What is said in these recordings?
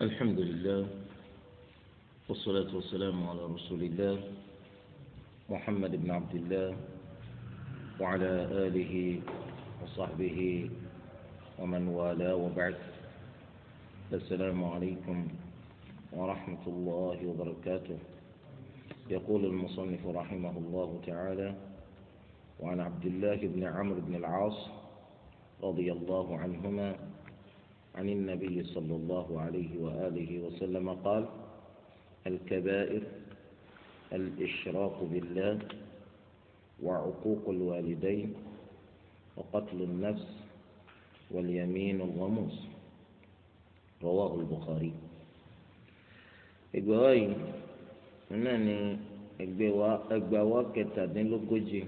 الحمد لله والصلاة والسلام على رسول الله محمد بن عبد الله وعلى آله وصحبه ومن والاه وبعد السلام عليكم ورحمة الله وبركاته يقول المصنف رحمه الله تعالى وعن عبد الله بن عمرو بن العاص رضي الله عنهما عن النبي صلى الله عليه وآله وسلم قال الكبائر الإشراك بالله وعقوق الوالدين وقتل النفس واليمين الغموس رواه البخاري إجواي إنني إجواء كتابين لوكوجي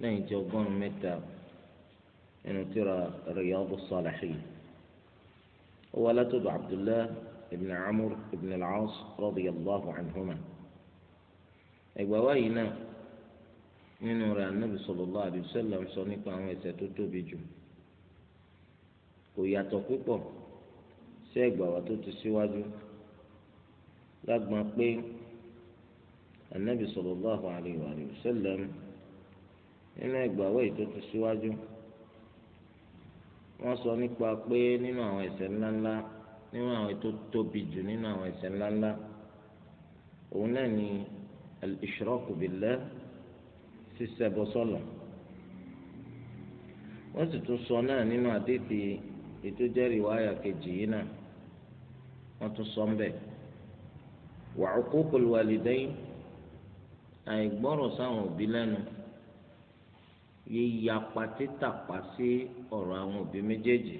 لين جوغون متى إنه ترى رياض الصالحين هو لتد عبد الله بن عمرو بن العاص رضي الله عنهما إبوينا من وراء النبي صلى الله عليه وسلم صنيق عن ويساتوتو بجو وياتو púpọ̀ sí ẹgbàá tó ti síwájú lágbọn pé anabi sọlọ lọ́hùn àlè wàlè sẹlẹm wọ́n sọ nípa pé nínú àwọn ẹ̀ṣẹ̀ ńláńlá nínú àwọn tó tóbi jù nínú àwọn ẹ̀ṣẹ̀ ńláńlá òun náà ni al-ishraku billah sísẹbọ sọlọ wọ́n sì tún sọ náà nínú àdéhìí ètò jẹ́rìí wáyà kejì yìí náà wọ́n tún sọ ńbẹ wa uququl walidayn àìgbọ́rọ̀ sáwọn òbí lẹ́nu. yíyapa títàpá sí ọ̀rọ̀ àwọn òbí méjèèjì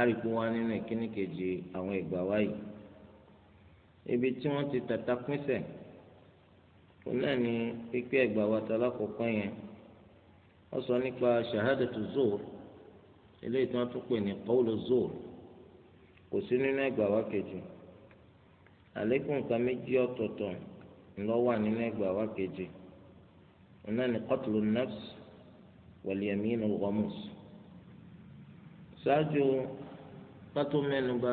àríkú wa nínú ìkíní kejì àwọn ìgbà wáyé ibi tí wọ́n ti tata pínṣẹ̀ kò náà ní pípẹ́ ẹ̀gbà wa tọ́lá kọ̀ọ̀kan yẹn wọ́n sọ nípa shahadatu zoor eléyìí tí wọ́n tún pè ní kò sí nínú ẹ̀gbà wa kejì àlékún nǹkan méjì ọ̀tọ̀ọ̀tọ̀ ńlọ wà nínú náà ni qatlu nafs wal yamin al ghamus ṣáájú pátó mẹ́nuba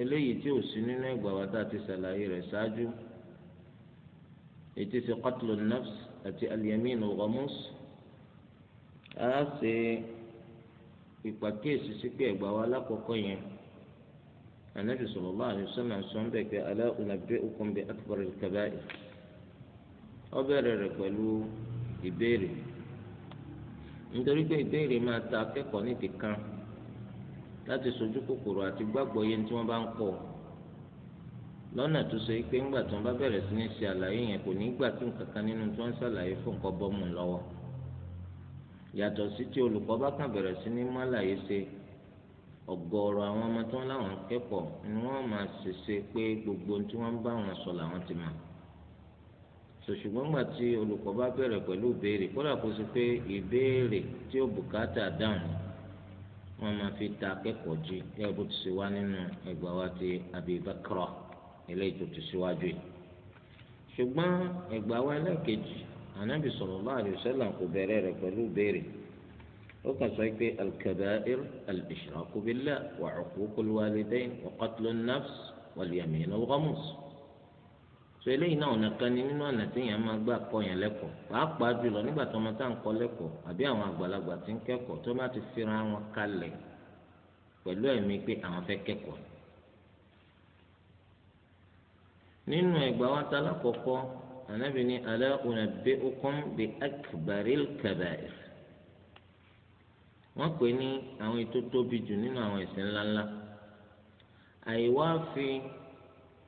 eléyìí tí ò sí nínú ìgbà wa tá a ti ṣàlàyé rẹ̀ ṣáájú ètí ṣe qatlu nafs àti al yamin al ghamus a ṣe ìpàkíyèsí sí pé ẹgbàá wa lákòókò yẹn anabi sallallahu alaihi wasallam sọ ń bẹ pé ala unabbi'ukum bi akbaril kaba'ir. ó bẹ̀rẹ̀ rẹ̀ pẹ̀lú ìbéèrè nítorí pé ìbéèrè máa ta akẹ́kọ̀ọ́ ní ti kan láti sojú kòkòrò àti gbàgbọ́ yẹn tí wọ́n bá ń kọ́ lọ́nà tó so pé ńgbà tí wọ́n bá bẹ̀rẹ̀ sí ní ṣe àlàyé yẹn kò ní gbà tí nǹkan kan nínú tí wọ́n ń ṣàlàyé fún nǹkan bọ́mù lọ́wọ́ yàtọ̀ sí tí olùkọ́ bá kàn bẹ̀rẹ̀ sí ní mọ́làyé ṣe ọ̀gọ̀ọ̀rọ̀ àwọn ọmọ tí wọ́n láwọn kẹ́kọ̀ọ́ ni wọ́n máa ṣèṣe pé gbogbo ohun tí wọ́n bá wọn sọ làwọn ti mọ̀ sòṣùgbọ́n gbà tí olùkọ́ bá bẹ̀rẹ̀ pẹ̀lú ìbéèrè kódà kó sì pé ìbéèrè tí ó bùkátà dáhùn wọn máa fi ta akẹ́kọ̀ọ́ jí gẹ́gẹ́ bó ti ṣe wá nínú ẹgbàá wa ti abibakra eléyìí tó ti ṣíwájú yìí ṣùgbọ́n ẹgbàá wa ẹlẹ́ẹ̀kejì anabi sallallahu alaihi wasallam kò bẹ̀rẹ̀ rẹ̀ pẹ̀lú ìbéèrè ó kàn sọ pé al-kaba'ir al so eléyìí náà ọ̀nà kan ni nínú ọ̀nà tí èèyàn máa gbà kọ́ yẹn lẹ́kọ̀ọ́ pàápàá jùlọ nígbà tó ọmọ tá à ń kọ́ lẹ́kọ̀ọ́ àbí àwọn àgbàlagbà tí ń kẹ́kọ̀ọ́ tó bá ti fira wọn kalẹ̀ pẹ̀lú ẹ̀mí pé àwọn fẹ́ kẹ́kọ̀ọ́. nínú ẹgbà wa ta lákọ̀ọ́kọ́ ànábì ní alẹ́ òun àbí okùn bí akbaril kabair wọ́n pè ní àwọn ètò tóbi jù nínú àwọn ẹ̀ṣẹ̀ ńláńlá àìwá fi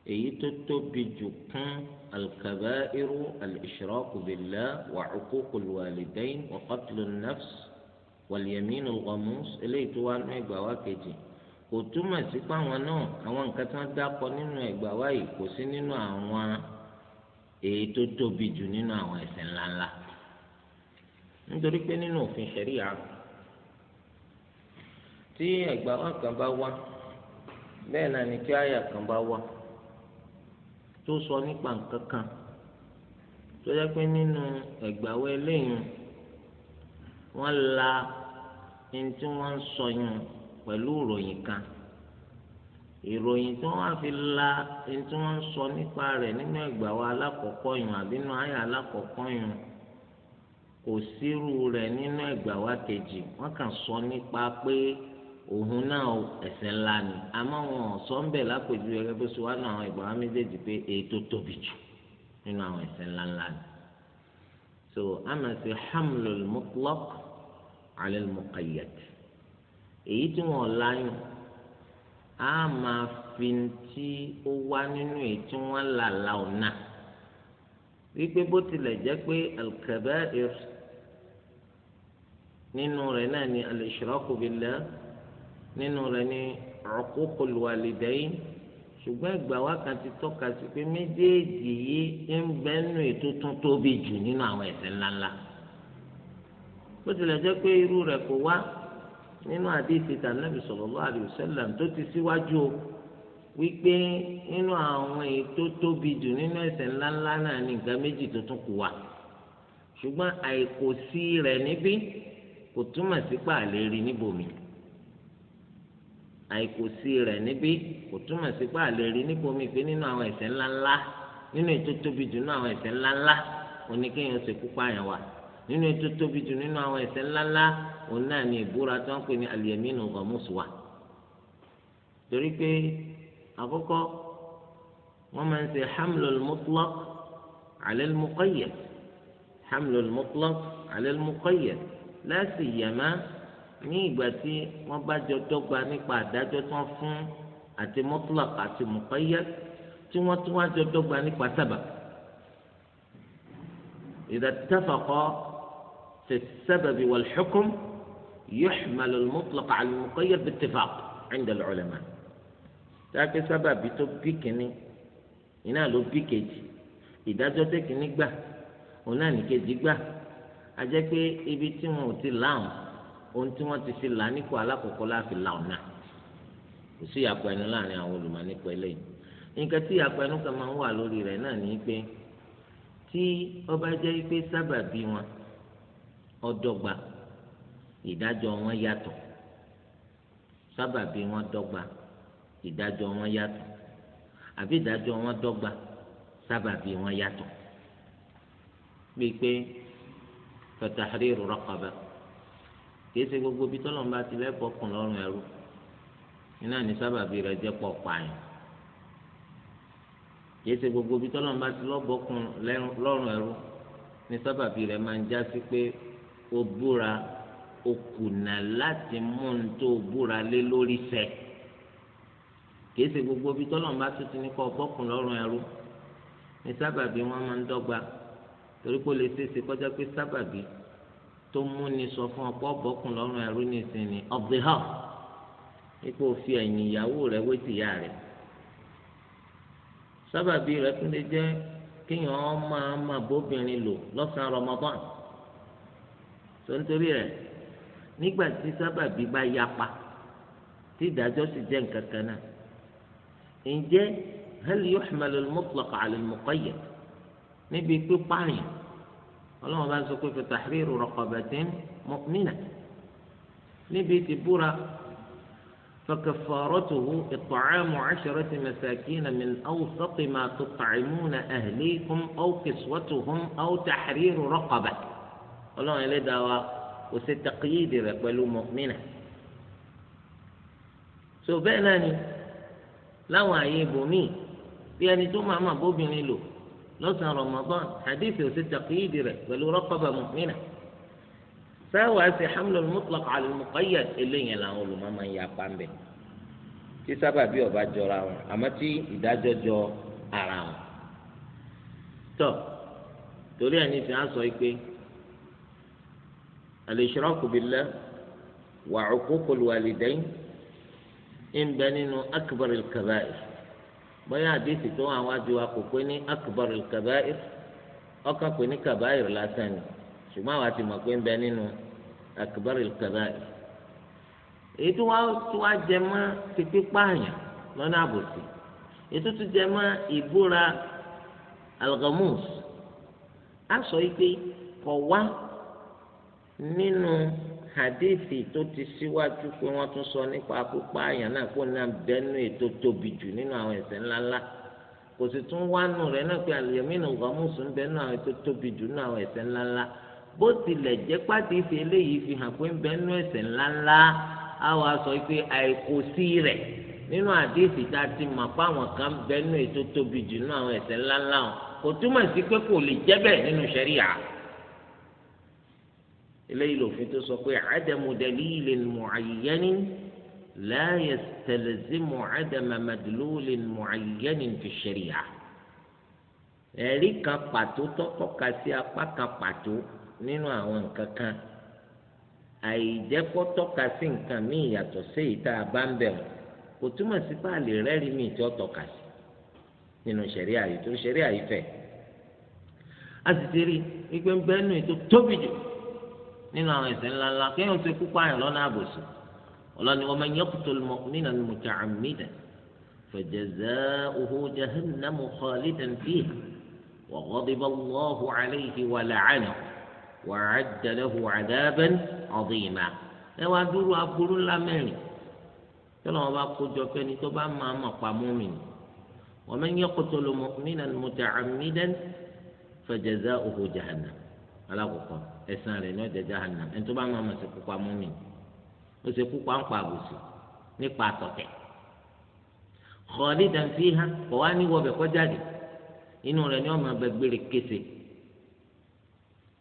èyí tó tóbi jù kún alkabairu alishraku billah wa uququl walidain wa qatlun nafs wàlìyàmínú ọ̀mùs eléyìí tó wá nú ẹgbà wá kejì kò túmọ̀ sí páwọn náà àwọn nǹkan tí wọ́n dákọ nínú ẹgbà wá yìí kò sí nínú àwọn èyí tó tóbi jù nínú àwọn ẹ̀ṣẹ̀ ńláńlá nítorí pé nínú òfin ṣẹ̀ríà tí ẹgbà wá kan bá wá bẹ́ẹ̀ náà ni tí àyà kan bá wá. tó sọ nípa nǹkan kan tó yẹ pé nínú ẹgbàáwé eléyìn wọn la ẹni tí wọn ń sọ yẹn pẹlú ìròyìn kan ìròyìn tí wọ́n fi la ẹni tí wọn ń sọ nípa rẹ nínú ẹgbàáwé alákọ̀ọ́kọ́ yẹn àbí nínú àyà alákọ̀ọ́kọ́ yẹn kò sírú rẹ nínú ẹgbàáwé kejì wọn kàn sọ nípa pé. òun náà ẹ̀ṣẹ̀ ńlá ni àmọ́ wọn sọ́ńbẹ̀ lápèjú ẹgbẹ́ bó ṣe wá náà àwọn ìbọn méjèèjì pé èyí tó tóbi jù nínú àwọn ẹ̀ṣẹ̀ ńlá ńlá ni so àmọ́ sí hamlul mutlaq ala al muqayyad èyí tí wọn láyùn á máa fi tí ó wá nínú èyí tí wọn là la ọ̀nà wípé bó tilẹ̀ jẹ́ pé al nínú rẹ̀ náà ni al-ishraku billah nínú rẹ̀ ní uququl walidayn ṣùgbọ́n ìgbà wa kan ti tọ́ka sí pé méjèèjì yìí ń bẹ́nu ètò tún tóbi jù nínú àwọn ẹ̀ṣẹ̀ ńláńlá bó tilẹ̀ jẹ́ pé irú rẹ̀ kò wá nínú àdéhìí tà nàbì sallallahu alaihi wasallam tó ti síwájú o wípé nínú àwọn ètò tóbi jù nínú ẹ̀ṣẹ̀ ńláńlá náà ní nǹkan méjì tó tún kù wá ṣùgbọ́n àìkòsí rẹ̀ níbí kò túmọ̀ sí pààlè rí níbòmíì àìkòsí rẹ̀ níbí kò túmọ̀ sí pé àlè rí nípò mi pé nínú àwọn ẹ̀ṣẹ̀ ńláńlá nínú ètò tóbi jù nínú àwọn ẹ̀ṣẹ̀ ńláńlá òní kéèyàn ṣe púpọ̀ àyàn wà nínú ètò tóbi jù nínú àwọn ẹ̀ṣẹ̀ ńláńlá òun náà ni ìbúra tó ń pè ní àlìyẹmínú gọmùsù wa torí pé àkọ́kọ́ wọ́n máa ń ṣe hamlul mutlaq ala al-muqayyad hamlul ní ìgbà tí wọ́n bá jọ dọ́gba nípa àdájọ́ tí wọ́n fún àti mutlaq àti mokaya tí wọ́n tún wá jọ dọ́gba nípa sabab idha ittafaqa fi as xukun yoo hukm yuhmal al-mutlaq 'ala al-muqayyad bi-ittifaq 'inda al-'ulama dáké sábàbí tó bí kínní iná ló bí kejì ìdájọ́ tẹ́kínní gbà òun náà ní kejì gbà aje pé ibi tí wọn ò ti láwọn. ohun tí wọ́n ti fi là nípò alákọ̀ọ́kọ́ láàfin là ọ̀nà kò sí ìyàpọ̀ ẹnu láàrin àwọn olùmọ̀ nípa eléyìí nǹkan tí ìyàpọ̀ ẹnu kan máa ń wà lórí rẹ̀ náà ní pé tí ọba jẹ́ pé sábàbí wọn ọdọ́gba ìdájọ́ wọn yàtọ̀ sábàbí wọn dọ́gba ìdájọ́ wọn yàtọ̀ àbí ìdájọ́ wọn dọ́gba sábàbí wọn yàtọ̀ bíi pé fatahriru kìí ṣe gbogbo bí tọ́lọ́mùbá ti lẹ́kọ̀ọ́ kùn lọ́rùn ẹrú iná ní sábàbí rẹ̀ jẹ́ pọ̀ pààyàn kìí ṣe gbogbo bí tọ́lọ́mùbá ti lọ́bọ̀ kùn lọ́rùn ẹrú ní sábàbí rẹ̀ máa ń já sí pé ó búra ó kùnà láti mú un tó búra lé lórí ṣẹ kìí ṣe gbogbo bí tọ́lọ́mùbá tó ti ní kọ́ bọ́kùn lọ́rùn ẹrú ní sábàbí wọn máa ń dọ́gba torí kó lè ṣeéṣe kọjá pé sábàbí tó múni sọ fún ọpọ bọkùn lọ́rùn ẹrú nísìnyí of the house ipò fi ẹ̀yìn ìyàwó rẹ̀ wé tìyá rẹ̀ sábàbí rẹ̀ tún lè jẹ́ kéèyàn máa máa bóbìnrin lò lọ́sàn-án Ramadan tó ń torí rẹ̀ nígbà tí sábàbí bá yapa tí ìdájọ́ sì jẹ́ nǹkan kan náà ǹjẹ́ hal yuhmalu al-mutlaq ala al-muqayyad níbi pípààyàn. ọlọ́run bá sọ pé fatahriru raqabatin mu'minah níbi tí búra فكفارته إطعام عشرة مساكين من أوسط ما تطعمون أهليكم أو كسوتهم أو تحرير رقبة الله إلى دواء وستقييد رقبلو مؤمنة سو بأنني لو أيبو مي يعني توما ما بوبي لو lọ́sàn-án Ramadan hadithi ò sí taqiyidi rẹ̀ pẹ̀lú raqaba mu'mina sáwà sí hamlul mutlaq ala al-muqayyad eléyìn làwọn olùmọ̀ máa ń ya pàmbẹ́ tí sábàbí ọba jọra wọn àmọ́ tí ìdájọ́ jọ ara wọn tọ́ torí ẹni tí a sọ pé al-ishraku billah wa uququl walidayn ń bẹ nínú akbar al bóyá àdéhìí tó wà wájú wa kò pé ní akbar kabair ọkàn pé ní kabair lásán ni ṣùgbọ́n àwa ti mọ̀ pé ń bẹ nínú akbar kabair èyí tó wá tó wá jẹ mọ́ pípé pààyàn lọ́nà àbòsí èyí tó tún jẹ mọ́ ìbúra algamus á sọ yìí pé kọ̀ wá nínú hadithi tó ti síwájú pé wọ́n tún sọ nípa pípa àyàn náà kó náà bẹ́nu ètò tóbi jù nínú àwọn ẹ̀ṣẹ̀ ńláńlá kò sì tún wánú rẹ̀ náà pé àlùyẹ̀mínú gọ́mùsùn bẹ́nu àwọn ètò tóbi jù nínú àwọn ẹ̀ṣẹ̀ ńláńlá bó tilẹ̀ jẹ́ pàdé fi eléyìí fi hàn pé ń bẹ́nu ẹ̀ṣẹ̀ ńláńlá á wàá sọ pé àìkò sí rẹ̀ nínú àdéhìí tá a ti mọ̀ pé àwọn kan bẹ́nu ètò tóbi jù nínú àwọn ẹ̀ṣẹ̀ ńláńlá kò túmọ̀ sí pé kò lè jẹ́ bẹ́ẹ̀ nínú ṣẹ́ríà eléyìí lòfin tó sọ pé àdàmú dalílì mùcàyẹ́ni láyé tẹlẹsí mùcàdàmà màdìlúlì mùcàyẹ́ni fi ṣẹ̀ríà ẹ̀rí kan pàtó tọ́tọ́ka sí apá kan pàtó nínú àwọn nǹkan kan àìjẹ́pọ́ tọ́ka sí nǹkan míì yàtọ̀ sí ìta bá kò túmọ̀ sí páàlì rẹ́rìí míì tí ó tọ́ka sí nínú ṣẹ̀ríà yìí tó ṣẹ̀ríà yìí fẹ́ a sì ti rí i pé ń bẹ́ẹ̀ nù ètò tóbi jù nínú àwọn ẹ̀ṣẹ̀ ńláńlá kéèyàn ṣe kú pààyàn lọ́nà àbòsí ọlọ́ni wa man yaqtul mu'minan muta'ammidan fajaza'uhu jahannamu khalidan fiha wa ghadiba Allahu alayhi wa la'anahu wa 'adda lahu 'adaban 'azima ẹ wá dúró aburú ńlá mẹ́rin tọ́lọ́ wọn bá kójọ fẹ́ni tó bá máa mọ̀ pa mu'min wa man yaqtul mu'minan muta'ammidan fajaza'uhu jahannam alákọ̀ọ́kọ́ ẹ̀san rẹ̀ ní ọ̀jẹ̀ jahannam ẹni tó bá máa mọ̀ sí kópa múmi ó ṣe kópa ń pa àbùsù nípa àtọ̀tẹ̀ khalidan fiha kọ̀ wá ní wọbẹ̀ kọjáde inú rẹ̀ ní ọmọ ẹgbẹ́ gbére kése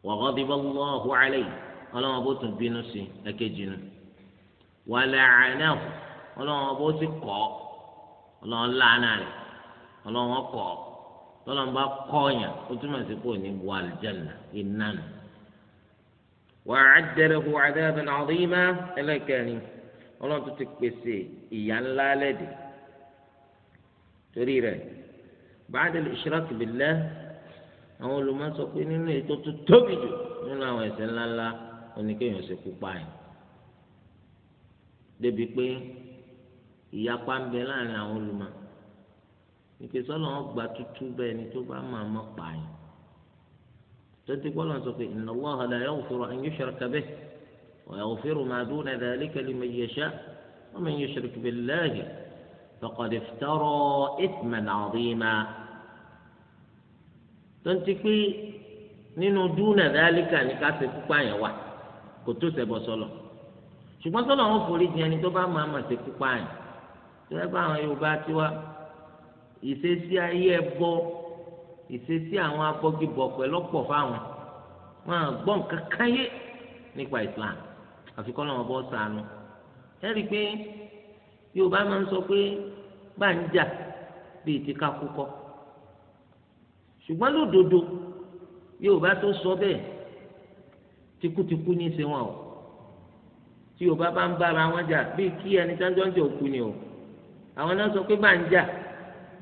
wa ghadiba Allahu alayhi ọlọ́wọ́n bó tún bínú sí ẹ̀kejì nu wa la'anahu ọlọ́wọ́n bó ti kọ́ ọlọ́wọ́n lánàá rẹ̀ ọlọ́wọ́n kọ́ tọ́lọ́mbà kọ́ọ̀yàn ó túmọ̀ sí pò ní wàlìjánà ìnánu. وأعد له عذابا عظيما إلا كريم ọlọ́run tó ti pèsè ìyá ńlá lẹ́dẹ̀ torí rẹ̀ báàdé lè ṣíráàkì bìlẹ̀ àwọn olùmọ̀sọ pé nínú ètò tó tóbi jù nínú àwọn ẹ̀ṣẹ̀ ńláńlá oníkéèyàn ṣe kú pààyàn débi pé ìyapa ń bẹ láàrin àwọn olùmọ̀ nìkè sọ́nà ọgbà tútú bẹ́ẹ̀ ni tó bá máa mọ̀ pààyàn tọ́tí gbọ́dọ̀ sọ pé inna Allaha la yaghfiru an yushraka bihi wa yaghfiru ma duna dhalika liman yasha' wa man yushrik billahi faqad iftara ithman 'azima tọ́tí pé nínú dúnà dálíkà ní ká ṣe kú pààyàn wà kò tó ṣẹbọ sọ́lọ̀ ṣùgbọ́n ṣe kú pààyàn tó ẹ ìṣesí ayé ẹbọ ìṣesí àwọn abọgibọ pẹ̀lú ọ̀pọ̀ fáwọn wọn àgbọn nǹkan káyé nípa islam àfi kọ́ lọ́wọ́ bọ́ sànù ẹ̀rí pé yorùbá máa ń sọ pé gbàǹjà bíi ti kakúkọ ṣùgbọ́n lódodo yorùbá tó sọ bẹ́ẹ̀ tikutikú ní í ṣe wọn o tí yorùbá bá ń bára wọn jà bíi kí ẹni tí wọn jọ ń jẹ òkú ni o àwọn náà sọ pé gbàǹjà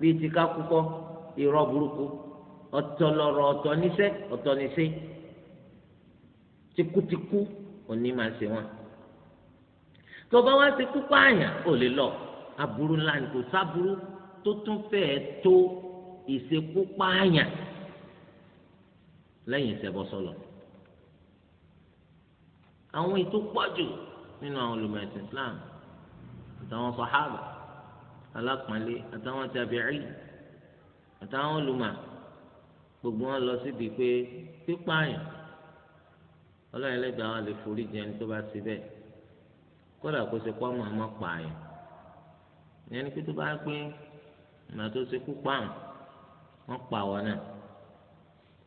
bíi ti ká kúkọ irọ́ burúkú ọ̀tọ̀ lọ̀rọ̀ ọ̀tọ̀ níṣẹ́ ọ̀tọ̀ níṣẹ́ tikutikú òní máa ṣe wọn tó bá wá ṣe kúkọ àyàn ò lè lọ aburú ńlá ni kò sáburú tó tún fẹ́ẹ̀ tó ìṣekúpa àyàn lẹ́yìn ìṣẹbọ àwọn ètò pọ̀jù nínú àwọn olùmọ̀ ẹ̀sìn Islam àtàwọn sàhábà alápọ̀nlé àtàwọn tàbí'í àtàwọn olùmọ̀ gbogbo wọn lọ síbi pé pípààyàn ọlọ́run ẹlẹ́dàá wọn lè forí jẹ ẹni tó bá ti bẹ́ẹ̀ kódà kó ṣe pọ́ mọ́ ọmọ pààyàn ẹni pé tó bá pé ìgbà tó ṣe kú pààrùn wọn pa àwọn náà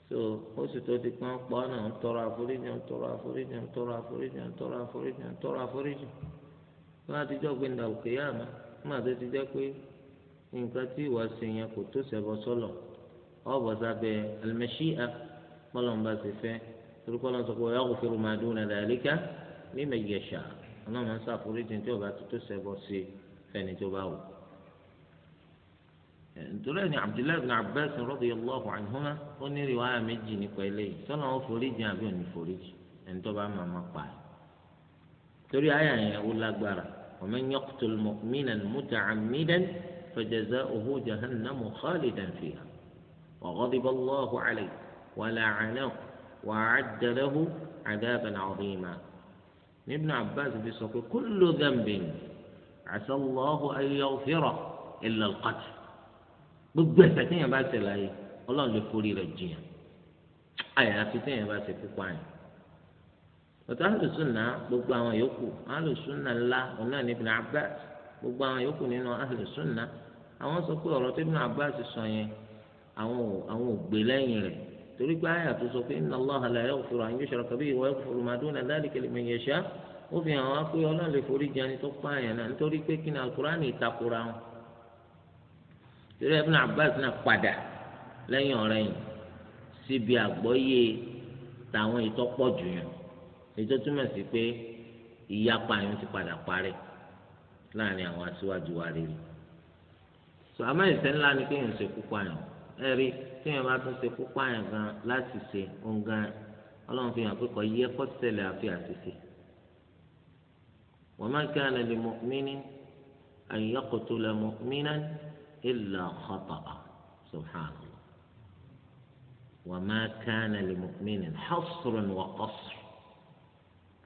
so ó sì tó di pé wọn pa ọ náà ń tọrọ àforíjì ń tọrọ àforíjì ń tọrọ àforíjì ń tọrọ àforíjì ń tọrọ àforíjì wọn àtijọ́ gbẹ̀ndà òkè yá àmọ́ nígbà tó ti jẹ́ pé nǹkan tí ìwà ṣe yẹn kò tó ṣẹbọ sọlọ ọbọ sábẹ́ al-mashi'a kọlọmba ti fẹ torí kọlọm sọ pé ọyá kò fẹrù máa dún nàdà àlíkà nímọ ìyẹsà ọlọmọ ń ṣàforíjì tí ọba tó tó ṣẹbọ sí fẹni tó bá wù. nítorí ẹni abdullahi bin abbas radiyallahu anhuma ó ní riwaya méjì nípa eléyìí sọlọ ń foríjì àbí òní foríjì ẹni tó bá máa máa pa torí àyà yẹn ó lágbára. ومن يقتل مؤمنا متعمدا فجزاؤه جهنم خالدا فيها وغضب الله عليه ولعنه وأعد له عذابا عظيما ابن عباس بيقول كل ذنب عسى الله أن يغفره إلا القتل gbogbo ẹ̀ṣẹ̀ يا bá ṣe láyé Ọlọ́run lè forí rẹ̀ jiyàn àyàfi téèyàn bá ṣe ọ̀tọ̀ alùsùnà gbogbo àwọn yòókù alùsùnà ńlá ọ̀nà ní Ibn Abbas gbogbo àwọn yòókù nínú alùsùnà àwọn sọ pé ọ̀rọ̀ tó Ibn Abbas sọ yẹn àwọn àwọn ò gbé lẹ́yìn rẹ̀ torí pé àyà tó sọ pé inna Allaha la yaghfiru an yushraka bihi wa yaghfiru ma duna dhalika liman yasha ó fi hàn wá pé Ọlọ́run lè forí jẹni tó pààyàn náà nítorí pé kí ni al ètò túmọ̀ sí pé ìyapa yẹn ti padà parí láàrin àwọn aṣíwájú wa rèé so àmọ́ ìṣẹ́ ńlá ni kéèyàn ṣe kú pààyàn ẹ rí kéèyàn bá tún ṣe kú pààyàn gan láti ṣe òǹgan ọlọ́run fi hàn pé kò yẹ kó tẹ̀lé àfi àṣìṣe wa ma kana li mu'minin an yaqtula mu'minan illa khata'a subhanallah wa ma kana li mu'minin hasrun wa qasrun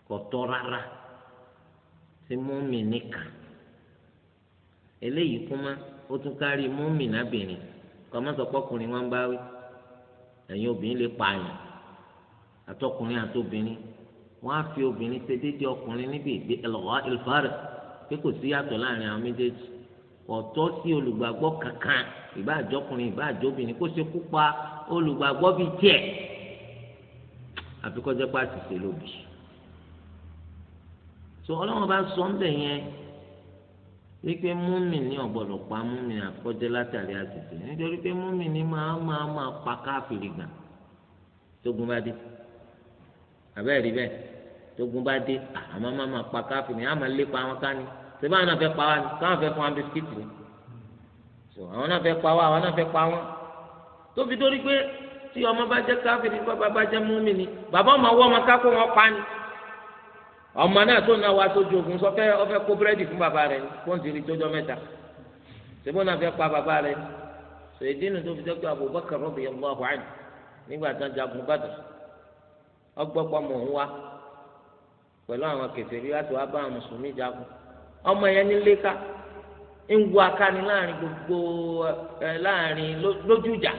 kò tọ́ rárá sí mọ́mì nìkan eléyìí kúmá ó tún kárí mọ́mì nábìnrin kọ́ má sọ pọ́kùnrin wọn bá wí ẹ̀yin obìnrin lè pààyàn àtọkùnrin àtobìnrin wọn á fi obìnrin ṣe déédéé ọkùnrin níbi ìgbé ẹlọ́wọ́ ìlfàrà pé kò sí yàtọ̀ láàrin àwọn méjèèjì ọ̀tọ́ sí olùgbàgbọ́ kankan ìbá àjọkùnrin ìbá àjọbìnrin kó ṣekú pa olùgbàgbọ́ bíi tiẹ̀ àfikọ́jọ́pá ti ṣe lóbi so ọlọ́run bá sọ ńbẹ̀ yẹn wípé múmi ní ọ̀gbọ́dọ̀ pa múmi àkọ́jẹ́ látàrí àṣìṣe nítorí pé múmi ní máa máa máa pa káfìrí gàn tógun bá dé àbẹ́ẹ̀ rí bẹ́ẹ̀ tógun bá dé àmọ́ máa máa pa káfìrí àmọ́ lépa àwọn kání sèbá àwọn náà fẹ́ pa wá ní káwọn fẹ́ fún wa bisikíìtì ni so àwọn náà fẹ́ pa wá àwọn náà fẹ́ pa wọ́n tó fi dórí pé tí ọmọ bá jẹ́ káfìrí bàbá bá jẹ́ múmi ni bàbá ọmọ wọ́ ọmọ ká ọmọ náà tó náà wá sójú ogun sọ fẹ́ ọ fẹ́ kó búrẹ́dì fún bàbá rẹ̀ pọ́ǹtìrì tójọ́ mẹ́ta ṣèbó náà fẹ́ pa bàbá rẹ̀ sọ èdè nínú tó fi dẹ́kun Abubakar radiyallahu anhu nígbà tán jagun Badr ọgbọ́pọ̀ mọ̀ ń wá pẹ̀lú àwọn kèfèrí láti wá bá àwọn mùsùlùmí jagun ọmọ yẹn ní léka ń wo akáni láàrin gbogbo ẹ láàrin lójújà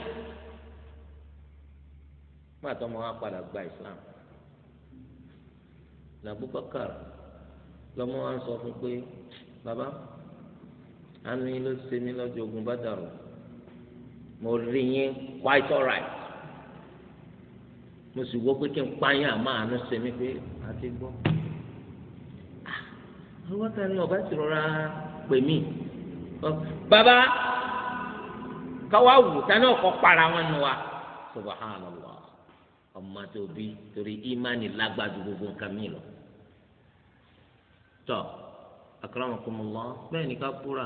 má tọ́ ọmọ padà gba Islam ní Abubakar lọ́mọ wa ń sọ fún pé bàbá àánú yín ló ṣe mí lọ́jọ́ ogun bá dàrú mo rí yín quite alright mo sì wò pé kí n pààyàn àmọ́ àánú ṣe mí pé àti gbọ́ ah, Abubakar ni ọba ti rọra pè mí bàbá káwá wù tani ọkọ para wọn nu wa subahánàlá ọmọ tó torí ìmánì lágbàdo gbogbo nǹkan mi lọ tọ akramakumullah bẹ́ẹ̀ ni ká búra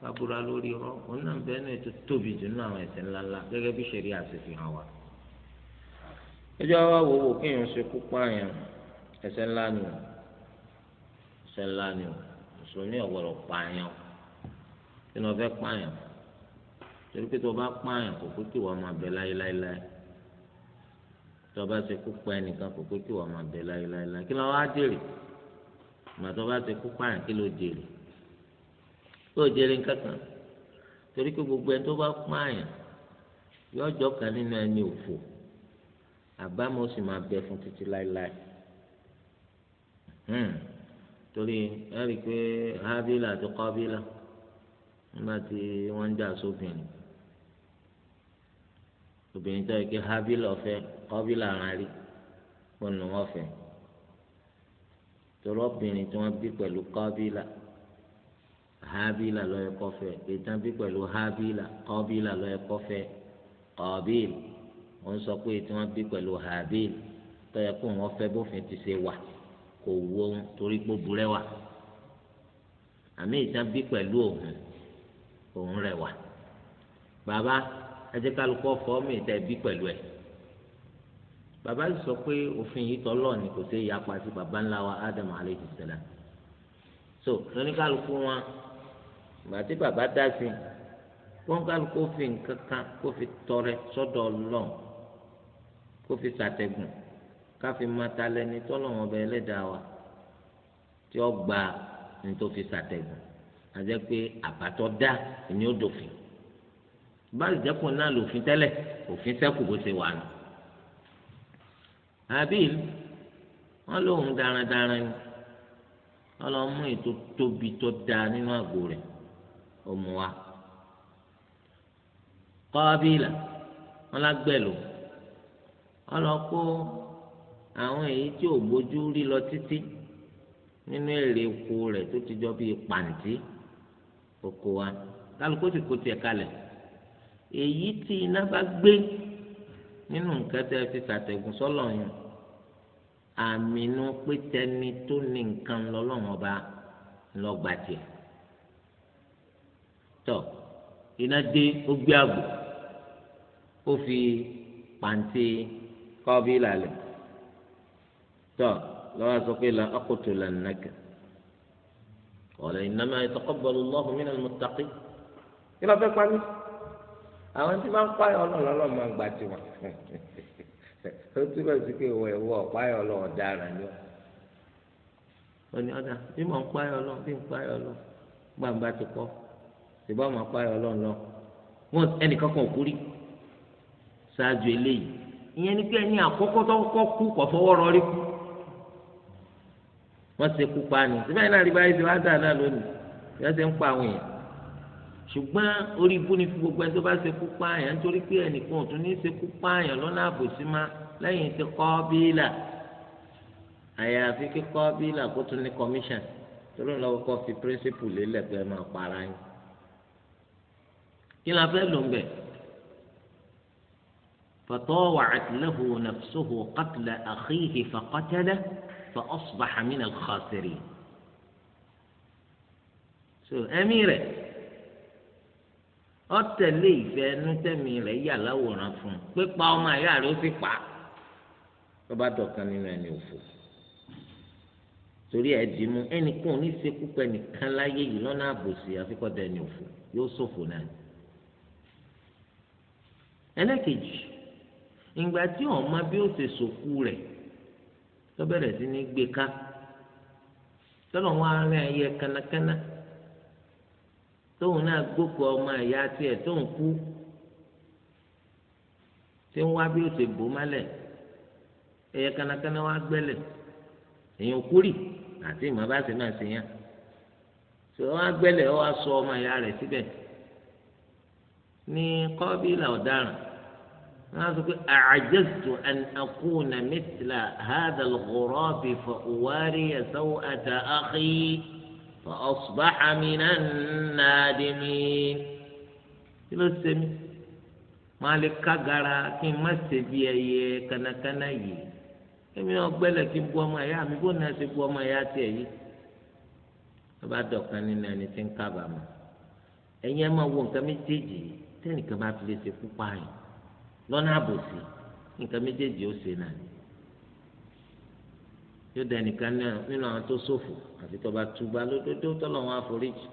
ká búra lórí irọ́ òun náà bẹ́ẹ̀ náà tó tóbi jù nínú àwọn ẹ̀ṣẹ̀ ńláńlá gẹ́gẹ́ bí ṣẹ̀rí àṣẹ fi hàn wá. ẹjọ́ wa wò wò kéèyàn ṣe kú pààyàn ẹ̀ṣẹ̀ ńlá ni o ẹ̀ṣẹ̀ ńlá ni o mùsùlùmí ọ̀gbọ̀dọ̀ pààyàn kí ni wọ́n fẹ́ pààyàn torí pé tó o bá pààyàn kò pé kí wọ́n máa bẹ láéláéláé tó o bá ṣe kú pààyàn kò pé kí wọ́n máa bẹ láéláéláé kí ni wọ́n á dèrè màtọ́ bá ti kú pààyàn kí ló jèrè ló jèrè kankan torí pé gbogbo ẹni tó bá pààyàn yóò jọ kan nínú ẹni òfò àbámọ̀ sì máa bẹ fún títí láéláé hmm. torí ẹ rí i pé hábílà àti kọ́bílà nígbà tí wọ́n ń jà sóbìnrin obìnrin tó yẹ kí hábílà ọ̀fẹ́ kọ́bílà ara rí wọn nù wọ́n fẹ́ẹ́ tọrọ obìnrin tí wọ́n bí pẹ̀lú kọ́bílà hábílà lọ́yẹ kọfẹ́ ìtàn bí pẹ̀lú hábílà kọ́bílà lọ́yẹ kọfẹ́ kọ́bíl wọ́n sọ pé tí wọ́n bí pẹ̀lú hábíl tọ́yẹ kó wọ́n fẹ́ bófin ti ṣe wà kò wú ohun torí pé burẹ́ wà àmì ìtàn bí pẹ̀lú òun òun rẹwà bàbá ẹ jẹ́ kálukọ́ fọ́ mi ìtẹ́ bí pẹ̀lú ẹ̀ bàbá yìí sọ pé òfin yìí tọ́lọ̀ ni kò sí ìyapa sí bàbá ńlá wa Adam aleyhi sẹlẹ̀ so lóníkàlùkù wọn ìgbà tí bàbá dá sí wọn kálukú fi nǹkan kan kó fi tọrẹ sọ́dọ̀ Ọlọ́run kó fi sàtẹ̀gùn káfi mata lẹni tọ́lọ̀ wọn bẹ ẹlẹ́dàá wa tí ó gba nítòfi sàtẹ̀gùn àjẹ́ pé àbátọ́ dá ni ó dòfin báyìí jẹ́kùn náà lòfin tẹ́lẹ̀ òfin sẹ́kù bó ṣe wà nù. Habil wọn lóun darandaran ni wọn lọ mú ètò tóbi tó dáa nínú àgbo rẹ̀ ọmọ wa Qabila wọn lágbẹ̀lò wọn lọ kó àwọn èyí tí ò gbójú rí lọ títí nínú èrè oko rẹ̀ tó ti jọ bíi pàǹtí oko wa kálukó sì kó tiẹ̀ kalẹ̀ èyí tí iná bá gbé nínú nǹkan tẹ́ fi ṣàtẹ̀gùn sọ́lọ̀ yẹn àmínú pé tẹni tó ní nǹkan lọ́lọ́run ọba lọ́gbà tiẹ̀ tọ́ iná dé ó gbé àgbò ó fi pàǹtí kọ́bí lálẹ́ tọ́ lọ́wọ́ sọ pé la aqtulannaka qala innama yataqabbalu Allahu minal muttaqin kí ló fẹ́ pa mí àwọn tí wọ́n ń pa ọlọ́run ọlọ́run máa gbà tiwọn. tó túbọ̀ sí pé ìwọ ìwọ ọ̀páyọ̀ ọlọ́run ọ̀daràn ni ó ní ọ̀dà bí mò ń páyọ̀ ọlọ́run bí ń páyọ̀ ọlọ́run gbàǹgbà ti kọ́ ṣùgbọ́n mò ń páyọ̀ ọlọ́run lọ wọn ẹnìkan kan ò kú rí ṣáájú eléyìí ìyẹn ni pé ẹni àkọ́kọ́ tó kọ́ kú kọ́ fọwọ́ rọrí kú wọ́n ti kú pa ni síbẹ̀ náà rí báyìí ti wá dà lónìí bí ti ń pa àwọn èèyàn ṣùgbọ́n orí ibú ni gbogbo ẹni tó bá ṣekú pààyàn nítorí pé ẹnìkan ò tún ní ṣekú pààyàn lọ́nà àbòsí má lẹ́yìn tí kọ́bílà àyàfi kí kọ́bílà kó tún ní commission torí lọ́wọ́ kọ́ fi píríncípù lélẹ̀ pé ẹ máa para yín. kí la fẹ́ lò ń bẹ̀? fatawa'at lahu nafsuhu qatla akhihi faqatalahu fa asbaha min al ẹ̀mí rẹ̀ ọtẹlẹ ìfẹ́ ẹnu tẹmí rẹ yà láwòrán fún un pé pa ọmọ ìyá rẹ ó sì pa lọba dọkan nínú ẹni òfò torí ẹ dì mú ẹnìkan ò ní ṣekú pẹ nìkan láyé yìí lọ́nà àbòsí àfikọdọ ẹni òfò yóò ṣòfò náà ẹlẹ́kejì ìgbà tí ọmọ bí ó ṣe ṣòkú rẹ̀ tó bẹ̀rẹ̀ sí ní gbé ká tọ́lọ̀ wọn arẹ́ ẹyẹ kánákáná tóun náà gbókò ọmọ ìyá tiẹ̀ tóun kú tí ń wá bí ó ti bò mọ́lẹ̀ ẹyẹ kanakana wá gbẹ́lẹ̀ èèyàn kúrì àti ìmọ̀ bá ti náà ṣe yàn tí wọ́n á gbẹ́lẹ̀ wọ́n á sọ ọmọ ìyá rẹ̀ síbẹ̀ ní kọ́bílà ọ̀daràn wọ́n á sọ pé àjẹsùtù àkúnà mithla hadha al-ghurabi فأصبح من النادمين kilo semi máa lè kágara kí n má ṣe bí ẹyẹ kanakana yìí èmi náà gbẹ́lẹ̀ kí n bu ọmọ ẹ̀yà mi bó ní ẹsẹ̀ bu ọmọ ẹ̀yà tiẹ̀ yìí wọ́n bá dọ̀kan nínú ẹni tí ń kábàámọ̀ ẹ̀yin ẹ̀ máa wo nǹkan méjèèjì tẹ́nìkan bá fi lè ṣe púpà yìí lọ́nà àbòsí nǹkan méjèèjì ó ṣe náà ni yóò dẹ nìkan náà nínú àwọn tó ṣòfò àfi tó bá túba lódodo tọ́lọ̀ wọn àforíjì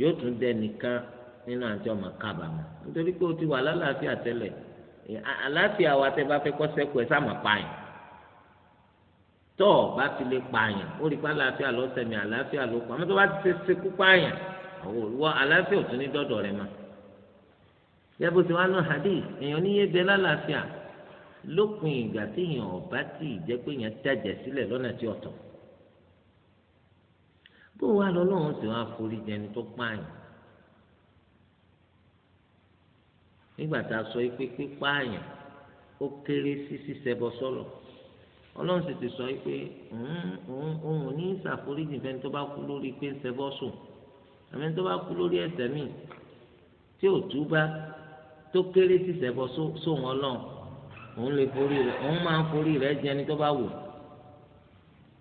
yóò tún dẹ nìkan nínú àti ọmọ kábàámọ̀ nítorí pé o ti wà lálàáfíà tẹ́lẹ̀ àlàáfíà wa tẹ́ bá fẹ́ kọ́ sẹ́kù ẹ̀ sáà mọ̀ pààyàn tọ́ ọ bá fi lè pààyàn ó rí pa àlàáfíà ló sẹ̀mí àlàáfíà ló pa àmọ́ tó bá ti ṣe ṣekú pààyàn àwọn àlàáfíà ò tún ní dọ́dọ̀ rẹ̀ mọ́ yẹ́bù tí wàá nù hadith lópin ìgbà téèyàn ọba tí ìjẹ́ pé èèyàn dájẹ́ sílẹ̀ lọ́nà tí ọ̀tọ̀ bó wà lọ́lọ́run sì wá forí jẹni tó pààyàn nígbà tá a sọ pé pípààyàn ó kéré sí sísẹbọ sọlọ Ọlọ́run sì ti sọ pé òun ní ìsàforíjì fẹ́ni tó bá kú lórí pé ń ṣẹbọ sùn àmì tó bá kú lórí ẹ̀ṣẹ̀ míì tí ò túbá tó kéré sísẹbọ sóhun Ọlọ́run òun lè forí rẹ̀ òun máa ń forí rẹ̀ jẹ ẹni tó bá wù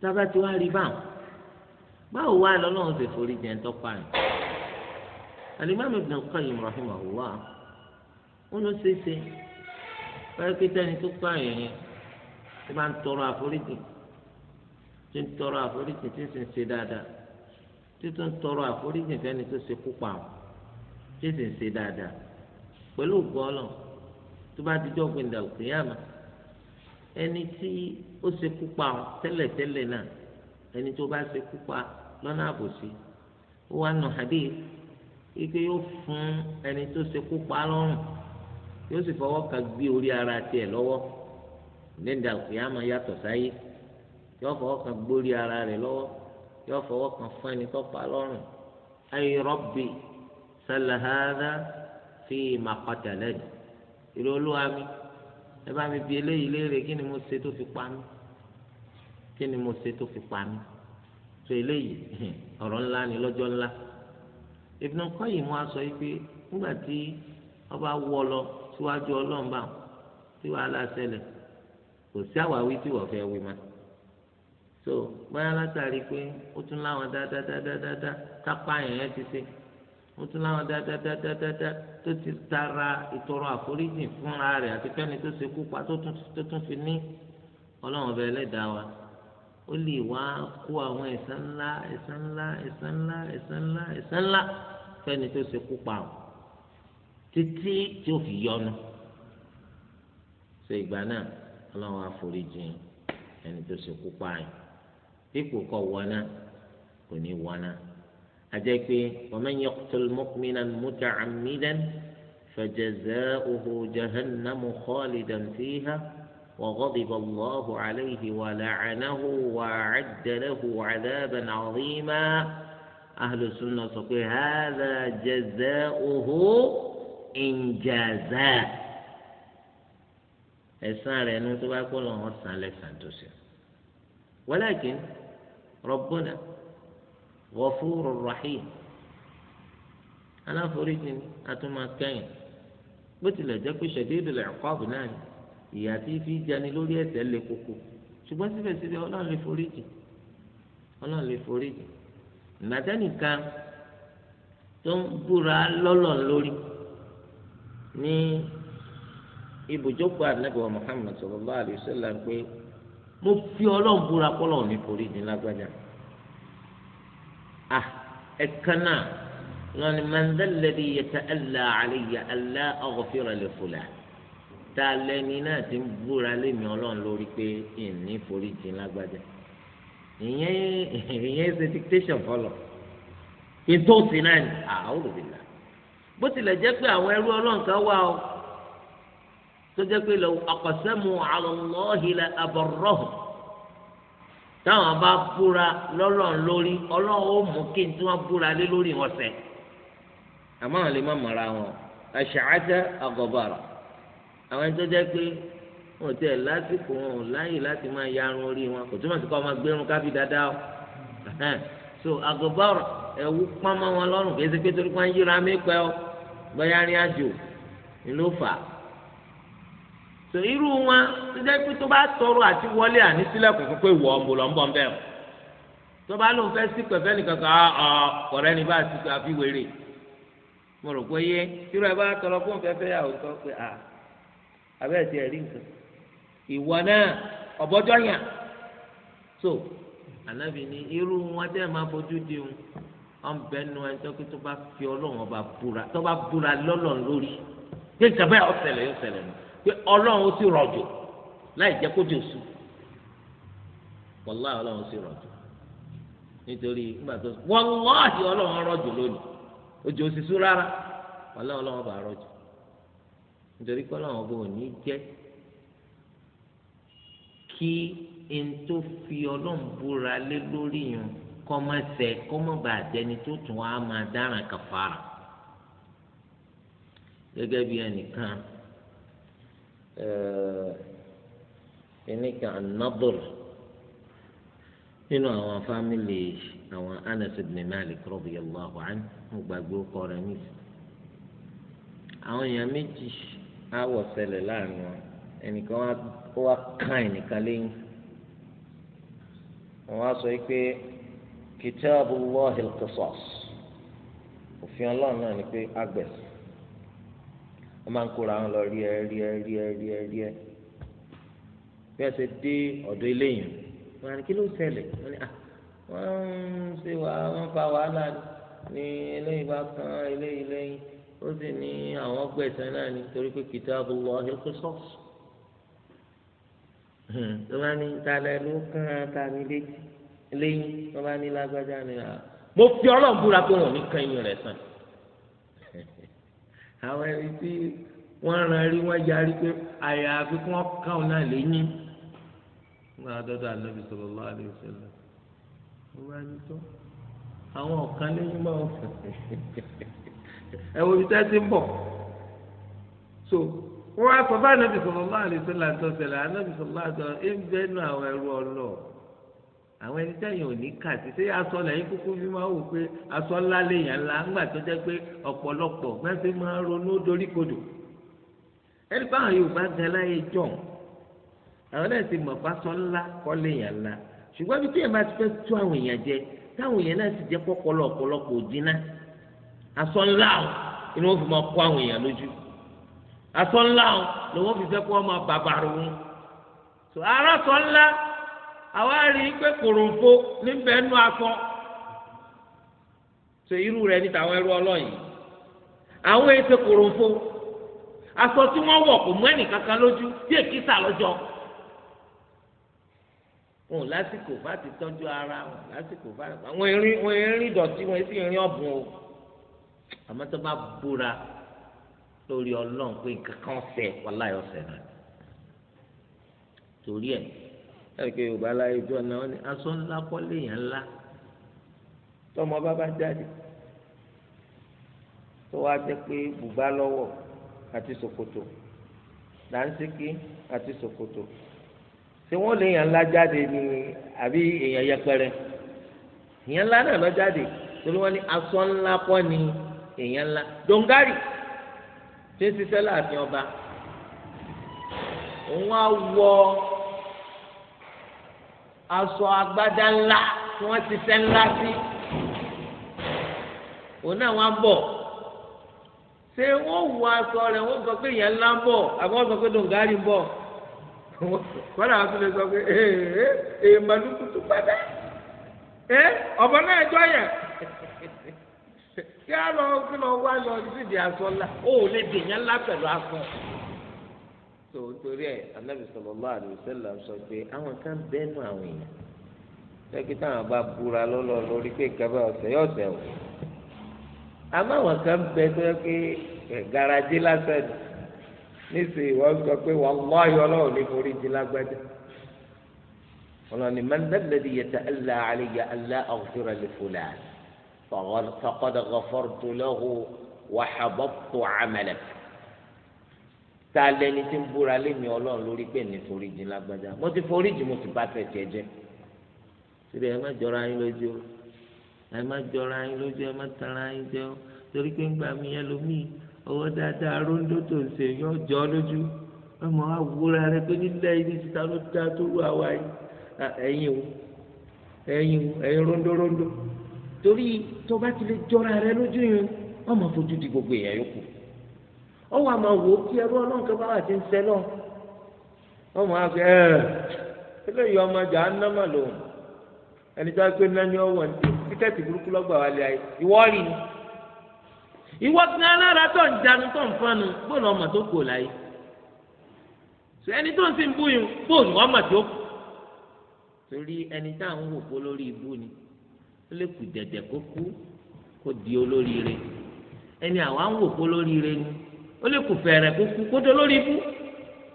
sábà tí wàá rí báwọn báwo wá lọ́lọ́run ṣe forí jẹ ẹni tó pa ẹ̀ Al-Imam Ibn Qayyim rahimahullah wọn ló ṣe é ṣe báyọ̀ pé tẹ́ni tó pa ẹ̀ yẹn tó bá ń tọrọ àforíjì tó ń tọrọ àforíjì tó sì ń ṣe dáadáa tó tó ń tọrọ àforíjì fẹ́ni tó ṣe kú pa ọ́ tó sì ń ṣe dáadáa pẹ̀lú gbọ́lọ̀ tó bá ti jọ gbẹndà òkèèyàmà ẹni tí ó ṣekú pa tẹ́lẹ̀tẹ́lẹ̀ náà ẹni tó bá ṣekú pa lọ́nà àbòsí ó wá nà hadith ike yóò fún ẹni tó ṣekú pa lọ́rùn yóò sì fọwọ́ ka gbé orí ara tiẹ̀ lọ́wọ́ gbẹndà òkèèyàmà yàtọ̀ sáyé yóò fọwọ́ ka gbórí ara rẹ̀ lọ́wọ́ yóò fọwọ́ kan fún ẹni tó pa lọ́rùn ay rabbi sal hadha fi ma qatalani ìrò olúwa mi ẹ bá mi bi eléyìí léèrè kí ni mo ṣe tó fi pa mí kí ni mo ṣe tó fi pa mí tó eléyìí ọ̀rọ̀ ńlá ni lọ́jọ́ ńlá Ibn Qayyim mú aṣọ yìí pé nígbà tí ọba wọ lọ síwájú ọlọ́run bá tí wàhálà ṣẹlẹ̀ kò sí àwáwí tí wọ́n fẹ́ wí ma so báyà látàrí pé ó tún láwọn dáadáa dáadáa dáadáa tápá yẹn ti ṣe ó tún láwọn dáadáadáadáa tó ti tara ìtọrọ àforíjì fúnra rẹ̀ àti fẹ́ni tó ṣe kú pa tó tún fi ní ọlọ́run ọbẹ̀ ẹlẹ́dàá wa ó lè wá kó àwọn ẹ̀san ńlá ẹ̀san ńlá ẹ̀san ńlá ẹ̀san ńlá ẹ̀san ńlá fẹ́ni tó ṣe kú pa ọ́ títí tí ó fi yọnu ṣe ìgbà náà ọlọ́run àforíjì ẹni tó ṣe kú pa yẹn dípò kọ́ wọná kò ní wọná. أجيكي ومن يقتل مؤمنا متعمدا فجزاؤه جهنم خالدا فيها وغضب الله عليه ولعنه وأعد له عذابا عظيما أهل السنة صفيه هذا جزاؤه انجازا إن جزاء ولكن ربنا Ghafurur Rahim aláforíjì ni a tún máa kẹ́yìn bó tilẹ̀ jẹ́ pé shadidul iqab náà ni ìyà tí fi jani lórí ẹ̀ṣẹ̀ le koko ṣùgbọ́n síbẹ̀síbẹ̀ ọlọ́run ibùjókòó wa Muhammad sallallahu pé mo fi ní lágbájá. ah ẹ̀kan náà wọn ni mandalẹ́bi yẹtẹ ẹ̀là àlẹyà ẹ̀là ọ̀gọ̀fẹ́rẹ́ lè fòlà tá a lẹ́ni náà ti ń búra lémi ọlọ́run lórí pé ìní forí jìn lágbájá ìyẹn ìyẹn ṣe dictation fọlọ ìtòsí náà ni àwọn olùdílà bó tilẹ̀ jẹ́ pé àwọn ẹrú ọlọ́run kan wà ó tó jẹ́ pé lọ́wọ́ àkọ́sẹ́mu àlọ́ lọ́ọ́ hìlẹ̀ àbọ̀rọ̀hùn táwọn bá búra lọ́lọ́run lórí ọlọ́run ó mú kí n tí wọ́n búra lé lórí wọn ṣẹ àmọ́ àwọn lè má mọ̀ra wọn àṣàájá àgọ̀bàrà àwọn ẹni tó jẹ́ pé wọn ò tẹ̀ lásìkò wọn ò láyè láti máa yarun orí wọn kò túmọ̀ sí kọ́ máa gbérun káfí dáadáa o so àgọ̀bàrà ẹ̀wù pọ́nmọ́ wọn lọ́rùn kì í ṣe pé torí wọn yíra mí pẹ́ bọ́yá rìn àjò ni ló fà tò irú wọn tó jẹ́ pé tó bá tọrọ àti wọlé àní sílẹ̀kùn fún pé wọ́ ọ̀bùn lọ́nbọ̀ ń bẹ̀rù tó bá lóun fẹ́ sí pẹ̀fẹ́ nìkan kan ọ̀ ah, kọ̀rẹ́ ah, ni bá a ti sọ àfi wèrè mo rò pé yé irú ẹ bá tọrọ fún fẹ́fẹ́ yàwó sọ pé à ah, abẹ́ẹ̀ ti ẹ̀rí nǹkan ìwọ náà ọ̀bọ́jọ́ yàn so ànábì ni irú wọn tẹ́ máa fojú di òun wọn bẹ nu ẹjọ́ pé tó bá fi ọlọ́run ọba búra tó bá búra lọ́lọ́run lórí pé ọlọ́run ó sì rọ̀jò láì jẹ́ kó jò sùn wàláhì ọlọ́run sì rọ̀jò nítorí nígbà tó wàláhì ọlọ́run rọ̀jò lónìí òjò sì sùn rárá wàláhì ọlọ́run bá rọ̀jò nítorí pé ọlọ́run ọgbọ́n ò jẹ́ fi ọlọ́run búra lé lórí kọ́mọ́sẹ̀ tó tún kàfàrà ẹnìkan eh, anadur nínú àwọn fámìlì àwọn Anas ibn Malik radiyallahu anhu ń gbàgbé ọkọ rẹ̀ níbi àwọn èèyàn méjì áwọ̀ ṣẹlẹ̀ láàrin wọn ẹnìkan wá ká ẹnìkan lẹ́yìn wọn á sọ pé kitabullahil qisas òfin ọlọ́run náà ni pé agbẹ̀sì wọ́n máa ń kóra wọn lọ rí ẹ rí ẹ rí ẹ rí ẹ rí ẹ bí ẹ ṣe dé ọ̀dọ̀ eléyìí wọ́n á ní kí ló ṣẹlẹ̀ wọ́n ní à ah, wọ́n ń ṣe wàá wọ́n fa wàhálà ní eléyìí bá kan eléyìí lẹ́yìn ó sì ní àwọn gbẹ̀sán náà nítorí pé kitabullahi qisas tó bá ní talẹ̀ ló kàn án ta mi létí lẹ́yìn tó bá ní lágbájá ni ah, mo fi ọlọ́run pé wọn ní kan rẹ̀ sàn àwọn ẹni tí wọ́n ran rí wọ́n yarí pé àyàfi kí wọ́n káwọn náà lẹ́yìn nígbà dọ́dọ̀ ànábì sallallahu alaihi wasallam wọ́n bá ní tó àwọn ọ̀kan lẹ́yìn máa ń fẹ̀ ẹ wo ti ń bọ̀ so wọ́n á sọ bá ànábì sallallahu alaihi wasallam àtọ́sẹ̀lẹ̀ ànábì sallallahu alaihi wasallam ń bẹ́ẹ̀ nù àwọn ẹrú ọlọ́ọ̀ àwọn ẹni tẹ́yìn ò ní kà sí ṣé aṣọ lẹ́yìn kúkú fi máa wò pé aṣọ ńlá lèèyàn ńlá ńgbà tó jẹ́ pé ọ̀pọ̀lọpọ̀ mẹ́sẹ̀ máa ń ronú dorí kodò ẹni báwọn Yorùbá gan láyé jọ̀hún àwọn náà ti mọ̀ fásọ ńlá kọ́ lèèyàn ńlá ṣùgbọ́n bí tí èèyàn bá ti fẹ́ tú àwọn èèyàn jẹ táwọn èèyàn náà sì jẹ́ pọ́pọ́lọ́ ọ̀pọ̀lọpọ̀ òdínà aṣọ ńlá ọ̀ ni wọ́n fi máa kó àwọn èèyàn lójú àwa rí i pé kòròfo níbẹ̀ nú afọ tó irú rẹ̀ ní tàwọn ẹrú ọlọ́yìn àwọn ètò kòròfo aṣọ tí wọ́n wọ̀ kò mú ẹnì kankan lójú tí èkìtà lọ́jọ́ wọn ò lásìkò bá ti tọ́jú ara wọn lásìkò bá wọn erin wọn erin dọ̀tí wọn sì erin ọ̀bùn o àmọ́ tó bá bóra lórí ọlọ́run pé nǹkan kan ṣe wàláyọ̀ ṣẹ̀ náà torí ẹ̀ ẹ̀kẹ́ yorùbá láyé jọ náà ni aṣọ ńlá kọ́lé yẹn ńlá tọmọ bá bá jáde tó wá jẹ́ pé bùbá lọ́wọ́ àti ṣòkòtò dànsíkí àti ṣòkòtò ṣé wọ́n lè yàn ńlá jáde ni àbí èèyàn yẹpẹrẹ èèyàn ńlá náà lọ jáde torí wọ́n ní aṣọ ńlá kọ́ ni èèyàn ńlá dongari tí ń ṣiṣẹ́ láàfin ọba òun á wọ aṣọ agbádá ńlá tí wọ́n ti fẹ́ ńlá sí òun náà wọ́n á bọ̀ ṣé wọ́n wù aṣọ rẹ̀ wọ́n sọ pé ìyẹn ńlá ń bọ̀ àbí wọ́n sọ pé dòǹgárì ń bọ̀ wọ́n àwọn tún lè sọ pé èèyàn màlúkú tún padà ẹ ọ̀bọ náà jọ yẹn kí á lọ kí lọ wá lọ sídìí aṣọ ńlá ó lè dènyẹn ńlá pẹ̀lú aṣọ tó nítorí ẹ anábì sallallahu alaihi wasallam sọ pé àwọn kan bẹnu àwọn èèyàn lẹ́kí táwọn bá búra lọ́lọ́ lórí pé ìkẹ́bẹ́ ọ̀sẹ̀ yóò sẹ̀ o àmọ́ àwọn kan bẹ tó yẹ pé garaje lásán nísìnyí wọ́n sọ pé wallahi ọlọ́run ní forí di lágbájá ọlọ́ni man alladhi yata'alla alayya alla aghfira li fulan faqad ghafartu lahu wa habattu 'amalahu ta lẹni tí ń búra lémi ọlọ́run lórí pé ní foríjì lágbájá mo ti foríjì mo ti bá tẹ̀tẹ̀ jẹ síbẹ̀ ẹ má jọra yín lójú o ẹ má jọra yín lójú ẹ má tara yín jẹ o torí pé ńgbà mi ẹlòmíì owó dáadáa róńdó tó ń ṣe yọ jọ lójú ọmọ àwòrán rẹ pé nílẹ̀ yìí ti ta ló dá tó wù àwa yìí ẹ̀yin o ẹ̀yin o ẹ̀yin róńdó róńdó torí tó bá ti jọra rẹ lójú yẹn ọmọ fojú di gbogbo èèyàn yòókù ọwọ́ àmọ́ wò ó kí ẹrú ọlọ́run kan bá wà ti ń sẹ́ lọ ọmọ àgbẹ̀ ẹ̀ eléyìí ọmọ jà ń námà lòun ẹni tó wá pé náà ni ọwọ́ ní tíkẹ́ẹ̀tì burúkú lọ́gbà wà lẹ́yà ìwọ rí ni ìwọ tí náà lára tó ń janu tó ń fọnu bóòlù ọmọ tó kù láyé sọ ẹni tó ń sìn búyìn bóòlù ọmọ tó kù torí ẹni tá à wò kó lórí ibú ni ó lè kù dẹ̀dẹ̀ kó kú kó di olóríire ẹni àwa wò kó lóríire ni. ó lè kù fẹ̀rẹ̀ kó kú kótó lórí ibú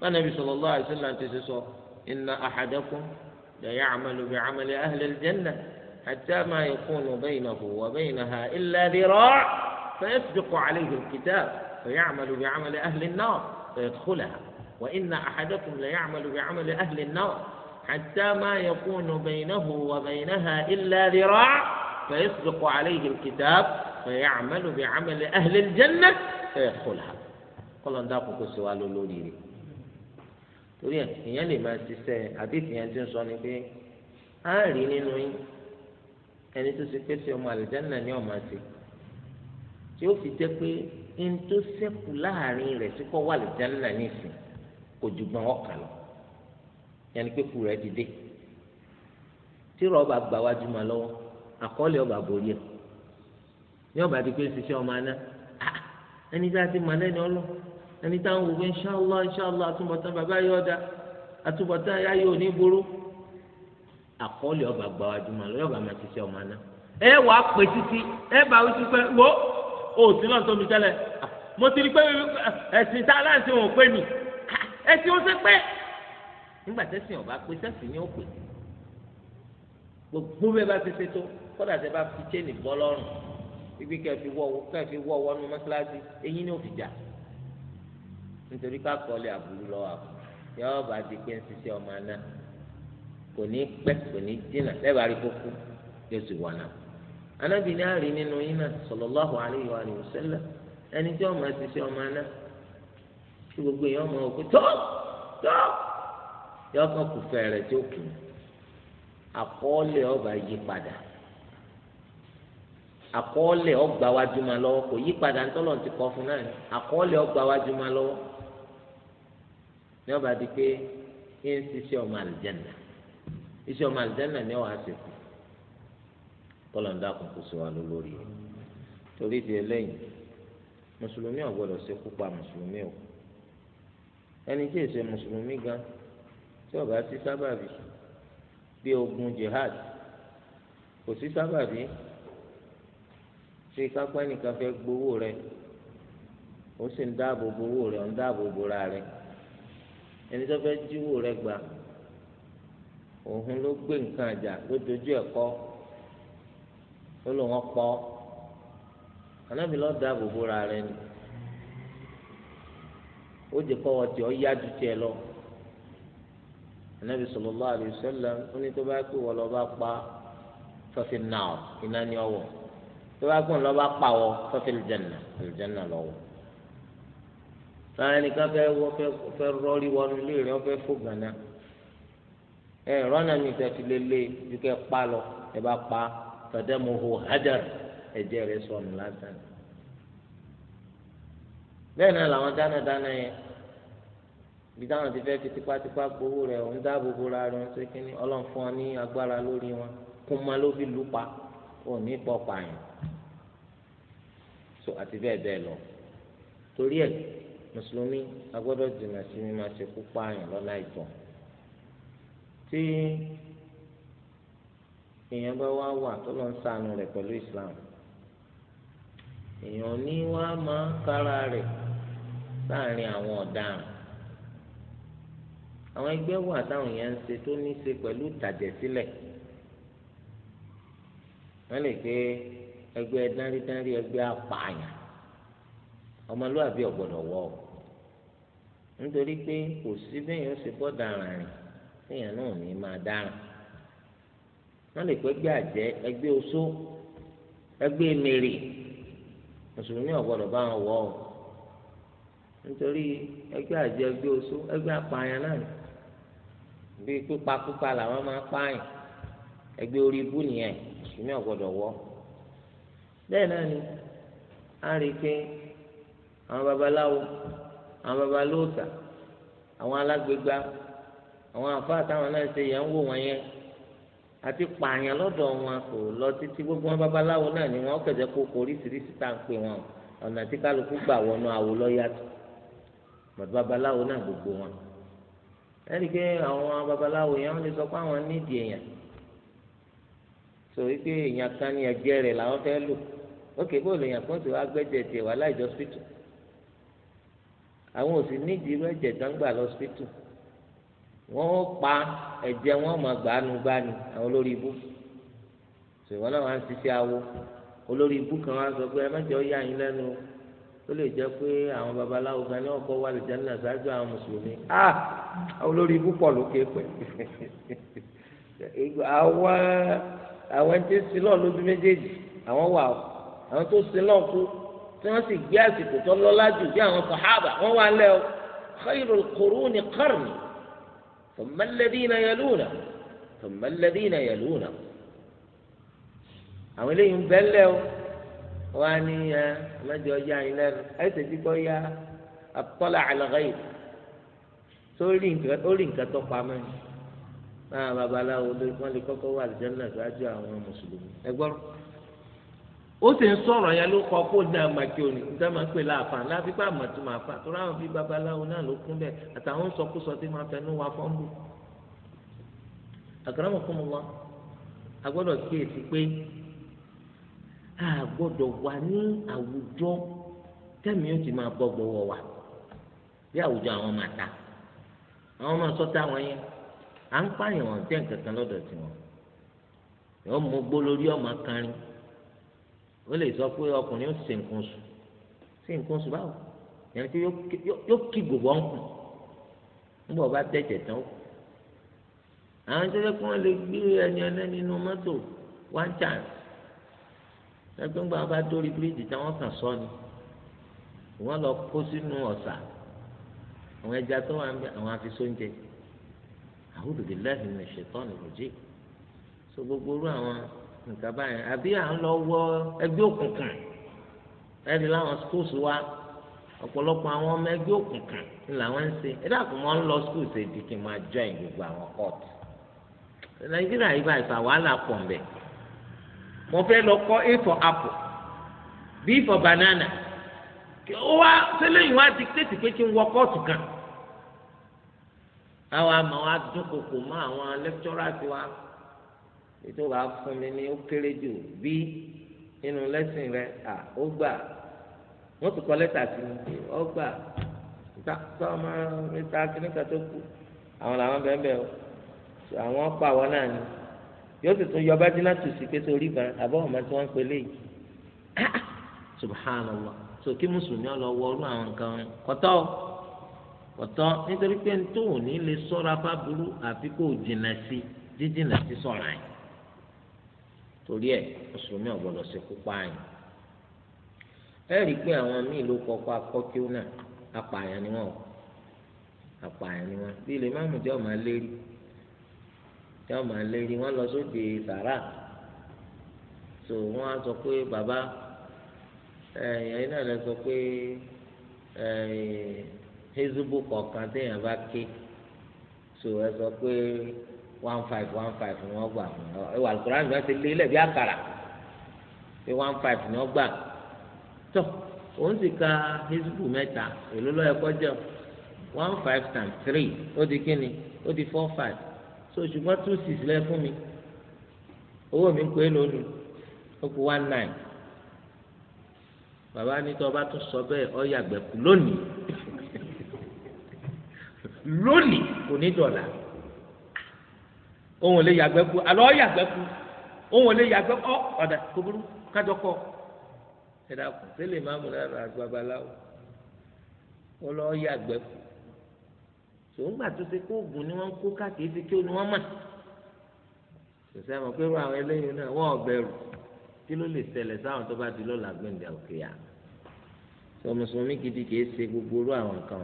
wọn Ànábì sallallahu alaihi wasallam ti sọ inna ahadakum la ya'malu bi'amali ahli al-jannah hatta ma yakunu baynahu wa bẹyìn ilẹ ẹdí rọ fẹẹ fi kọ àlẹ baynaha illa dhira' فيسبق عليه الكتاب فيعمل بعمل أهل النار فيدخلها وإن أحدكم ليعمل بعمل أهل النار حتى ما يكون بينه وبينها إلا ذراع فيسبق عليه الكتاب فيعمل بعمل أهل الجنة فيدخلها kọ́lọ̀ ń dàpọ̀ kó sí wa ló lórí rẹ̀ torí ẹ̀ ìyẹn lè máa ṣiṣẹ́ àdéhùn yẹn ti ń sọ ni pé á rí nínú yín ẹni tó ṣe pé ọmọ àlùjáná ni ọmọ ṣe tí ó fi jẹ́ pé ń tó ṣẹ́kù láàrin rẹ̀ sí kọ́ wà àlùjáná nìsín kò ju gbọ́n ọ̀kan lọ yẹn ni pé kù rẹ̀ ti dé tí rọ́ọ̀bà gbà wájú máa lọ́wọ́ àkọọ́lẹ̀ ọba borí ẹ̀ ní ọba di pé ń ṣiṣẹ́ ọmọ aná ẹni tí a ti mọ̀ lẹ́ni ọlọ́ ẹni tí a ń wò pé inṣàlá inṣàlá àtúbọ̀tán bàbá yóò dá àtúbọ̀tán ayá yóò ní burú àkọọ́lẹ̀ ọba gba wájú ma lọ́yọ̀ bá máa ṣiṣẹ́ ọmọ náà ẹ wàá pè títí ẹ bá wí sí pé wo òsín náà tóbi tẹ́lẹ̀ ah, mo ti rí pé ẹ̀sìn tá aláǹsì wọn ò pè mí ah, ẹ̀sìn ó ṣe pé nígbà tẹ́sìn ọba pé sẹ́sìn ni ó pè gbogbo bẹ́ẹ̀ bá ti ṣe tó kọ́dà tẹ́ bá fi chéènì bọ́ lọ́rùn ibi kẹfì wọwọ kẹfì wọwọ nu mọ́sálásí eyín ni ó fi jà nítorí kákọọlẹ àbúrú lọ àbú yọọ bá di pé ń ṣiṣẹ́ ọmọ náà kò ní pẹ́ kò ní dínà lẹbàá rí kókó yóò sì wà náà anábì ní àárín nínú yín náà sallallahu alaihi wa sallam ẹni tí ọmọ ṣiṣẹ́ ọmọ náà tí gbogbo èèyàn mọ òkú tó tó yọọ kàn kù fẹrẹ tí ó kù àkọọlẹ ọba yí padà àkọọ́lẹ̀ ọgbà wa juma lọ́wọ́ kò yí padà ńtọ́lọ̀ ti kọ́ fún náà ni àkọọ́lẹ̀ ọgbà wa juma lọ́wọ́ ní ọba di pé kí n ṣiṣẹ́ ọmọ àlìjẹ́nà iṣẹ́ ọmọ àlìjẹ́nà ni ọ̀ á ṣe kù ń dákun kó sọ wa lórí rẹ̀ torí di eléyìí mùsùlùmí ò gbọ́dọ̀ ṣe kú pa mùsùlùmí o ẹni tí èsè mùsùlùmí gan tí ọba sí sábàbí bí ogun jihad kò sí sábàbí. ṣé kápẹ́ nìkan fẹ́ gbowó rẹ ó sì ń dáàbò bo rẹ ó ń dáàbò bora rẹ ẹni tó fẹ́ jíwó rẹ gbà òun ló gbé nǹkan àjà ló dojú ẹ̀ kọ́ ó lò wọ́n pọ́ anábì lọ́ọ́ dáàbò bora rẹ ni ó jẹ kọ́ wọ́n ọ́ tiẹ̀ lọ anabi sallallahu alaihi wasallam ó ní tó bá pè wọ́n lọ́ọ́ bá pa ọ̀wọ́. tó bá gbọ́n lọ́ba pàwọ́ fẹ́fẹ́ lìjẹ̀nà lìjẹ̀nà lọ́wọ́ sáré nìkan fẹ́ wọ́ fẹ́ rọ́ọ̀lì wọnú ilé rẹ̀ fẹ́ fò gànà ẹ rọ́nà mi tẹ́ fi lélẹ̀ ju kẹ́ pa lọ ẹ bá pa tọ́dẹ́ mo hó hajar ẹ̀jẹ̀ rẹ̀ sọnù lásán bẹ́ẹ̀ náà làwọn dánadáná yẹn ibi táwọn ti fẹ́ fi tipátipá gbowó rẹ̀ ń dáàbò bóra rẹ̀ ń ṣe kínní ọlọ́run fún ọ ní agbára lórí wọn kó má ló fi lù pa ò ní pọ̀ pààyàn so àti bẹ́ẹ̀ bẹ́ẹ̀ lọ torí ẹ̀ mùsùlùmí a gbọ́dọ̀ jìnnà sí mi máa ṣe kópa àyàn lọ́la ìtàn tí èèyàn bá wá wà tó lọ ń sànù rẹ̀ pẹ̀lú Islam èèyàn ní wá máa kára rẹ̀ láàrin àwọn ọ̀daràn àwọn ẹgbẹ́ wà táwọn èèyàn ń ṣe tó ní í ṣe pẹ̀lú ìtàjẹ̀sílẹ̀ wọ́n lè pé ẹgbẹ́ dánrídánrí ẹgbẹ́ apààyàn ọmọlúwàbí ọ̀gbọ́dọ̀ wọ̀ ọ́ nítorí pé kò sí bẹ́ẹ̀ yóò ṣe bọ́ dáràn rìn téèyàn náà ní máa dáràn wọ́n lè pẹ́ gbé àjẹ́ ẹgbẹ́ oṣó ẹgbẹ́ mèrè mùsùlùmí ọ̀gbọ́dọ̀ bá wọn wọ̀ ọ́ nítorí ẹgbẹ́ àjẹ́ ẹgbẹ́ oṣó ẹgbẹ́ apààyàn náà bíi pípa pípa làwọn máa pààyàn ẹgbẹ́ orí ibú nìyẹn mùsùlùmí ọ̀gbọ́dọ̀ wọ̀ ọ́. bẹ́ẹ̀ náà ni a rí i pé àwọn babaláwo àwọn babalóòtà àwọn alágbègbà àwọn àfáà táwọn náà ṣe yẹn ń wò wọn yẹn àti pààyàn lọ́dọ̀ wọn kò lọ títí gbogbo wọn babaláwo náà ni wọn kẹ̀jẹ́ kó oríṣiríṣi tá à ń pè wọn ọ̀nà tí kálukú gbà wọnú àwo lọ́yàtọ̀ bàbá babaláwo náà gbogbo wọn pé àwọn babaláwo yẹn wọn lè sọ pé àwọn nídìí èèyàn sọ wípé èèyàn kan ní ẹgbẹ́ rẹ̀ làwọn fẹ́ ókè bó lèèyàn kan ti wá gbẹ́jẹ̀ tiẹ̀ wá láìjọ hospital àwọn òsì nídìí irú ẹ̀jẹ̀ tó ń gbà lọ hospital wọ́n pa ẹ̀jẹ̀ wọn mọ̀ gbàánu gbani àwọn olórí ibú ṣèwọ́n náà wá ń ṣiṣẹ́ awo olórí ibú kan wá sọ pé ẹ mẹ́jọ yá yín lẹ́nu ó lè jẹ́ pé àwọn babaláwo gan ni wọ́n kọ́ wà lìjẹ́ náà ṣáájú àwọn mùsùlùmí ah olórí ibú pọ̀ lókè pẹ̀ àwọn àwọn tí ń sin náà lójú méjèèjì àwọn wà ó àwọn tó sin náà kú tí wọ́n sì gbé àsìkò tó lọ́lá jù bí àwọn sàhábà wọ́n wà lẹ́ o khayrul quruni qarni thumma alladhina yaluna thumma alladhina yaluna àwọn eléyìí ń bẹ́ lẹ́ o wọ́n á ní ẹ ọlọ́dẹ ọjà yín lẹ́nu ẹ̀sẹ̀ tí kò yá àtọ́lá àlàkàyè sórí nǹkan tó pamọ́ ni babaláwo wọn lè kọ́kọ́ wà lìjọ́nà ṣáájú àwọn mùsùlùmí ẹgbọ́n. ó sì ń sọ̀rọ̀ yẹn ló kọ́ kó ní àmàkì òní níta máa ń pè láàfà láfipá àmàtúmọ̀ àfà tó ráwọn bíi babaláwo náà ló kún bẹ́ẹ̀ àtàwọn sọkúsọ tí máa fẹnu wa fọ́ńbù. àkàràmọ̀ fún mi wá a gbọ́dọ̀ kíyèsí pé a gbọ́dọ̀ wà ní àwùjọ tẹ́mi ó ti máa bọ́ gbọ́wọ́ wa bí àwùjọ àwọn máa ta àwọn máa sọ́tà wọn yẹn à ń pààyàn wọn lọ́dọ̀ tiwọn ó lè sọ pé ọkùnrin ó sì nǹkan sùn sí nǹkan sùn báwo yẹn pé yóò kí gbogbo ọ̀nkùn nígbà bá tẹ̀jẹ̀ tán àwọn tó yẹ kí wọ́n lè gbé ẹni ọlẹ́ nínú mọ́tò one chance ẹgbẹ́ ńgbà wọn bá dórí bíríìjì táwọn kàn sọ ni wọ́n lọ kó sínú ọ̀sà àwọn ẹja tó wà ń bẹ àwọn afisóúnjẹ àwùjọ lẹ́hìn ní ṣètọ́ nìròjì so gbogbo orú àwọn. nǹkan báyìí àbí à ń lọ wọ ẹgbẹ́ òkùnkùn ẹ̀rí láwọn skools wa ọ̀pọ̀lọpọ̀ àwọn ọmọ ẹgbẹ́ òkùnkùn ni làwọn ń ṣe ẹ dàpọ̀ mọ́ ń lọ skools èdè kí n máa join gbogbo àwọn court nàìjíríà yìí báyìí fà wàhálà pọ̀ mbẹ́ mo fẹ́ lọ kọ́ a for apple b for banana ó wá sẹ́lẹ̀yìn wá pé kí n wọ kan àwọn àmọ́ wa mọ́ àwọn ètò wàá fún mi ní ó kéré jù bí nínú lẹ́sìn rẹ à ó gbà wọ́n ti kọ́ lẹ́tà sí mi pé ó gbà tó ọmọ mi ta kíníkà tó kù àwọn làwọn bẹ́ẹ̀ bẹ́ẹ̀ o àwọn pa àwọn náà ni yóò sì tún yọ bá tù sí pé sórí gan àbọ̀ ọ̀mọ tí wọ́n ń pelé yìí subhanallah so kí mùsùlùmí ọ lọ wọlú àwọn nǹkan kọtọ kọtọ nítorí pé ntòun ní lè sọ́ra fábùrú àfi kò jìnnà sí jíjìnnà sí sọ̀rọ̀ yẹn. torí ẹ mùsùlùmí ọ̀gbọ́dọ̀ ṣe kú pààyàn ẹ rí i pé àwọn míì ló kọ́kọ́ akọ́kíó náà apààyàn ni wọn apààyàn ni wọn bí ilé máàmù jẹ́ ọ̀mà lérí jẹ́ ọ̀mà lérí wọ́n lọ sóde sàrà tó wọ́n á sọ pé bàbá ẹ̀yìn náà lọ sọ pé. one five one five ni wọ́n gbà ẹwà alukurani náà ti lé ilẹ̀ bí àkàrà pé one five ni wọ́n gbà tó òun sì ka hezbollah mẹ́ta èló lọ́yẹ kọjá one five times three ó di kíni ó di four five so ṣùgbọ́n two six lẹ́ fún mi owó mi ń pè é lónìí ó kú one nine bàbá ní tó o bá tún sọ bẹ́ẹ̀ ọ yàgbẹ́ kú lónìí lónìí kò ní dọ̀là òun ò lè yàgbẹ́ ku àlọ́ yàgbẹ́ ku òun ò lè yàgbẹ́ kọ́ ọ̀dà kúburú kájọ kọ́ ẹ̀dá kù sílẹ̀ máa mú lára babaláwo ó lọ́ yàgbẹ́ ku sòwòǹgbà tó ṣe kó oògùn ni wọ́n kó káàkiri ti kí ó ni wọ́n mọ̀ sọ̀sẹ́ àwọn pẹ̀lú àwọn eléyìí náà wọ́n ọ̀bẹ̀rù kí ló lè ṣẹlẹ̀ sáwọn tó bá di lọ́la gbẹ̀ǹdà òkè yà sọ gidi kìí ṣe gbogbo orú àwọn kan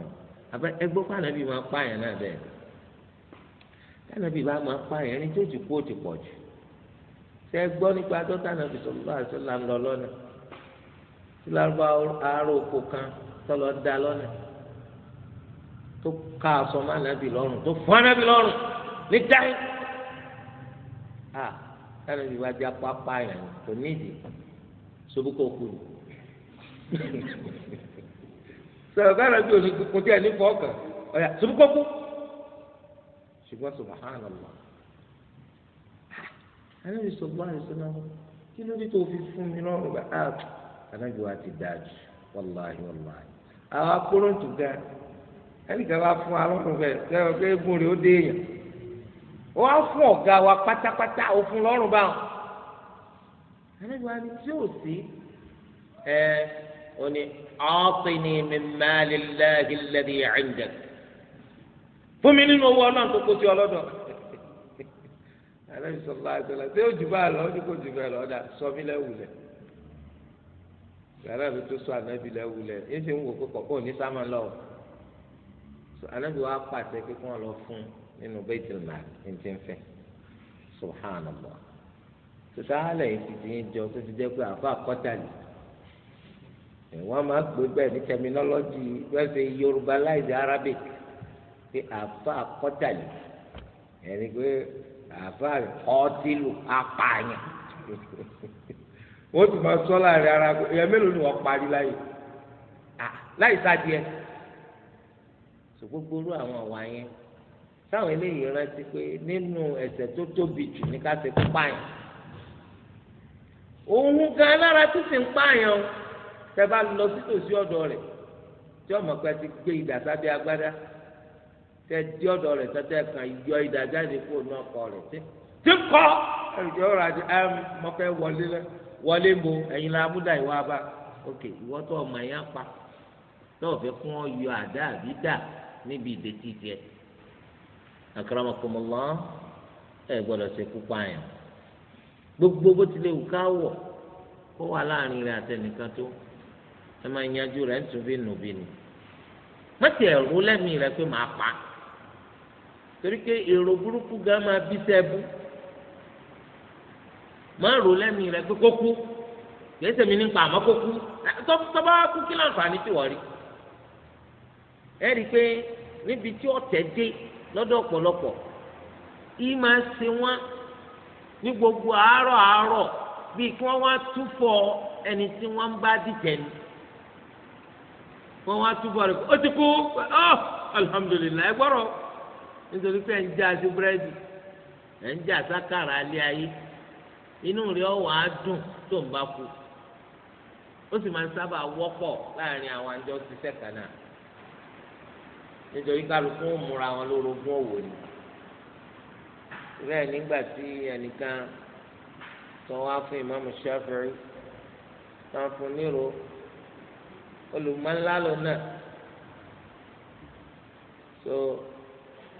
ẹgbẹ́ pàdánù bíi máa pààyàn náà bẹ́ẹ̀ tánàbí bá máa pa ẹ̀rín tó ti kú ó ti pọ̀ jù ṣe é gbọ́ nípa tó tánàbí tó bá aṣọ là ń lọ lọ́nà tí lárúbá aró oko kan tó lọ da lọ́nà tó ká aṣọ má nàbí lọ́rùn tó fọ́ nàbí lọ́rùn ní dáhìn à tánàbí bá di apá pa ẹ̀rín tó nídìí sobúkọ kù ní sọ̀rọ̀ káàdà bí òní kò tí ẹ̀ ní fọ́ ọ̀yà sobúkọ kù ṣùgbọ́n subhanallah anábì sọgbọn àìsàn kí ló dé tó fi fún mi lọ́rùn bá a ah, anábì wa ti dáa jù wàláhi wàláhi àwọn akóròǹtù gan ẹnìkan bá fún alọ́run bẹ́ẹ̀ sẹ́wọ́n pé egun rẹ̀ ó dé èèyàn ó wá fún ọ̀gá wa pátápátá òfin lọ́rùn báwọn anábì wa ni tí ò sí ẹ ó ní ọ́pìnì min mali llahi alladhi indak fún mi nínú owó ọlọ́run tó kó sí ọlọ́dọ̀ alẹ́ sọ̀rọ̀ àìsọ̀rọ̀ ṣé ó jù bá lọ ó kó jù bẹ́ẹ̀ lọ ọ̀dà sọ mí lẹ́wùlẹ̀ yàrá mi tó sọ ànábì lẹ́wùlẹ̀ yín sì ń wò pé kọ̀kọ́ ò ní sámà lọ́wọ́ ànábì wa pàṣẹ pé kí wọ́n lọ fún nínú bẹ́ẹ̀tì màá ní ti ń fẹ́ subhanallah tòtá àlẹ́ yìí ti ti ń jọ tó ti jẹ́ pé àbá àkọ́tàlì wọ́n máa gbé bẹ́ẹ̀ ní terminology wọ́n ṣe Yorùbá láìsí Arabic pé àfa àkọ́tàlì ẹni pé àfa ọtílù apààyàn wọ́n tún máa sọ láàrin ara ẹ mélòó ni wọ́n parí láyè láì sáàdìẹ sọ gbogbo irú àwọn àwa yẹn táwọn eléyìí rántí pé nínú ẹ̀ṣẹ̀ tó tóbi jù ní ká ṣe pààyàn òun gan lára tó sì ń pààyàn tẹ́ bá lọ sí tòsí ọ̀dọ̀ rẹ̀ tí ọmọ pẹ ti gbé ìdàsábẹ agbádá tẹ di ọ̀dọ̀ rẹ̀ tẹtẹ kan yọ ìdájáde kó ní ọkọ rẹ̀ tí tí kọ ẹjọ rà di ẹm mọfẹ wọlé lẹ wọlé mo ẹyin la múdà ìwà bá ok ìwọ tó ọmọ yẹn pa tó o fẹ́ kún ọ yọ àdá àbí dà níbi ìdètí tiẹ̀ àkàràmọkùnmọlọ ẹ gbọ́dọ̀ ṣe púpọ̀ àyàn gbogbo bó tilẹ̀ wù ká wọ̀ kó wà láàrin rẹ̀ àtẹnìkan tó ẹ máa torí ke èrò burúkú gan máa bí sẹ́ẹ̀bù máa rò lẹ́mìí rẹ pé kó kú kìí sèmi nípa àmọ́ kó kú tọ́ba kú kí láǹfààní tí wọ́n rí ẹ rí i pé níbi tí ọ̀tẹ̀ gbogbo àárọ̀ àárọ̀ bíi kí wọ́n wá túfọ̀ ẹni ni wọ́n wá túfọ̀ rẹ̀ ó nítorí pé ẹ̀ ń já sí búrẹ́dì ẹ̀ ń já sákàrà alẹ́ ayé inú rẹ̀ ọ̀wà á dùn tó ń bá kú ó sì máa ń sábà wọ́pọ̀ láàrin àwọn àjọ ṣiṣẹ́ kan náà nítorí kálukú ń múra wọn lórogún òwò ni bẹ́ẹ̀ nígbà tí ẹnìkan tó wá fún ìmáàmù Ṣáfi'í tán fún níro olùmọ̀ńlá lọ náà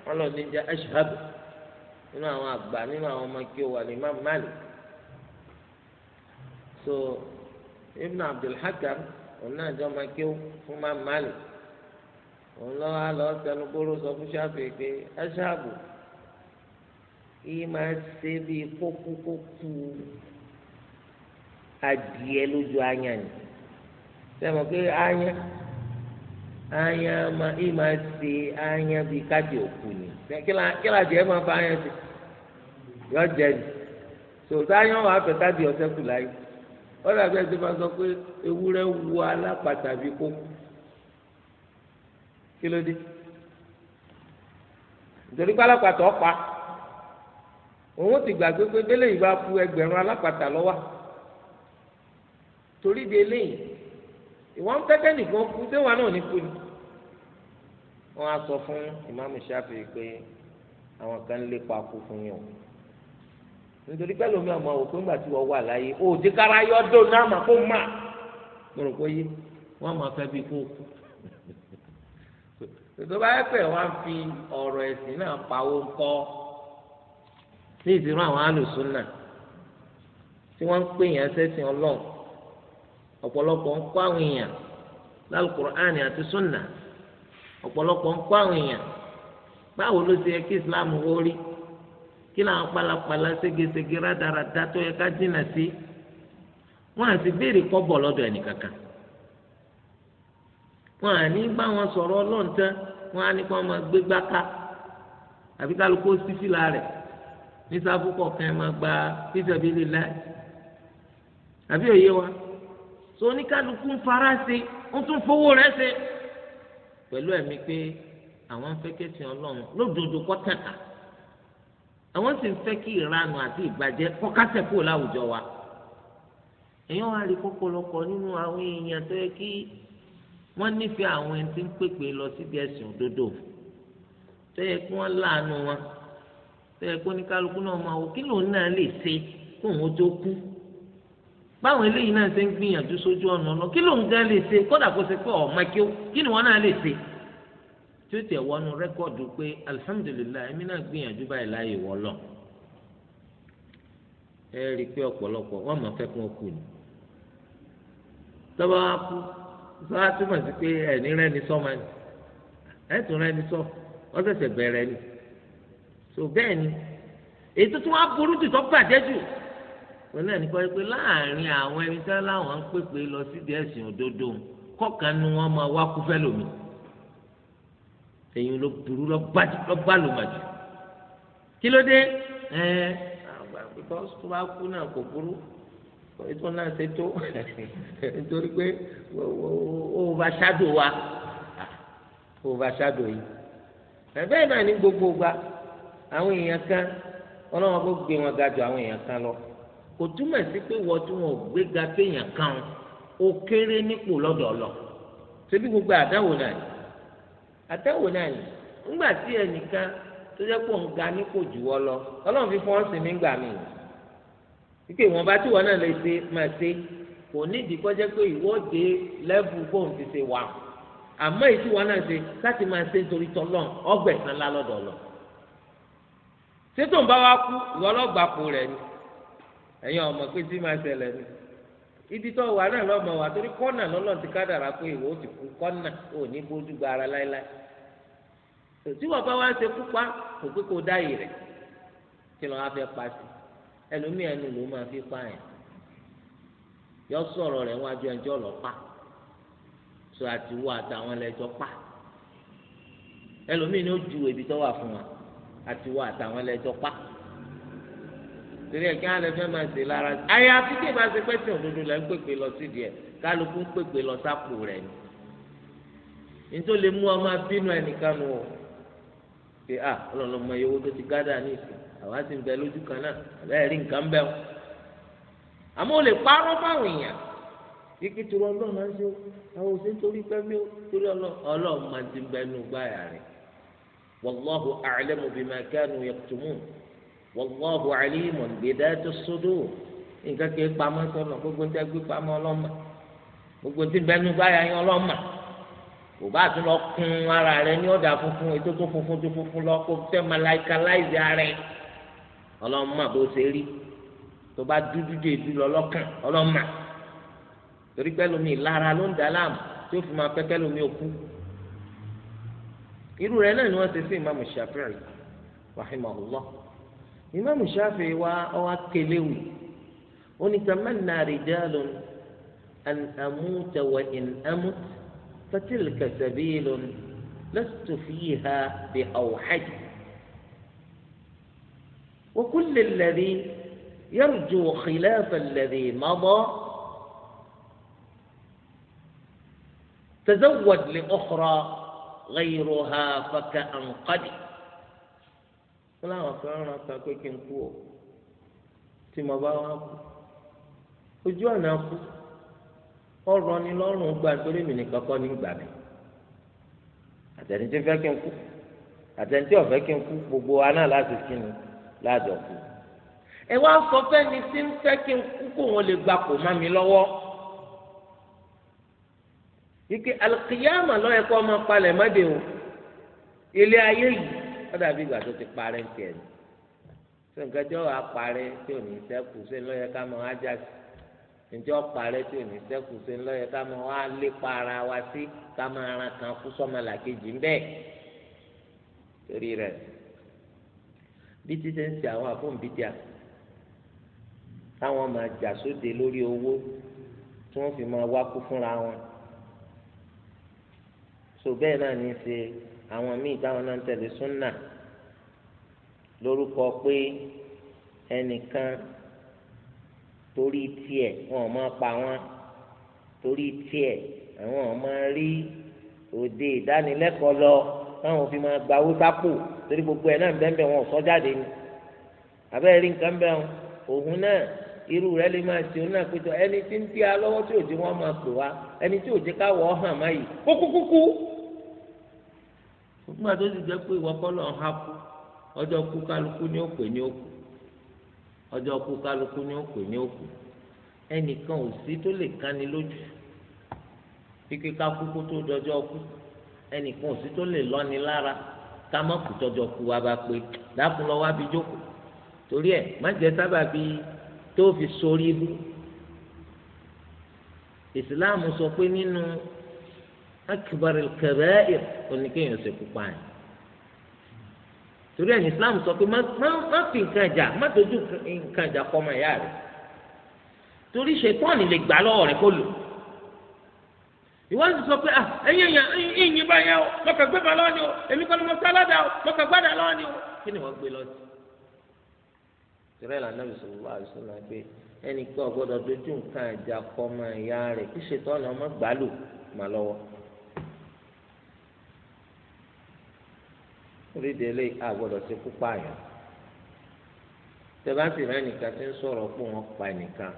wọn lọ níjà ashab nínú àwọn àgbà nínú àwọn ọmọ kí o wà ní imam malik so ibn abdulhakam òun náà jọ ọmọ kí o fún imam malik òun lọ wá lọ sẹnu gbóró sọ fún ṣáfì pé ashab yìí máa ṣe bíi kókókókó adìẹ lójú anya ni sẹ́wọ̀n pé anya ayan ma ẹ máa ṣe ayan bíi káàdì òkú ni kíláà jẹ ẹ máa fa ayan ṣe yọ jẹ ni tòótọ́ ayan wà fẹ́ káàdì ọ̀sẹ̀ kù láyé wọ́n dàbí ẹ̀ tó máa sọ pé ewúrẹ́ wu alápàtà bíi kókó kí ló dé nítorí pé alápàtà ọ̀pá òun ti gbàgbé pé délé yìí bá ku ẹgbẹ̀rún alápàtà torí délé yìí ìwọ́n ń tẹ́kẹ́ nìkan kú déwà náà ní kú ni wọ́n á sọ fún ìmáàmù ṣáfì pé àwọn kan ń lépa kú fún yín o nítorí pẹ́ lómi ọmọ òkú ńgbà tí wọ́n wà láyé ó ti kára yọ dùn náà mà kó mà mo pé yé wọ́n máa fẹ́ bí kó kú tòtò bá yẹ pé wọ́n á fi ọ̀rọ̀ ẹ̀sìn náà pawó ńkọ́ ní ìdírò àwọn alùsùn tí wọ́n ń pè yẹn sẹ́sìn ọlọ́run ọ̀pọ̀lọpọ̀ ń kọ́ àwọn èèyàn lálùkùránì àti súnà ọ̀pọ̀lọpọ̀ ń kọ́ àwọn èèyàn báwo ló ṣe yẹ kí islam wó rí kí làwọn pálapàla ségesège rádaràda tó yẹ ká dínà sí wọn àti béèrè kọ́bọ̀ lọ́dọ̀ ẹnìkankan wọn à ní bá wọn sọ̀rọ̀ ọlọ́ọ̀ntẹ́ wọn á ní kí wọn máa gbé gbáka àbí kálukú sí fìlà ní sáfù kọ̀ọ̀kan ẹ̀ máa gba fíṣẹ̀bílì láì àbí òye wa so oníkálukú ń fara ṣe ń tún fowó rẹ̀ ṣe pẹ̀lú ẹ̀mí pé àwọn ń fẹ́ kẹ́sìn ọlọ́run lódodo kọ́ tẹ̀ka àwọn sì ń fẹ́ kí ìranù àti ìbàjẹ́ kọ́ kásẹ̀ kúrò láwùjọ wa èèyàn wá rí kọ́kọ́lọ́kọ́ nínú àwọn èèyàn tó yẹ kí wọ́n nífẹ̀ẹ́ àwọn ẹni tí ń pèpè lọ síbi ẹ̀sìn òdodo tó yẹ kí wọ́n láàánú wọn tó yẹ kó ní kálukú náà máa wò kí lòun náà lè ṣe kóun ó tó kú báwọn eléyìí náà ṣe ń gbìyànjú sójú ọ̀nà ọ̀nà kí ló ń gan lè ṣe kódà kó ṣe pé ọ̀ma kí ó kí ni wọ́n náà lè ṣe tí ó tẹ̀ wọnú rẹ́kọ̀dù pé alihamudulilayi èmi náà gbìyànjú báyìí láàyè wọ́ lọ. ẹ rí i pé ọ̀pọ̀lọpọ̀ wọ́n máa fẹ́ kún ọkù ni tọ́ba wa kú sọ́wọ́ túmọ̀ sí pé ẹ̀ní rẹ́ni sọ́ máa ní ẹ̀tún rẹ́ni sọ́ wọ́n ṣẹ̀ṣẹ̀ bẹ̀rẹ̀ ni so bẹ́ẹ̀ ni èyí tuntun wa burú jù tó bàjẹ́ jù wọn náà nípa pé láàrin àwọn ẹni tí láwọn ń pèpè lọ sídìí ẹ̀sìn òdodo kọ̀ọ̀kan ni wọ́n máa wá kú fẹ́ lómi èyí ló burú lọ bá lòmàjù kí ló dé ẹ because tó bá kú náà kò burú ètò náà ṣe tó nítorí pé ó bá ṣáàdò wa ó bá ṣáàdò yìí bẹ́ẹ̀ náà ní gbogbo gba àwọn èèyàn kan ọlọ́wọ́n kó gbé wọn ga àwọn èèyàn kan lọ kò túmọ̀ sí pé wọ́n tí wọn ò gbéga téèyàn kan ó kéré nípò lọ́dọ̀ lọ ṣebí gbogbo àdáwò náà yìí àdáwò náà yìí ńgbà tí ẹnìkan tó jẹ́ pò ń ga nípò jù wọ́ lọ ọlọ́run fi fọ́n sí mi gbà mí wípé ìwọ̀n bá tí wọ́n náà lè ṣe máa ṣe kò nídìí kọ́ jẹ́ pé ìwọ́de lẹ́bù bóun ti ṣe wà àmọ́ èyí tí wọ́n náà ṣe láti máa ṣe nítorí tọ́lọ́n ọgbẹ̀sán lálọ́dọ̀ lọ ṣé ń bá wa kú ìwọ́lọ́gbàpọ̀ rẹ̀ ni ẹ̀yin ọmọ pé tí máa ṣẹlẹ̀ ni ibi tó wà náà lọ́mọ wà torí kọ́nà lọ́lọ́ ti ká dàrá pé ìwọ ti kú kọ́nà ò ní bójú gba ara láéláé tí wọ́n bá wá ṣe pupa kò pé kó dá yìí rẹ̀ kí lọ́n á fẹ́ pa sí ẹlòmíì ẹnu ló máa fi pa yẹn yọ sọ̀rọ̀ rẹ̀ wájú ẹjọ́ ọlọ́pàá sọ àti wọ àtàwọn ẹlẹ́jọ́ pa ẹlòmíì ni ó ju ibi tó wà fún wa àti wọ àtàwọn ẹlẹ́jọ́ pa torí ẹ̀ kí wọn lè fẹ́ máa ṣe lára ayé àfikún ìbá ṣe pẹ́ tẹ̀ òdodo là ń pèpè lọ sí ìdíẹ̀ kálukú ń pèpè lọ sápò rẹ̀ ni nítorí lè mú ọmọ bínú ẹnìkan nù ọ pé à ọlọ́run mọ iye owó tó ti gádà ní ìsìn àwa sì ń bẹ lójú kan náà àbẹ́ rí nǹkan bẹ́ẹ̀ o àmọ́ ò lè parọ́ fáwọn èèyàn kíkí torí ọlọ́run máa ṣe àwọn òṣèlú torí pẹ́ mi ó torí ọlọ́run máa ti ń bẹ nù gbáyà rẹ̀ wallahu wallahu alimun bidati sudur nǹkan kì í pamọ́ sọ́nà gbogbo ní ẹgbẹ́ pamọ́ ọlọ́mà gbogbo tí bẹ́ẹ̀ nu báyà yín ọlọ́mà kò bá tún lọ kùn ara rẹ ní ọ̀dà funfun ètò tó funfun tó funfun lọ kó fẹ́ malaikaláìsì ara ẹ ọlọ́mà bó ṣe rí tó bá dúdú dé dú lọ lọ́kàn ọlọ́mà torí pẹ́ lómi ìlara ló ń dà láàmú tí ó fi máa pẹ́ pẹ́ lómi òkú irú rẹ náà ni wọ́n ṣe sí ìmáàmù Shafi'i rahimahullah ìmáàmù Ṣáfi'í wa ọwọ́ kéléwì ó ní tamanna rijalun an amuta wa in amut fatilka sabilun lastu fiha bi awhaj wa kullu alladhi yarju khilafa alladhi mada تزود لأخرى غيرها فكأن قدر wọn làwọn kan ràn kan pé kí n kú o tí mo bá wọn kú ojú ọ̀nà kú ọ̀rọ̀ ni lọ́rùn gbà torí mi nìkan kọ́ ní gbà mí àtẹni tí fẹ́ kí n kú àtẹni tí ọ̀fẹ́ kí n kú gbogbo wa náà láti kí ni láàjọ kú ẹ wá sọ fẹ́ni tí ń fẹ́ kí n kú kó wọn lè gbà kó má mi lọ́wọ́ ike alikiyama lọ́yẹ̀kọ́ ọmọ palẹ̀ mọ́dé o ilé ayé yìí ó dàbí ìgbà tó ti parẹ́ ń tiẹ̀ ní sọ nǹkan tí ó wàá parẹ́ tí ò ní sẹ́kù ṣe ń lọ́yẹ ká máa já sí njẹ́ ó parẹ́ tí ò ní sẹ́kù ṣe ń lọ́yẹ ká máa wá lépa ara wa sí ká máa ran kan kú sọ́mọlà kejì ń bẹ́ẹ̀ torí rẹ̀ bí títí ń ṣe àwọn àfọ̀nbíjà táwọn máa jà sóde lórí owó tí wọ́n fi máa wákú fúnra wọn so bẹ́ẹ̀ náà ní í ṣe àwọn míì táwọn náà ń tẹ̀lé súnà lórúkọ pé ẹnìkan torí tiẹ̀ wọn ò máa pa wọn torí tiẹ̀ àwọn ò máa rí òde ìdánilẹ́kọ̀ọ́ lọ táwọn fi máa gba owó sápò torí gbogbo ẹ̀ náà bẹ́ẹ̀ wọn ò sọ jáde ni àbẹ́rẹ́ rí nǹkan bẹ́ẹ̀ òun náà irú rẹ̀ lè máa ṣe òun náà péjọ ẹni tí ń tí a lọ́wọ́ tí ò jẹ́ wọn máa pè wá ẹni tí ò jẹ́ káwọ́ hàn máa yìí kókókókó. nígbà tó ti jẹ́ pé ìwọ kọ́ lọ́ọ́ ha kú ọjọ́ kú kálukú ní òpè ní òkú ọjọ́ kú kálukú ní òkú ní òkú ẹnìkan ò sí tó lè kánni lójú kíkẹ́ kákú kó tó dọjọ́ kú ẹnìkan ò sí tó wa bá pé dákun lọ wá bí jókòó torí ẹ má jẹ sábà fi sori ìsìláàmù sọ pé nínú akbar al-kaba'ir oníkéèyàn ṣe pupa yẹn torí ẹni islam sọ pé má fi nǹkan jà má dojú nǹkan jà kọ́ ọmọ ìyá rẹ torí ṣètọ́ọ̀nì lè gbà lọ́wọ́ rẹ kó lò ìwádìí sọ pé à ah, ẹ̀yin èèyàn ìyìn bá yẹ o mọ̀kà gbé ba lọ́wọ́ ni o èmi kọ́ ni mo sálọ́dà o mọ̀kà gbádà lọ́wọ́ ni o kí ni wọ́n gbé lọ sí. torí náà bìsọ̀ wà á pé ẹnì kan gbọ́dọ̀ dojú nǹkan jà kọ́ ọmọ ìyá rẹ kí ṣètọ́ọ̀nì ọmọ gbà lò má lọ́wọ́. orídìí eléyìí àgbọ́dọ̀ ṣe kú pààyàn tẹ́bá sì rẹ́ nìkan tí ń sọ̀rọ̀ pé wọ́n pa ẹnìkan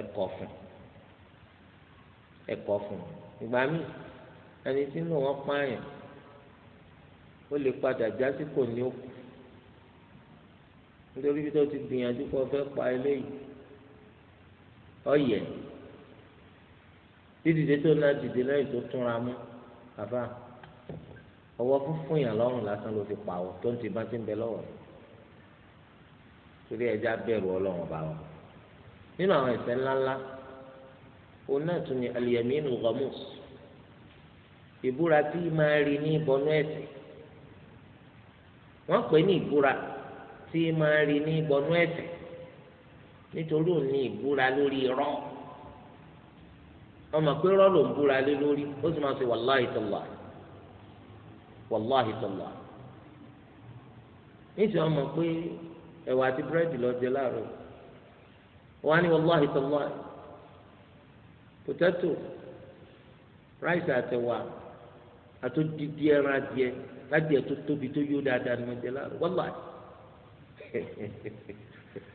ẹ̀kọ́ fún ẹ̀kọ́ fún ìgbà míì ẹni tí inú wọn pààyàn ó lè padà já sí kò ní òkú nítorí bí tó ti gbìyànjú kó fẹ́ pa eléyìí ọ̀yẹ̀ dídìde tó ná dìde lẹ́yìn tó túnra mú bàbá ọwọ́ fúnfún yàn lọ́rùn lásán ló fi pàwọ́ tó ń ti bá ti ń bẹ lọ́wọ́ torí ẹja bẹ̀rù ọlọ́run ọba wa nínú àwọn ẹ̀ṣẹ̀ ńláńlá òun náà tún ni aliyamínú ghamus ìbúra tí máa rí ní bọnú ẹ̀ṣẹ̀ wọ́n pè ní ìbúra tí máa rí ní bọnú ẹ̀ṣẹ̀ nítorí òun ní ìbúra lórí irọ́ ọmọ pé irọ́ ló ń búra lé lórí ó sì máa ṣe wàláhì tó wà wàláhì tọ̀lá níṣẹ́ wọn mọ̀ pé ẹ̀wà àti búrẹ́dì lọ jẹ láàárọ̀ wọn á ní wàláhì tọ̀lá potato ráìsì àtẹ̀wà àtòdìdí ẹran adìẹ ládìẹ tó tóbi tó yó dáadáa ni mo jẹ láàárọ̀ wàláhì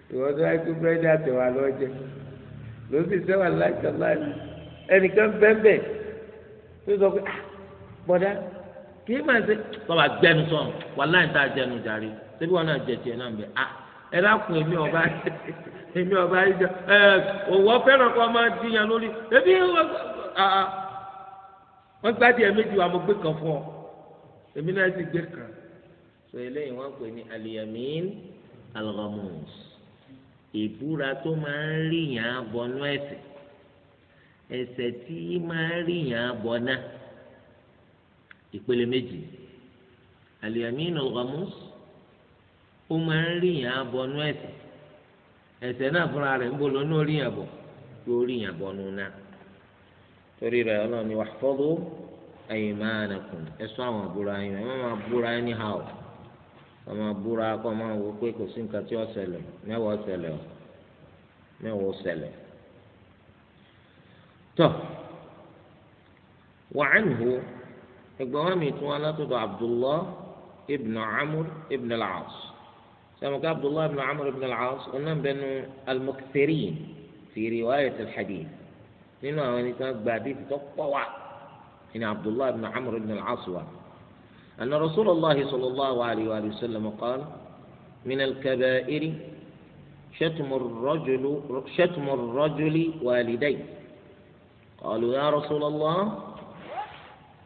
ìwọ tó wáyé pé búrẹ́dì àtẹ̀wà lọ jẹ ló sì sẹ́wà láìsọ̀ láàrin ẹnìkan bẹ́ẹ̀ bẹ́ẹ̀ tó sọ pé ah, bọ́dá kì í máa ṣe tọ́ba gbẹnu sọ̀n wàláì tá a jẹnu jàre ṣébi wọn náà jẹ tiẹ̀ náà bẹ̀ à ah, ẹ dákun èmi ọba èmi ọba yìí jẹ ẹ òwò fẹ́ràn kọ́ máa dìyàn lórí èmi ah, ah. wọ́n gbá díẹ̀ méjì wà mo gbé kan fún ọ èmi náà ti gbé kan sọ eléyìí wọ́n pè ní aliyamin alghamus ìbúra tó máa ń ríyàn abọ́nú ẹ̀ṣẹ̀ ẹ̀ṣẹ̀ tí máa ń ríyàn abọ́ná. ìpele méjì àlìyàmínú ọ̀gámús ó máa ń rí yàn abọ́nú ẹ̀ṣẹ̀ ẹ̀ṣẹ̀ náà fúnra rẹ̀ ń bọ̀ lọ́nà orí yàn bọ̀ yóò rí yàn bọ́nú náà torí rẹ̀ ọlọ́run ni máa àwọn àbúrò máa búra ẹni hà máa búra máa wọ pé kò sí nǹkan tí ẹgbẹ̀rún mi tún wá látọ̀dọ̀ abdullah ibn amur ibn al-aas sọmọkà abdullah ibn amur ibn al-aas ọ̀nà bẹnu al-mukthirin fi riwayat al-hadith nínú àwọn ẹni tí wọ́n gba àdìsí tó pọ̀ wá ẹni abdullah ibn amur ibn al-aas wà. ana رسول sallallahu alayhi wa sallam وآله min قال من الكبائر شتم الرجل شتم الرجل والديه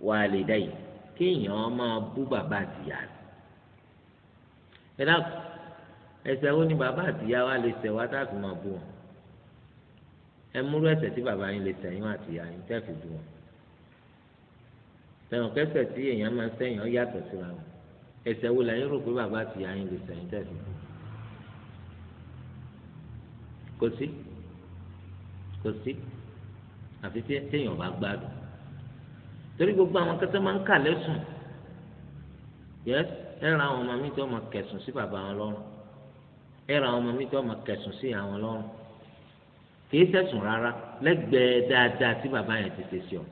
wàlídàyí kéèyàn máa bú bàbá àtìyá rẹ̀ ẹ dákun ẹ̀ṣẹ̀ wo ni bàbá àtìyá wa lè ṣẹ̀ wá tá a fi máa bú wọn ẹ múrú ẹ̀ṣẹ̀ tí bàbá yín lè ṣẹ̀ yín àtìyá yín tẹ́ fi bú wọn tẹ̀wọ̀n kẹsẹ̀ tí èèyàn máa sẹ́yìn ọ yàtọ̀ síra wọn ẹ̀ṣẹ̀ wo lẹ́yìn rò pé bàbá àtìyá yín lè ṣẹ̀ yín tẹ́ fi bú kò sí kò sí àfi téèyàn bá gbádùn torí gbogbo àwọn kẹtẹ máa ń kà lẹ́sùn yẹs ẹ ra àwọn ọmọ mi tí wọ́n máa kẹ̀sùn sí bàbá wọn lọ́rùn ẹ ra àwọn ọmọ mi tí wọ́n máa kẹ̀sùn sí àwọn lọ́rùn kì í sẹ̀sùn rárá lẹ́gbẹ̀ẹ́ dáadáa tí bàbá yẹn ti ṣe sí ọ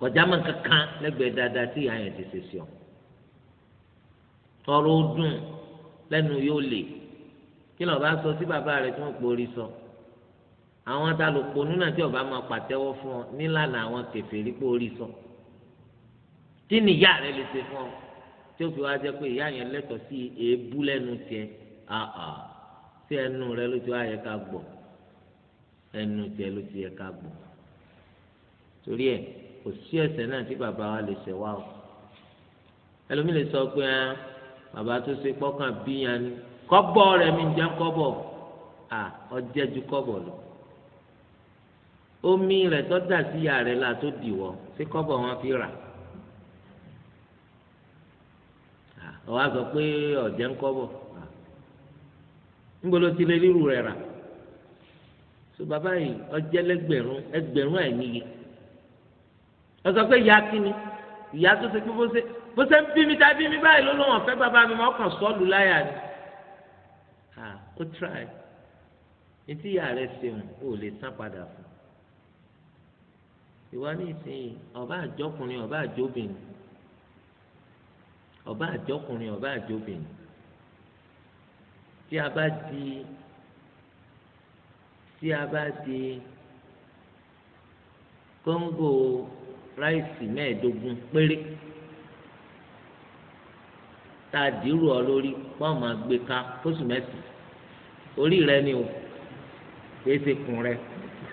kọjá máa kankan lẹ́gbẹ̀ẹ́ dáadáa tí ìyá yẹn ti ṣe sí ọ tọrọ dùn lẹ́nu yóò lè kí lọ́ọ́ sọ sí bàbá rẹ tí wọ́n porí sọ. So àwọn atalòpọ̀ nínú àti ọba máa pàtẹ́wọ́ fún ọ nílànà àwọn kẹfẹ́rí pé orí sọ kí ni ìyá rẹ lè ṣe fún ọ tí ó fi wá jẹ́ pé ìyá yẹn lẹ́tọ̀ọ́ sí èébú lẹ́nu tiẹ̀ sí ẹnu rẹ ló ti wá yẹ ká gbọ́ ẹnu tiẹ̀ ló ti yẹ ká gbọ́ torí ẹ̀ kò sí ẹ̀ṣẹ̀ náà tí bàbá wa lè ṣẹ̀ wá o ẹlòmíì lè sọ pé ah, bàbá tó ṣe pọ́kàn bíyan ni kọ́bọ̀ rẹ̀ mi jẹ́ kọ́bọ̀ ọjẹ́ ju kọ́bọ̀ lọ omi rẹ̀ tó dà sí ìyá rẹ̀ la tó dìwọ́ sí kọ́bọ̀ wọn fi rà ọwọ́ sọ pé ọ̀jẹ̀ ń kọ́bọ̀ níbo ló ti lè ríru rẹ̀ rà so bàbá yìí ọjẹ́ lẹ́gbẹ̀rún ẹgbẹ̀rún àìníye ó sọ pé ìyá kíni ìyá tó ṣe pé bó ṣe bó ṣe ń bí mi tá bí mi báyìí ló lóun ọ̀fẹ́ bàbá mi máa kàn sọ́ọ̀lù láyà ni ó tíráì etí ìyá rẹ̀ ṣeun ó lè san padà fún ìwọ ní ìsìn ọba àjọkùnrin ọba àjọbìnrin ọba àjọkùnrin ọba àjọbìnrin tí a bá di tí a bá di kóńgò ráìsì mẹ́ẹ̀ẹ́dógún péré tá a dìrò ọ lórí pọ́n máa gbé ká fóṣù mẹ́sì orí rẹ ni o kì í ṣe kùn rẹ.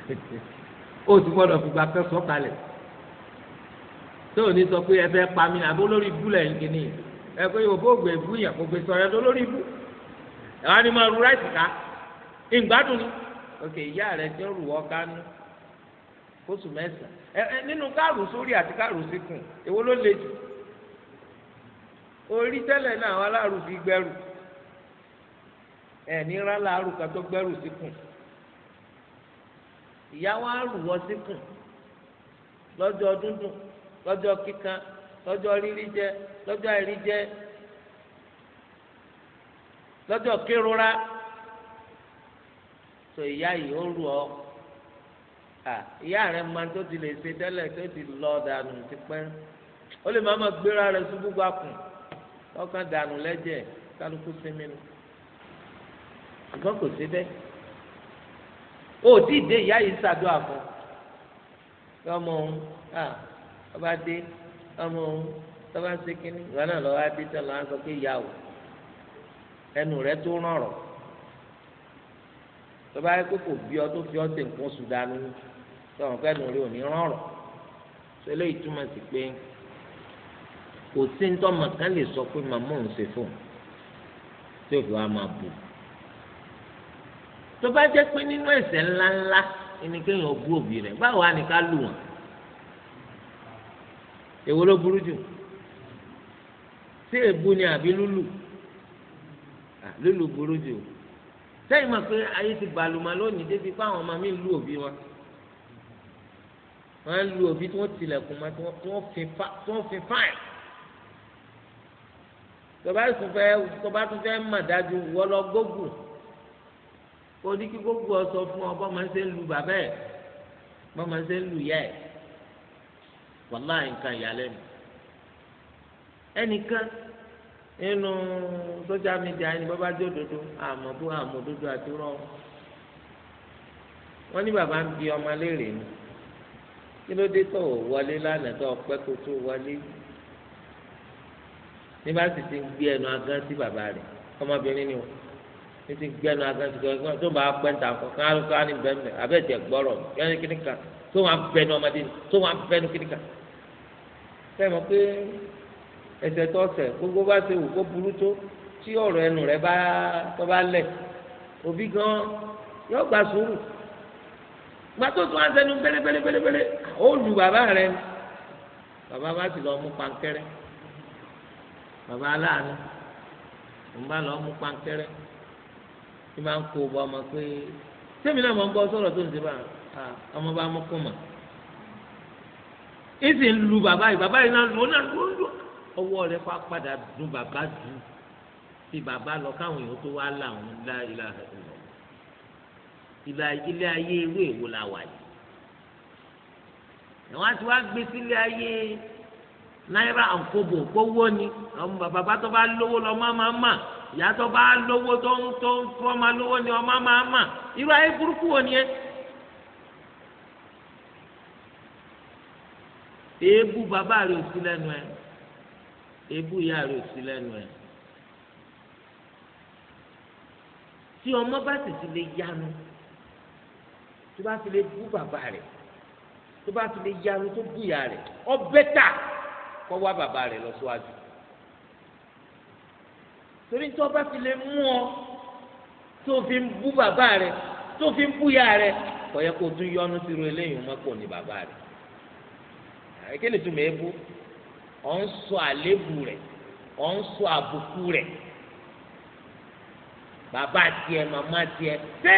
o ti gbọ́dọ̀ fìgbà kan sọ tó o ní sọ pé ẹ pa mí àbó lórí ibú lẹ́yìn kìíní ẹ pé òbó ògbè ibú yẹn kò gbé sọ̀rọ̀ ẹ̀dọ́ lórí ibú ni máa ru ráìsì ká ìgbádùn ni ok ìyá rẹ ti ń rù ọ́ kánú ẹ ẹ nínú káàrù sórí àti káàrù síkùn èwo ló le ìyá wa síkùn lọ́jọ́ dúndùn lọ́jọ́ kíkan lọ́jọ́ rírí lọ́jọ́ àìrí jẹ lọ́jọ́ tó ìyá yìí ó rù ọ́ ìyá rẹ máa tó ti lè ṣe tẹ́lẹ̀ tó ti lọ dànù tipẹ́ ó lè gbéra ọkàn dànù lẹ́jẹ̀ kálukú ṣùgbọ́n o ò tí ì dé ìyá yìí ṣàdúrà fún ọmọ òun ọba dé ọmọ òun tọ́ba ń ṣe kínní ìwà náà lọ́wọ́ adé tán lọ́wọ́ á sọ pé ìyá o ẹnu rẹ tó rọrọ̀ tọ́ba yẹ kó kò bí ọ tó fi ọ ṣe nǹkan oṣù dànù tọ́wọ́n fẹ́ nu rí òní rọrọ̀ ṣe eléyìí túmọ̀ sí pé kò sí ní tọ́mọ kan lè sọ pé màmá òun ṣe fún un tí òfin wa máa bù ú tó bá jẹ́ pé nínú ẹ̀ṣẹ̀ ńláńlá ẹni kéèyàn bú òbí rẹ̀ báwo á ní ká lù wọ́n èwo ló burú jù ṣé èbú ni àbí lúlù lúlù burú jù sẹ́yìn mọ̀ pé ayé ti gbàlùmọ̀ lónìí débi pé àwọn ọmọ mi lù òbí wọn wọ́n lu òbí tí wọ́n tilẹ̀kùn mọ́ tí wọ́n fi fáìn tọba tún fẹ́ mọ̀ dájú wọlọ gbógun kó o ní kí gbogbo ọ sọ fún ọ bọ́ máa ń ṣe ń lu bàbá ẹ̀ bọ́ máa ń ṣe ń lu ìyá ẹ̀ wàláì nǹkan ìyàlẹ́nu ẹnìkan nínú sọ́jà mídíà ẹni bọ́ bá jó dodo àmọ́ bó àmọ́ dodo àti rọ́ wọ́n ní bàbá ń bi ọmọ léèrè ni kí ló dé tó wọlé lánàá tó ọpẹ́ kó tó wọlé ní bá sì ti gbé ẹnu agán sí bàbá rẹ̀ ọmọbìnrin ni o títí gbẹnu agbẹ́sọ̀tò ẹgbẹ́ tó máa pẹ́ ta kọ́ kán kán ní bẹ́ẹ̀ abẹ́tẹ̀ gbọ́rọ̀ yẹn kíní kan tó máa bẹnu ọmọdé tó máa bẹnu kíní kan. sẹ́yìn mọ̀ pé ẹsẹ̀ tó ọ̀sẹ̀ gbogbo bá ṣe wù kó burú tó tí ọ̀rọ̀ ẹnu rẹ̀ bá tó bá lẹ̀ òbí gan yóò gba sùúrù gba tó tún azẹnu bẹ́lẹ́bẹ́lẹ́bẹ́lẹ́ ó lu bàbá rẹ̀ bàbá bá sì lọ mú pankẹ́rẹ́ bàbá aláàánú ń bá lọ mú pankẹ́rẹ́ ní máa ń kó o bọ ọmọ pé sẹ́mi náà máa ń bọ́ sọ̀rọ̀ tó ń ṣe báyìí ọmọ bá mú kó mà ń sì ń lu bàbá yìí bàbá yìí náà lù ó náà lù ó lù ọwọ́ rẹ̀ fà padà dùn bàbá jù tí bàbá lọ káwọn èèyàn tó wá là ń la ìlà ìlà ilé ayé ewé èwo la wà yìí àwọn àti wá gbé sílé ayé náírà àǹkóbò kówó ni àwọn bàbá tó bá lówó lọ má má má ìyá tó bá lówó tó ń tó ń fún ọmọ lówó ni ọmọ máa mà irú ayé burúkú wo ni ẹ. èébú bàbá rẹ̀ ò sí lẹ́nu ẹ̀ èébú ìyá rẹ̀ ò sí lẹ́nu ẹ̀. tí ọmọ bá sì ti lè yanu tó bá ti lè bú bàbá rẹ̀ tó bá ti lè yanu tó bú ìyá rẹ̀ ọ bẹ́tà kó wá bàbá rẹ̀ lọ síwájú. So torí tí wọn bá fi lè mú ọ tó fi ń bú bàbá rẹ tó fi ń bú ya rẹ kò yẹ kó tún yọnu sí irú eléyìí wọn pọ̀ ní bàbá rẹ àríkè lè tún mẹ bú ọ ń sọ àléébù rẹ ọ ń sọ àbùkù rẹ bàbá tiẹ̀ màmá tiẹ̀ ṣé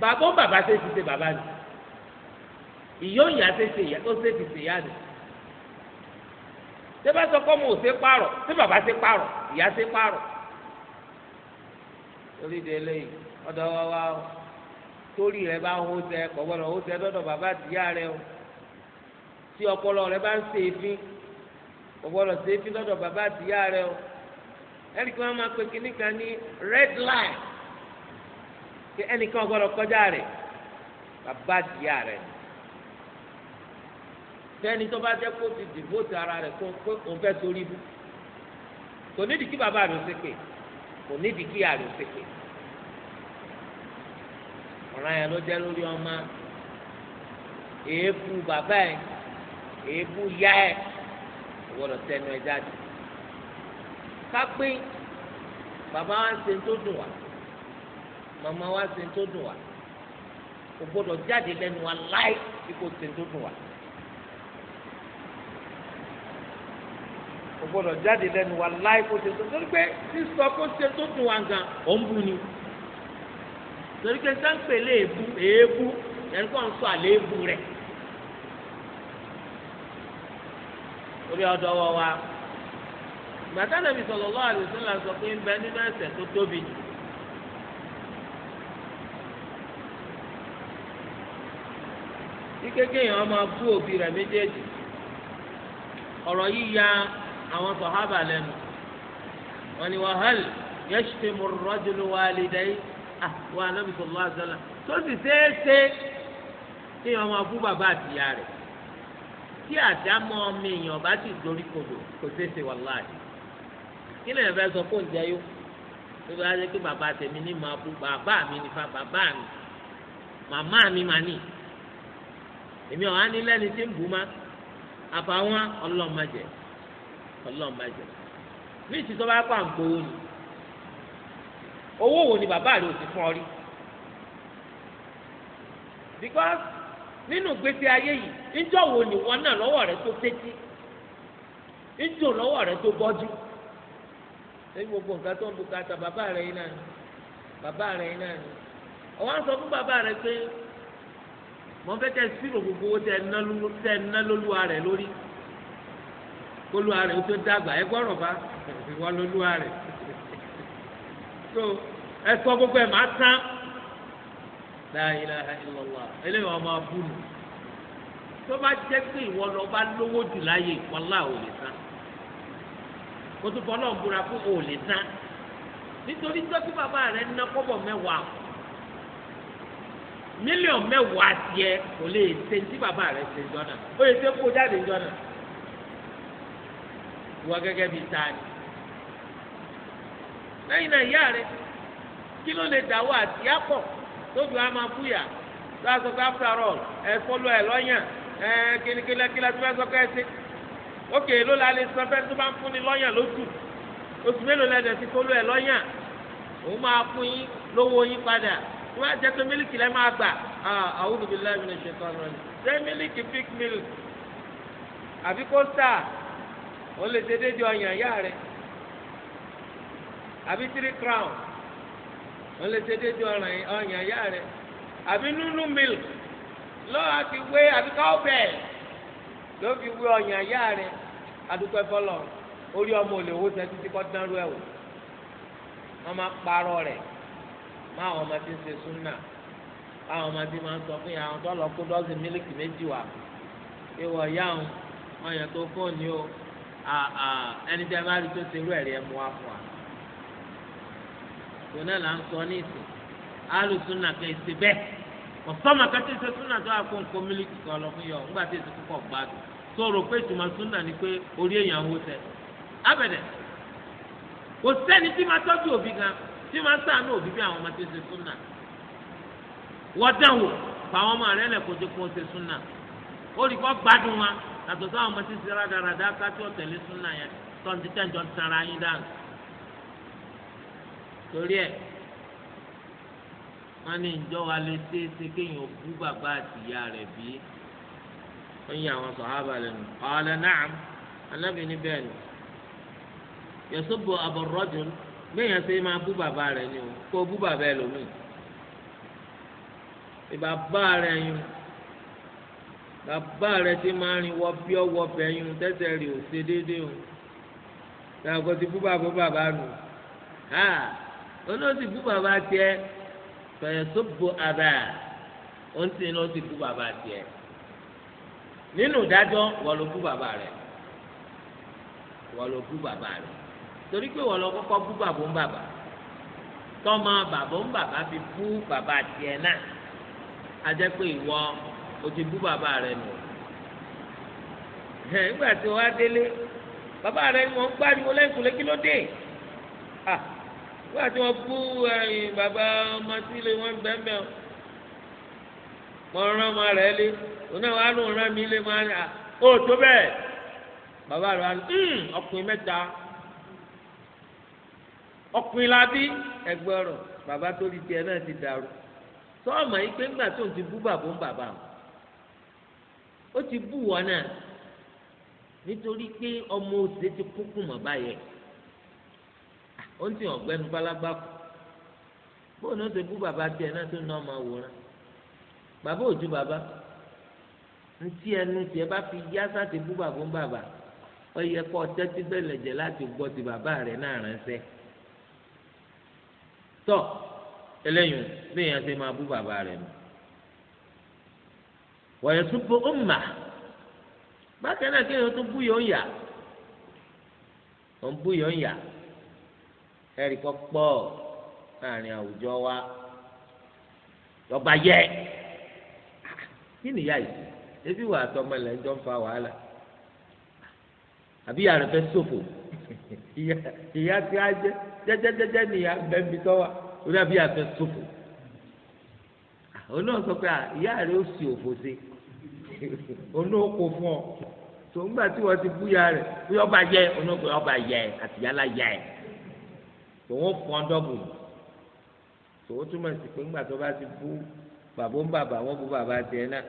bàbá bàbá ṣe ti ṣe bàbá ni ìyó ìyá ṣe ṣe ìyá tó ṣe ti ṣe ìyá ni ṣé bá sọ kọ́ mo ò ṣe pààrọ̀ ṣé bàbá ṣe pààrọ̀ ìyá ṣe pààrọ̀ torí de eléyìí ọ̀dọ̀ wa wa o torí rẹ bá hó sẹ kọ̀gbọ́dọ̀ hó sẹ dọ́dọ̀ bàbá àtìyá rẹ o tí ọpọlọ rẹ bá ń ṣe èéfín kọ̀gbọ́dọ̀ ṣe èéfín dọ́dọ̀ bàbá àtìyá rẹ o ẹnìkan wọn máa pe kínní ní red line kí ẹnìkan ọgbọ́dọ̀ kọjá rẹ bàbá àtìyá rẹ ni tẹni tó bá jẹ kó ti dìbò ti ara rẹ kó pé òun fẹ́ sórí kò nídìí kí bàbá rẹ ó ṣe pé kò nídìí kí àrò ṣèpè ọ̀ràn yẹn ló jẹ́ lórí ọmọ èébú bàbá ẹ̀ èébú yá ẹ̀ ìwọ́dọ̀ tẹnu ẹ̀ jáde kápé bàbá wa ń ṣe tó dùn wá màmá wa ń ṣe tó dùn wá kò gbọdọ̀ jáde lẹ́nu wa láì kí kò ṣe tó dùn wá. kò gbọdọ̀ jáde lẹ́nu wa láì kó ṣe tó torí pé sísọ kó ṣe tó dùn wa gan ò ń bu ni torí pé sáńpẹ̀ lè bu èébú yẹn kó ń sọ àléébù rẹ̀ orí ọ̀dọ̀ wọ wa gbàtà nàbì sallallahu alaihi wasallam sọ pé ń bẹ nínú ẹ̀ṣẹ̀ tó tóbi jù. kíkékè yẹn ọmọ bú òbí rẹ̀ méjèèjì ọ̀rọ̀ yíya àwọn sọ̀hábà lẹ́nu wọ́n ní wàhálì yẹ́sùfẹ́ mọ̀rọ́dúnú wa lè dẹ́ ah, wa anábì sọ̀rọ̀ àzọ́là tó sì ṣeéṣe kí wọ́n máa bú bàbá àtìyá rẹ̀ tí àdámọ́ ọmọ èèyàn bá ti dorí kodò kò ṣeéṣe wàláhì kí lè fẹ́ sọ fóun jẹ yó tó bá yẹ kí bàbá tèmi ní máa bú bàbá mi nípa bàbá mi màmá mi máa nì èmi ọ̀ tí ń bù má àbáwọn ọlọ́mọdé ọlọ́run má jẹ ní ìsìn tó bá kọ́ àǹgbowó ni owó wo ni bàbá rẹ ò ti fún ọ rí because nínú gbèsè ayé yìí níjọ́ wo ni wọn náà lọ́wọ́ rẹ tó tẹ́tí níjọ́ lọ́wọ́ rẹ tó bọ́jú lẹ́yìn gbogbo nǹkan tó ń bu kata bàbá rẹ yìí náà ni bàbá rẹ yìí náà ni ọ̀wọ́n sọ fún bàbá rẹ pé mo fẹ́ kẹ́ sírò gbogbo owó tẹ ẹ ná lóluwa rẹ lórí kólúwa rẹ̀ tó dàgbà ẹ gbọ́rọ̀ bá ìwọ lólúwa rẹ̀ so ẹ sọ gbogbo ẹ̀ máa tán la ilaha illallah eléyìí wọn máa bú nù tó bá jẹ́ pé ìwọ lọ bá lówó jù láyé ìpọ́nlá ò lè tán kó tó bọ́ náà búra fún ò lè tán nítorí tọ́kí bàbá rẹ̀ ná kọ́bọ̀ mẹ́wàá mílíọ̀nù mẹ́wàá tiẹ̀ kò lè ṣe ní bàbá rẹ̀ ṣe jọ́nà ó lè ṣe kó jáde jọ́nà wọ gẹ́gẹ́ bíi tani lẹ́yìn náà ìyá rẹ kí ló lè dáwọ́ àtìyá pọ̀ tóbi wa máa fúyà tó a sọ pé after ẹ fọlọ ẹ lọ́yàn ẹ kíníkílẹ̀ kílẹ̀ tó bá sọ pé ẹ ṣe ókè ló la lè sọ fẹ́ tó bá ń fúnni lọ́yàn lóṣù oṣù mélòó lẹ́dẹ̀ sí fọlọ ẹ lọ́yàn òun máa fún yín lówó yín padà tó bá jẹ́ pé mílíkì lẹ́ máa gbà a'udhu billahi minash shaitanir rajim ṣé mílíkì fake mílíkì àbí kó ó lè ṣe déédéé ọyàn ìyá rẹ àbí three crown ó lè ṣe déédéé ọyàn ìyá rẹ àbí nunu milk lọ́wọ́ àti wé àbí cowbell ló fi wé ọyàn ìyá rẹ adúpẹ́ fọlọ́ orí ọmọ olè owó sẹ́ni títí kọ́ dánrú ẹ̀ wò wọ́n máa parọ́ rẹ̀ máa máa ti ṣe súnà ti máa ń sọ fún yàrá wọn tó lọ kó dọ́sìn mílíkì méjì ìwọ̀ wọn ọyàn tó Ah, ah, ẹni tí a bá rí tó ṣe irú ẹ̀rí ẹ̀ mú wá fún wa. tòun là ń sọ ní ìsìn alùsùnà kan ìsè bẹ́ẹ̀ ọ̀sọ́mà kan tí ń súnà tó àpò nǹkan mílíkì kan lọ fún yọ nígbà tí púpọ̀ gbádùn rò pé ìtumọ̀ súnà ni pé orí èèyàn ń wó abẹ̀dẹ̀ kò sẹ́ni tí máa tọ́jú òbí gan tí máa sàánú yàtọ̀ sáwọn ọmọ sísè rádaràdá kájú ọ̀tẹ̀lẹ̀ súnà yẹn tọ́ntì tẹ́jọ́ ń tara yín dànù. torí ẹ̀ wọ́n ní ìjọ wa lè ṣe é ṣe kéèyàn bú bàbá àti ìyá rẹ̀ bí. wọ́n yí àwọn sọ̀hábà lẹ́nu ọ̀ọ́lẹ̀ náà alábìíní bẹ́ẹ̀ ni yẹ̀sọ́bù àbọ̀rọ̀jù gbẹ̀yàn ṣe máa bú bàbá rẹ̀ ni o kó bú bàbá ẹ̀ lómi. ìbàbá rẹ̀ yun bàbá rẹ ti máa rìn wọ bí ọwọ bẹyìn tẹsẹ rẹ ò ṣe déédéé o tàbí ti bú bàbá bàbá nù ha olóòtú bú bàbá tiẹ fẹyẹ sọbọ àbá òun ti ní olóòtú bú bàbá tiẹ nínú ìdájọ́ wọ́n ló bú bàbá rẹ wọ́n ló bú bàbá rẹ torí pé wọ́n lọ kọ́kọ́ bú bàbá ń bàbá tọ́mọ bàbá ń bàbá fi bú bàbá tiẹ̀ náà a jẹ́ pé ìwọ o ti bú bàbá rẹ nù ẹ nígbà tí wọ́n á délé bàbá rẹ ni wọ́n ń pariwo lẹ́kùnlé kí ló dé à nígbà tí wọ́n bú bàbá ọmọ sí ilé wọn gbẹ́mẹ́ o mọ rán ọmọ rẹ lé òun náà wàá lóun rán mi lé máa ń à ó tó bẹ́ẹ̀ bàbá rẹ wà ní hmm, ọkùnrin mẹ́ta ọkùnrin la bí ẹgbẹ́ bàbá tó di tiẹ̀ náà ti dàrú sọ́ọ̀mọ̀ yìí pé ńgbà tó ń ti bú bàbá ń bàbá wọn ó ti bú wọn náà nítorí pé ọmọ òsè ti kúkú mọ̀ báyẹn ó ń tì hàn gbẹ́nu pálábá kù bóun ó ti bú bàbá tiẹ̀ náà tó ná ọmọ àwòrán bàbá òjú bàbá ntí ẹnu tiẹ̀ bá fi yá sáti bú bàbá ń bàbá ó yẹ kó tẹ́tí bẹ̀lẹ̀ jẹ́ láti gbọ́ ti bàbá rẹ̀ náà ránṣẹ́ tọ́ eléyìí bí èèyàn ṣe máa bú bàbá rẹ̀ mọ́ wọ̀nyẹ súpọ̀ ọ̀mà bákan náà kí ni o tún bú yọ̀ ń yà o bú yọ̀ ń yà ẹ̀rí kọ́ láàrin àwùjọ wa lọ́ba yẹ kí ni ìyá yìí ebi wà àtọ́ ọmọ ilẹ̀ ń jọ ń fa wàhálà àbí ìyá rẹ fẹ́ sòfò ìyá tí a jẹ jẹjẹjẹjẹ ni ìyá bẹ́ẹ̀mí tọ́ wa orí àbí ìyá fẹ́ sòfò òun náà sọ pé ìyá rẹ ó sì òfò sí i onóko fún ọ tó ń gbà tí wọ́n ti búya rẹ̀ bí ọba yẹ onóko ọba yẹ àtìyálá yẹ tòun fún ọdọ́bù tòun túmọ̀ sí pé ńgbà tó bá ti bú bàbá ń bàbá wọn bú bàbá tiẹ̀ náà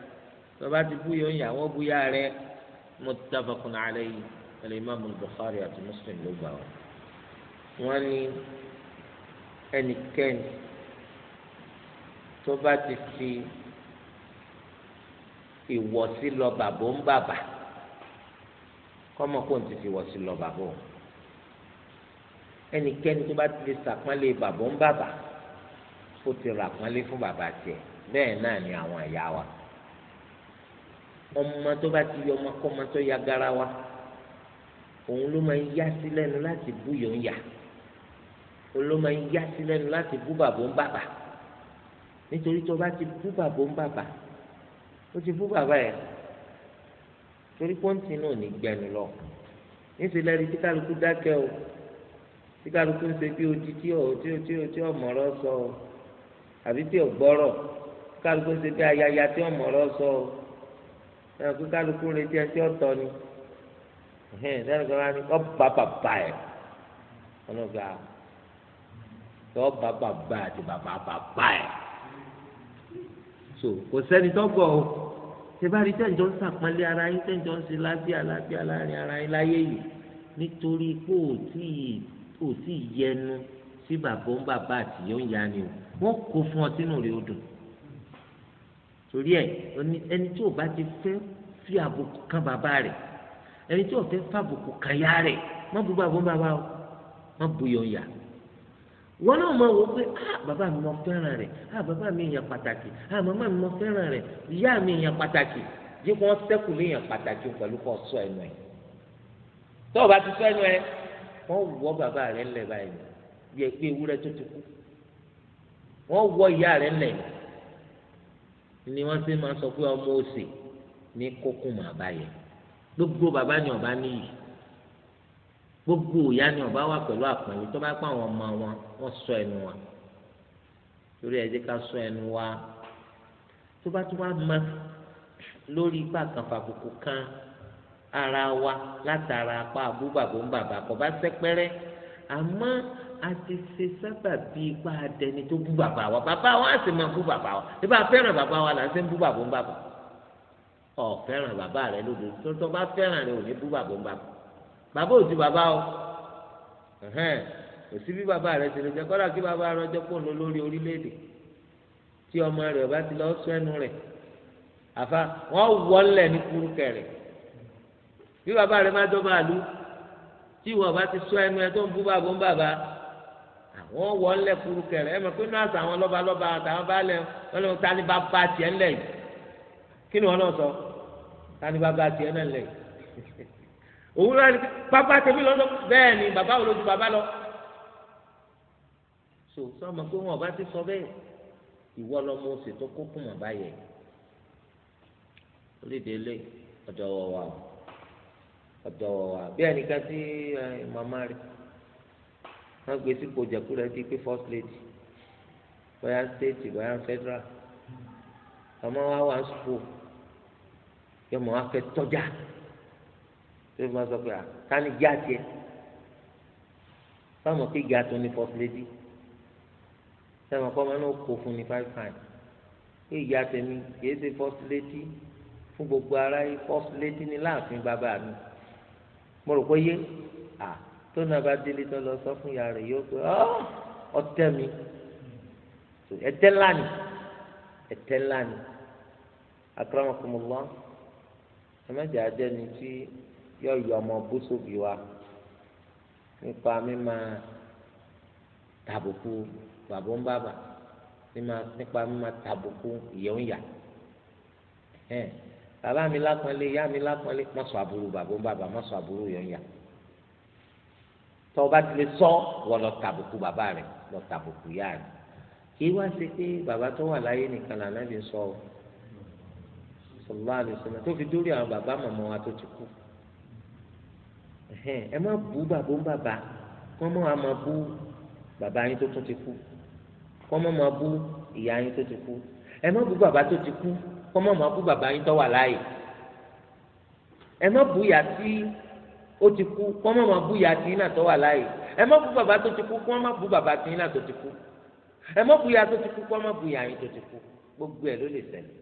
tó bá ti bú yọ̀ǹyà wọn búya rẹ̀ muttafaqun alayhi al-imam al-bukhari àti muslim ló gbà wọn. wọ́n ní ẹnikẹ́ni tó bá ti fi ìwọ̀sí lọ bàbá ń bàbà kọ́mọ kó n ti fi ìwọ̀sí lọ bàbá o ẹnikẹ́ni tó bá ti lè sàpọ́nlé bàbá ń bàbà ó ti rà pọ́nlé fún bàbá tiẹ̀ bẹ́ẹ̀ náà ni àwọn ẹ̀yà wa ọmọ tó bá ti yọ ọmọ kọ́mọ tó ya gara wa òun ló máa ń yá sí lẹ́nu láti bú yòó ń yà òun ló máa ń yá sí lẹ́nu láti bú bàbá ń bàbà nítorí tó bá ti bú bàbá ń bàbà ó ti bú bàbá yẹn torí pọ́ǹtì náà ní gbẹ̀nu lọ níṣẹ́ lẹ́rìí tí kálukú dákẹ́ o tí kálukú ń ṣe bí odi tí ò tí ò tí ò tí ọ̀mọ̀rọ̀ sọ o àbí tí ò gbọ́rọ̀ tí kálukú ń ṣe bí ayaya tí ọ̀mọ̀rọ̀ sọ o ẹ̀ kí kálukú retí ẹ tí ni lẹ́nu kan ní kọ́ bá bàbá ẹ̀ ọlọ́gà kọ́ bá bàbá àti bàbá bàbá ẹ̀ so kò sẹ́ni tó gbọ́ o tẹ́bárí tẹ́jọ́ ń sàpọ́nlé ara yín tẹ́jọ́ ń ṣe lábíà lábíà láàrin ara yín láyé yìí nítorí pé ò tí ò tí yẹnu sí bàbá ń bàbá àti yóò ń yani o wọ́n kó fún ọ sínú rẹ̀ odò torí ẹ ẹni tí ò bá ti fẹ́ fi àbùkù kan bàbá rẹ̀ ẹni tí ò fẹ́ fàbùkù kan yá rẹ̀ má bu bàbá ń bàbá o má bu yọ̀ wọn náà máa wọ pé ah bàbá mi mo fẹ́ràn rẹ̀ ah bàbá mi èèyàn pàtàkì ah màmá mi mo fẹ́ràn rẹ̀ ìyá mi èèyàn pàtàkì yìí kò wọ́n sẹ́kù léèyàn pàtàkì pẹ̀lú kò sọ ẹnu ẹ̀ tó o bá ti sọ ẹnu ẹ wọ́n wọ bàbá rẹ̀ ńlẹ̀ báyìí bí ẹ pé ewúrẹ́ tó ti kú wọ́n wọ ìyá rẹ̀ ńlẹ̀ ni wọ́n sì máa sọ pé ọmọ òsè ní kókó màá báyẹn gbogbo bàbá ni ọ̀bá níyì gbogbo ìyá ni ọba wà pẹ̀lú àpọ̀nyé tó bá pa àwọn ọmọ wọn wọ́n sọ ẹnu wa torí ẹ jẹ́ ká sọ ẹnu wa tó bá tó bá mọ lórí ipá kan kan ara wa látara apá àbúbàbò ń bàbà kò bá sẹ́pẹ́rẹ́ àmọ́ a ti ṣe sábà bí ipá adẹni tó bú bàbá wa bàbá wa á sì máa bú bàbá wa ìbá fẹ́ràn bàbá wa là ń sẹ́ ń bú bàbá ń bàbà ọ̀ fẹ́ràn bàbá rẹ lódodo tó tó bá fẹ́ràn rẹ ò ní bú bàbá ń bàbà bàbá ò ju bàbá o kò sí bí bàbá rẹ ti lè jẹ kọ́dà kí bàbá rẹ jẹ́ pọ̀ lórí orílẹ̀-èdè tí ọmọ rẹ ọba ti lọ sọ ẹnu rẹ àfa wọn wọlé ní kúrúkẹ rẹ bí bàbá rẹ má dọ́gba àlú tí ìwọ ọba ti sọ ẹnu ẹ tó ń bú bàbá ń bàbá àwọn wọlé kúrúkẹ rẹ ẹ mọ̀ pé náà sàwọn lọ́ba lọ́ba àtàwọn bá lẹ wọn lọ ta bàbá tiẹ̀ ńlẹ̀ yìí kí ni wọn náà sọ ta bàbá tiẹ̀ náà ńlẹ̀ yìí. òwúrọ̀ ẹni bàbá tẹ̀mí lọ́dọ̀ bẹ́ẹ̀ ni bàbá olójú bàbá lọ. so sọmọ pé wọn ọba ti sọ bẹ́ẹ̀ ìwọ lọmọ oṣù tó kó kùn ọba yẹ orídéélé ọjọ́ wọ wa ọjọ́ wọ wa bí ẹnìkan sí màmá rẹ wọn gbé sípò jẹkulẹ bíi pé first lady bóyá state bóyá federal ọmọ wa wà ń sùpò yọmọ wa fẹ́ tọ́jà tó fi máa sọ pé à tani já tiẹ̀ fáwọn pé ìyá tó ní first lady sẹ́wọ̀n kọ́ máa ń kó fún ní five times pé ìyá tèmi kìí ṣe first lady fún gbogbo ara yìí first lady ní láàfin bàbá mi mo rò pé yé à tó náà bá délé tó lọ sọ fún ìyá rẹ̀ yóò pé ọtẹ mi ẹtẹ ńlá ni ẹtẹ ńlá ni akramakumullah ẹ má jẹ ajẹni tí yọ yọ ọmọ bùsùbì wa nípa mímá tàbùkù bàbá ń bàbà nípa mímá tàbùkù ìyẹ̀wò yà ẹn bàbá mi lápọnlé ìyá mi lápọnlé má sọ àbúrò bàbá ń bàbà má sọ àbúrò ìyẹ̀wò yà tọ́ ọ bá ti lè sọ wọ́n lọ tàbùkù bàbá rẹ̀ lọ tàbùkù yá rẹ̀ kì í wá sí pé bàbá tó wà láyé nìkan làná lè sọ ọ sọlá àlùsọlá tó fi dórí àwọn bàbá màmá wa tó ti kú ẹ má bú bàbá ń bàbá kọ́ mọ́ àmọ́ bú bàbá yín tó tún ti kú kọ́ mọ́ máa bú ìyá yín tó ti kú ẹ má bú bàbá tó ti kú kọ́ mọ́ máa bú bàbá yín tó wà láàyè ẹ má bú ìyá tí ó ti kú kọ́ mọ́ máa bú ìyá tí náà tó wà láàyè ẹ má bú bàbá tó ti kú kọ́ mọ́ bú bàbá tí náà tó ti kú ẹ má bú ìyá tó ti kú kọ́ mọ́ bú ìyá yín tó ti kú gbogbo ẹ̀ ló lè ṣẹlẹ̀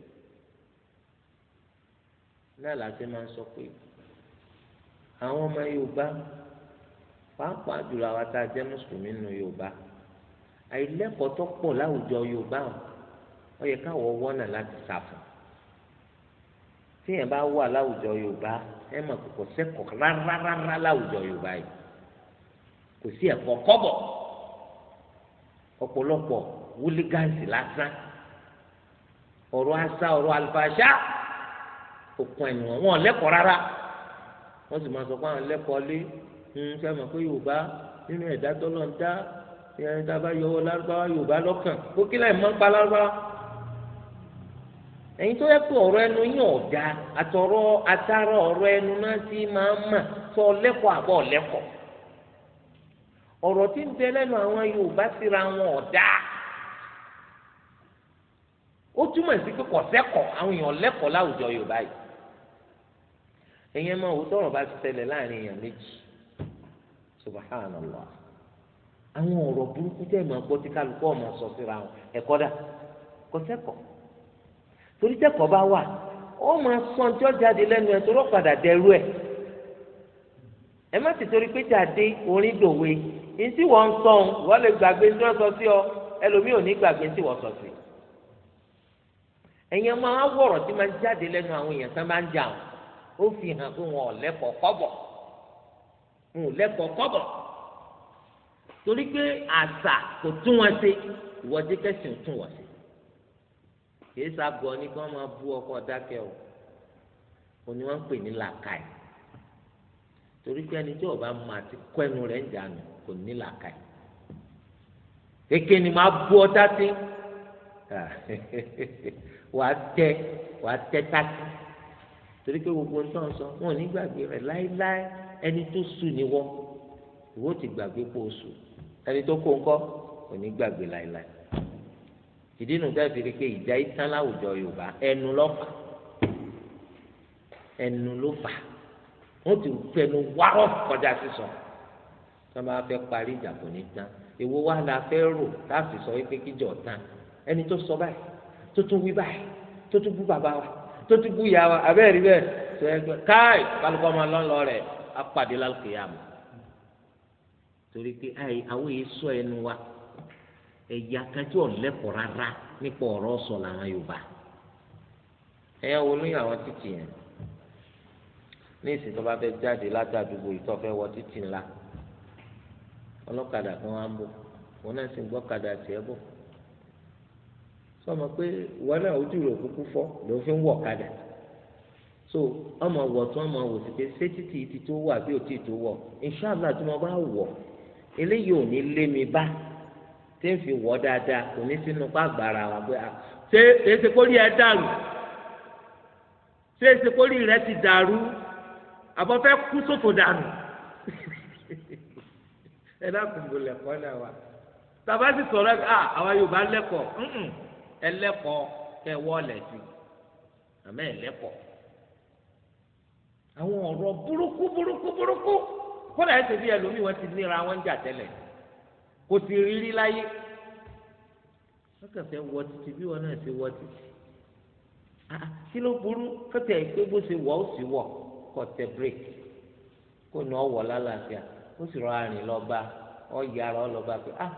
náà làá máa ń sọ pé àwọn ọmọ yorùbá pàápàá jùlọ àwọn tá a jẹ́ mùsùlùmí nù yorùbá àìlẹ́kọ̀ọ́ tó pọ̀ láwùjọ yorùbá ó yẹ káwọ́ wọ́nà láti sàfù tíyẹn bá wà láwùjọ yorùbá ẹ mà kò sẹ́kọ̀ọ́ rárárárá láwùjọ yorùbá yìí kò sí ẹ̀kọ́ kọ́bọ̀ ọ̀pọ̀lọpọ̀ wúlígáǹsì lásán ọ̀rọ̀ asá ọ̀rọ̀ àlùfáàṣá òkun ẹ̀yìn wọn lẹ́kọ̀ọ́ rárá wọ́n sì máa sọ pé àwọn lẹ́kọ̀ọ́ lé ń hmm, fẹ́ mọ̀ pé yorùbá nínú ẹ̀dá tọ́lọ̀ ń dá ìyẹn tá a bá yọwọ́ lárúbáwá yorùbá lọ́kàn kó kílẹ̀ mọ́ ń pa lárúbáwá. ẹ̀yin tó yẹ pé ọ̀rọ̀ ẹnu yín ọ̀dà àtọ̀rọ̀ àtàrọ̀ ọ̀rọ̀ ẹnu náà ti máa ń mà sọ lẹ́kọ̀ọ́ àbọ̀ lẹ́kọ̀ọ́ ọ̀rọ̀ tí ń bẹ lẹ́nu àwọn yorùbá síra wọn ọ̀dà ó túmọ̀ sí pé kọ̀sẹ́kọ̀ àwọn èèyàn lẹ́kọ̀ọ́ ẹ̀yin máa wò tọ́rọ̀ bá ti ṣẹlẹ̀ láàrin èèyàn méjì subhanallah àwọn ọ̀rọ̀ burúkú tẹ́ máa gbọ́ tí kálukú ọmọ sọ síra wọn ẹ̀kọ́ dà kò sẹ́kọ̀ọ́ torí tẹ́kọ̀ọ́ bá wà ó máa sọ tí ó jáde lẹ́nu ẹ̀ torí ó padà dẹrú ẹ̀ ẹ má ti torí pé jáde orin dòwe ní tí wọ́n ń sọ lè gbàgbé tí wọ́n sọ sí ọ ẹlòmíì ò ní gbàgbé tí wọ́n sọ sí ẹ̀yin máa wọ̀rọ̀ tí máa jáde lẹ́nu àwọn èèyàn tán máa ń jà wọn ó fi hàn pé wọn ò lẹ́kọ̀ọ́ kọ́bọ̀ wọn ò lẹ́kọ̀ọ́ kọ́bọ̀ torí pé àṣà kò tún wọn ṣe ìwọ́dí kẹsìn tún wọn ṣe kìí sábọ̀ ni kí wọ́n máa bú ọkọ̀ dákẹ́ o òní wọ́n ń pè ní làákàyè torí pé ẹni tí ọba máa ti kọ́ ẹnu rẹ̀ ń jànú kò ní làákàyè kékeré ni máa bú ọ dá sí wàá tẹ wàá tẹ tá sí torí pé gbogbo ń tán sọ wọn ò ní gbàgbé rẹ láéláé ẹni tó sùn ni wọ́n ìwọ ti gbàgbé pò sùn ẹni tó kó ńkọ́ ò ní gbàgbé láéláé ìdí nu dá ìfiri pé ìjà ìtàn láwùjọ Yorùbá ẹnu ló fà ẹnu ló fà wọn ti fẹnu wárọ kọjá sísọ tí wọn bá fẹ́ parí ìjà kò ní tán èwo wa la fẹ́ rò láti sọ wípé kíjọ tán ẹni tó sọ báyìí tó tún wí báyìí tó tún bú bàbá wa tó ti bú ìyá wa abẹ́rẹ́ rí bẹ́ẹ̀ tó ẹ gbẹ káì kálukọ́ máa lọ́ lọ rẹ̀ apàdé lálùkìyàmù torí pé àyè àwọn èyí sọ ẹnu wa ẹ̀yà kan tí ò lẹ́kọ̀ọ́ rárá nípa ọ̀rọ̀ sọ làwọn Yorùbá ẹ̀yà wo ló yàwọ́ títì yẹn ní ìsìn tó bá fẹ́ jáde láti àdúgbò wọ títì ńlá ọlọ́kadà kan wá bọ̀ wọn náà sì ń gbọ́kadà tiẹ̀ bọ̀ sọmọ pé ìwọ náà ojú rẹ òkúkú fọ́ ló fi ń wọ kadà so ọmọ wọ tí wọn wò sí pé ṣé ti tó wọ àbí òtí tó wọ inṣàlá tí mo bá wọ eléyìí ò ní lé mi bá tí ń fi wọ dáadáa kò ní sínú pàgbára wa pé ah, ṣé èsì kórìí ẹ dàrú ṣé èsì kórìí rẹ ti dàrú àbọ̀ fẹ́ kú sófò dànù ẹ dákun bò lẹ́kọ́ náà wa tàbá sì sọ̀rọ̀ à ah, àwa Yorùbá lẹ́kọ̀ọ́ ẹlẹ́kọ̀ọ́ kẹ́ wọ́ọ̀lẹ̀ sí àmọ́ ẹlẹ́kọ̀ọ́ àwọn ọ̀rọ̀ burúkú burúkú burúkú kódà ẹsẹ̀ bí ẹlòmíì wọ́n ti níra wọn jà tẹ́lẹ̀ kò sì rírí láyé wọ́n kẹfẹ́ wọ títí bí wọn náà ṣe wọ títí ah, kí ló burú kẹtẹ pé bó ṣe wọ ó sì wọ kọ tẹ bírèkì kó nà ọ wọ lálàáfíà ó sì rọra rìn lọ bá ọ yára ọ lọ bá pé ah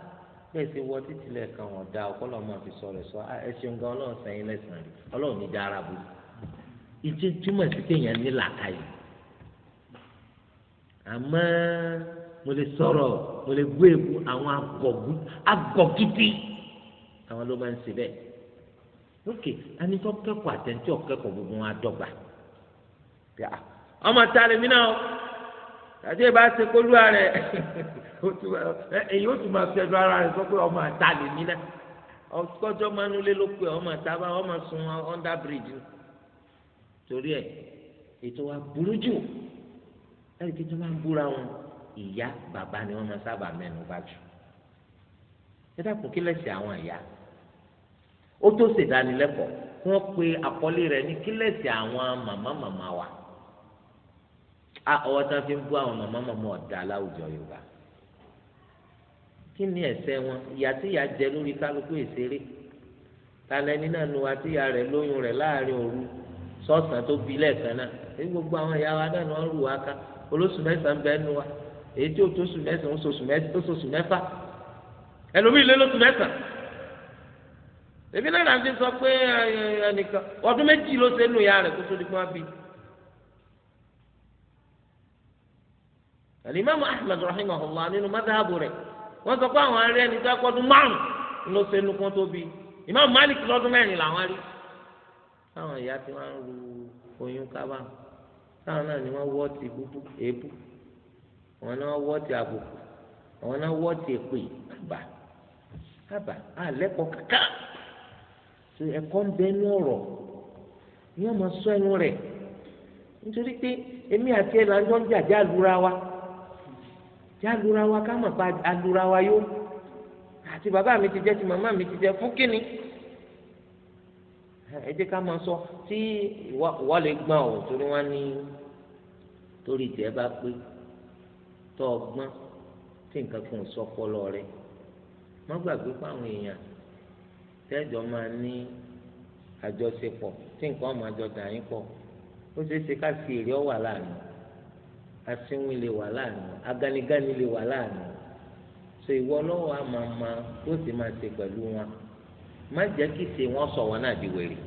bẹ́ẹ̀sì wọ títí lẹ́ẹ̀kan wọn da ọkọ lọ́ọ́ máa fi sọ̀rọ̀ sọ ah, ẹ ṣeun gan ọlọ́run sẹ́yìn lẹ́sàn-án rí ọlọ́run ní dára bò ìdí túmọ̀ sí kéèyàn ní làákàyè àmọ́ mo lè sọ̀rọ̀ mo lè gbé ewu àwọn agọ̀gú agọ̀gídí àwọn ló máa ń ṣe bẹ́ẹ̀ lókè ẹni tó kẹ́kọ̀ọ́ àtẹ̀ntì ọ̀kẹ́kọ̀ọ́ gbogbo wọn adọ́gba ah, ọmọ ta lèmi náà tàbí ìbá ṣe kólúwa rẹ̀ èyí ó tún máa fi ẹdun ara rẹ sọ pé ọmọ àta lè mí náà ọsọjọ manulé ló pé ọmọ àta bá ọmọ sun under bridge torí ẹ ètò wa burú jù ẹni tí tó máa ń búra wọn ìyá bàbá ni wọn máa sábà mẹ́nu bà jù ẹ dàpọ̀ kí lẹ̀sìn àwọn ìyá ó tó ṣèdánilẹ́kọ̀ọ́ wọ́n pe àkọlé rẹ̀ ní kí lẹ̀sìn àwọn màmá màmá wa ọwọ́ tí wọ́n fi ń bú àwọn màmá màmá ọ̀dà láwùjọ Yorùbá Kini ni ẹ̀ṣẹ̀ wọn ìyá tí ìyá jẹ lórí kálukú ìṣeré talẹni náà nu àtìyá rẹ lóyún rẹ láàrin òru sọ̀sán tó bí lẹ́ẹ̀kan náà èyí gbogbo àwọn ìyá wa náà ni rù wá ká olóṣù mẹ́sàn-án bẹ́ẹ̀ nu wa èyí tí ó oṣù mẹ́sàn-án ó oṣù mẹ́fà ẹlòmíì lé lóṣù mẹ́sàn-án èmi náà nàá sọ pé ẹnìkan ọdún méjì ló ṣe nu ìyá rẹ kó tó di bí. Ahmad nínú wọ́n sọ pé àwọn arí ẹni tó akọ́dún márùn-ún ló ṣe nukun tó bí Imam Malik lọ́dún mẹ́rin làwọn rí táwọn ìyá tí wọ́n ń ru oyún kábà táwọn náà ni wọ́n wọ́ ti búbú èébú àwọn náà wọ́ ti àbùkù àwọn náà wọ́ ti èpè àbà àbà àlẹ́kọ̀ọ́ kàkà tó ẹ̀kọ́ ń bẹ ní ọ̀rọ̀ ni wọ́n máa sọ ẹnu rẹ̀ nítorí pé èmi àti ẹ̀ là ń jọ ń jàjà lura wa já lura wa ká mọ̀ pa alura wa yó àti bàbá mi ti jẹ́ ti màmá mi ti jẹ́ fún kínní ẹ jẹ́ ká máa sọ tí ìwọ lè gbọ́n o torí wọ́n ní torí tẹ́ bá pé tọ́ ọ gbọ́n tí nǹkan kan sọ pọlọ rẹ má gbàgbé fáwọn èèyàn tẹ́jọ́ máa ní àjọṣepọ̀ tí nǹkan máa jọ dà yín pọ̀ ó ṣeé ṣe ká sí èrè ọ̀wà láàrin asínwín lè wà láàánú aganigani lè wà láàánú so ìwọ lọ́wọ́ a máa ma ó sì máa ṣe pẹ̀lú wọn má jẹ́ kí ṣe wọn sọ wọn náà di wèrè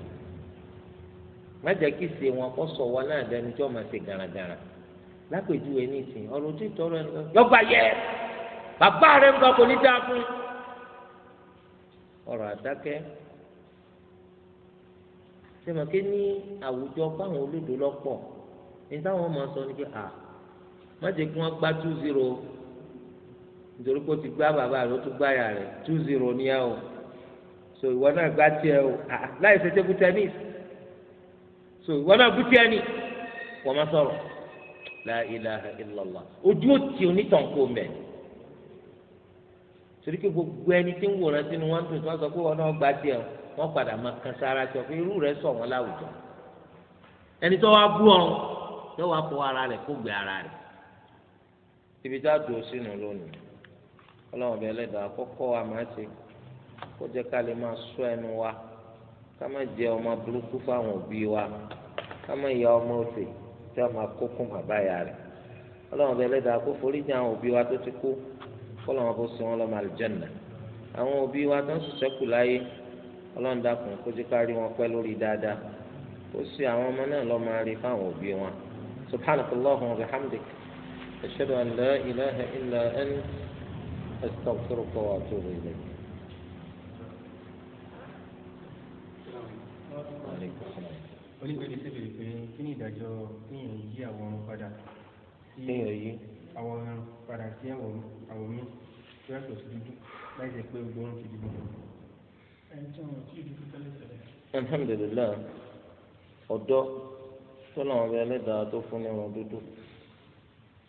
má jẹ́ kí ṣe wọn kọ́ sọ wọn náà dẹnu tí wọ́n máa ṣe garagara lápèjúwe ní ìsìn ọ̀rọ̀ tí ìtọ́rọ ẹni kan yọba yẹ bàbá rẹ nǹkan kò ní dáa fún ọ̀rọ̀ àdákẹ́ ṣé màkà ní àwùjọ báwọn olódò lọ́pọ̀ ní táwọn máa sọ ní pé à má jẹ́ kí wọ́n gbá two zero nítorí pé ó ti gbá bàbá rẹ̀ ó tún gbá yà rẹ̀ two zero ní ẹ so ìwọ náà gbá tiẹ̀ o ah, ah, láì ṣe table tennis so ìwọ náà bú tiẹ̀ ni wọ́n má sọ̀rọ̀ la ilaha illallah ojú òtí onítàn kò mẹ́ torí pé gbogbo ẹni tí ń wòran sínú wọn tún sọ pé wọn náà gbá tiẹ̀ o wọ́n padà máa kan sára sọ pé irú rẹ̀ sọ wọn láwùjọ ẹni tó wá bú ọ yóò wá fọ ara rẹ̀ kó gbé ara rẹ̀ ibi tá a dùn sínú lónìí ọlọ́run bẹ́ẹ̀ lẹ́dàá kọ́kọ́ wa máa ṣe kó jẹ́ ká lè máa sọ ẹnu wa ká má jẹ ọmọ burúkú fáwọn òbí wa ká má ya ọmọ òsè tí a máa kókún bàbá ìyá rẹ̀ ọlọ́run bẹ́ẹ̀ lẹ́dàá kó foríjì àwọn òbí wa tó ti kú kó lọ́wọ́ bó sin wọn lọ́mọ àlùjànnà àwọn òbí wa tó ń ṣiṣẹ́kù láyé ọlọ́run dákun kó jẹ́ ká rí wọn pẹ́ lórí dáadáa أشهد أن لا إله إلا أنت أستغفرك وأتوب إليك oníbèrè sébèrè pé kí ni ìdájọ́ kéèyàn yí àwọn ọrùn padà sí àwọn ọrùn alhamdulilayi ọ̀dọ́ tó lọ́wọ́ tó fún ní wọn dúdú.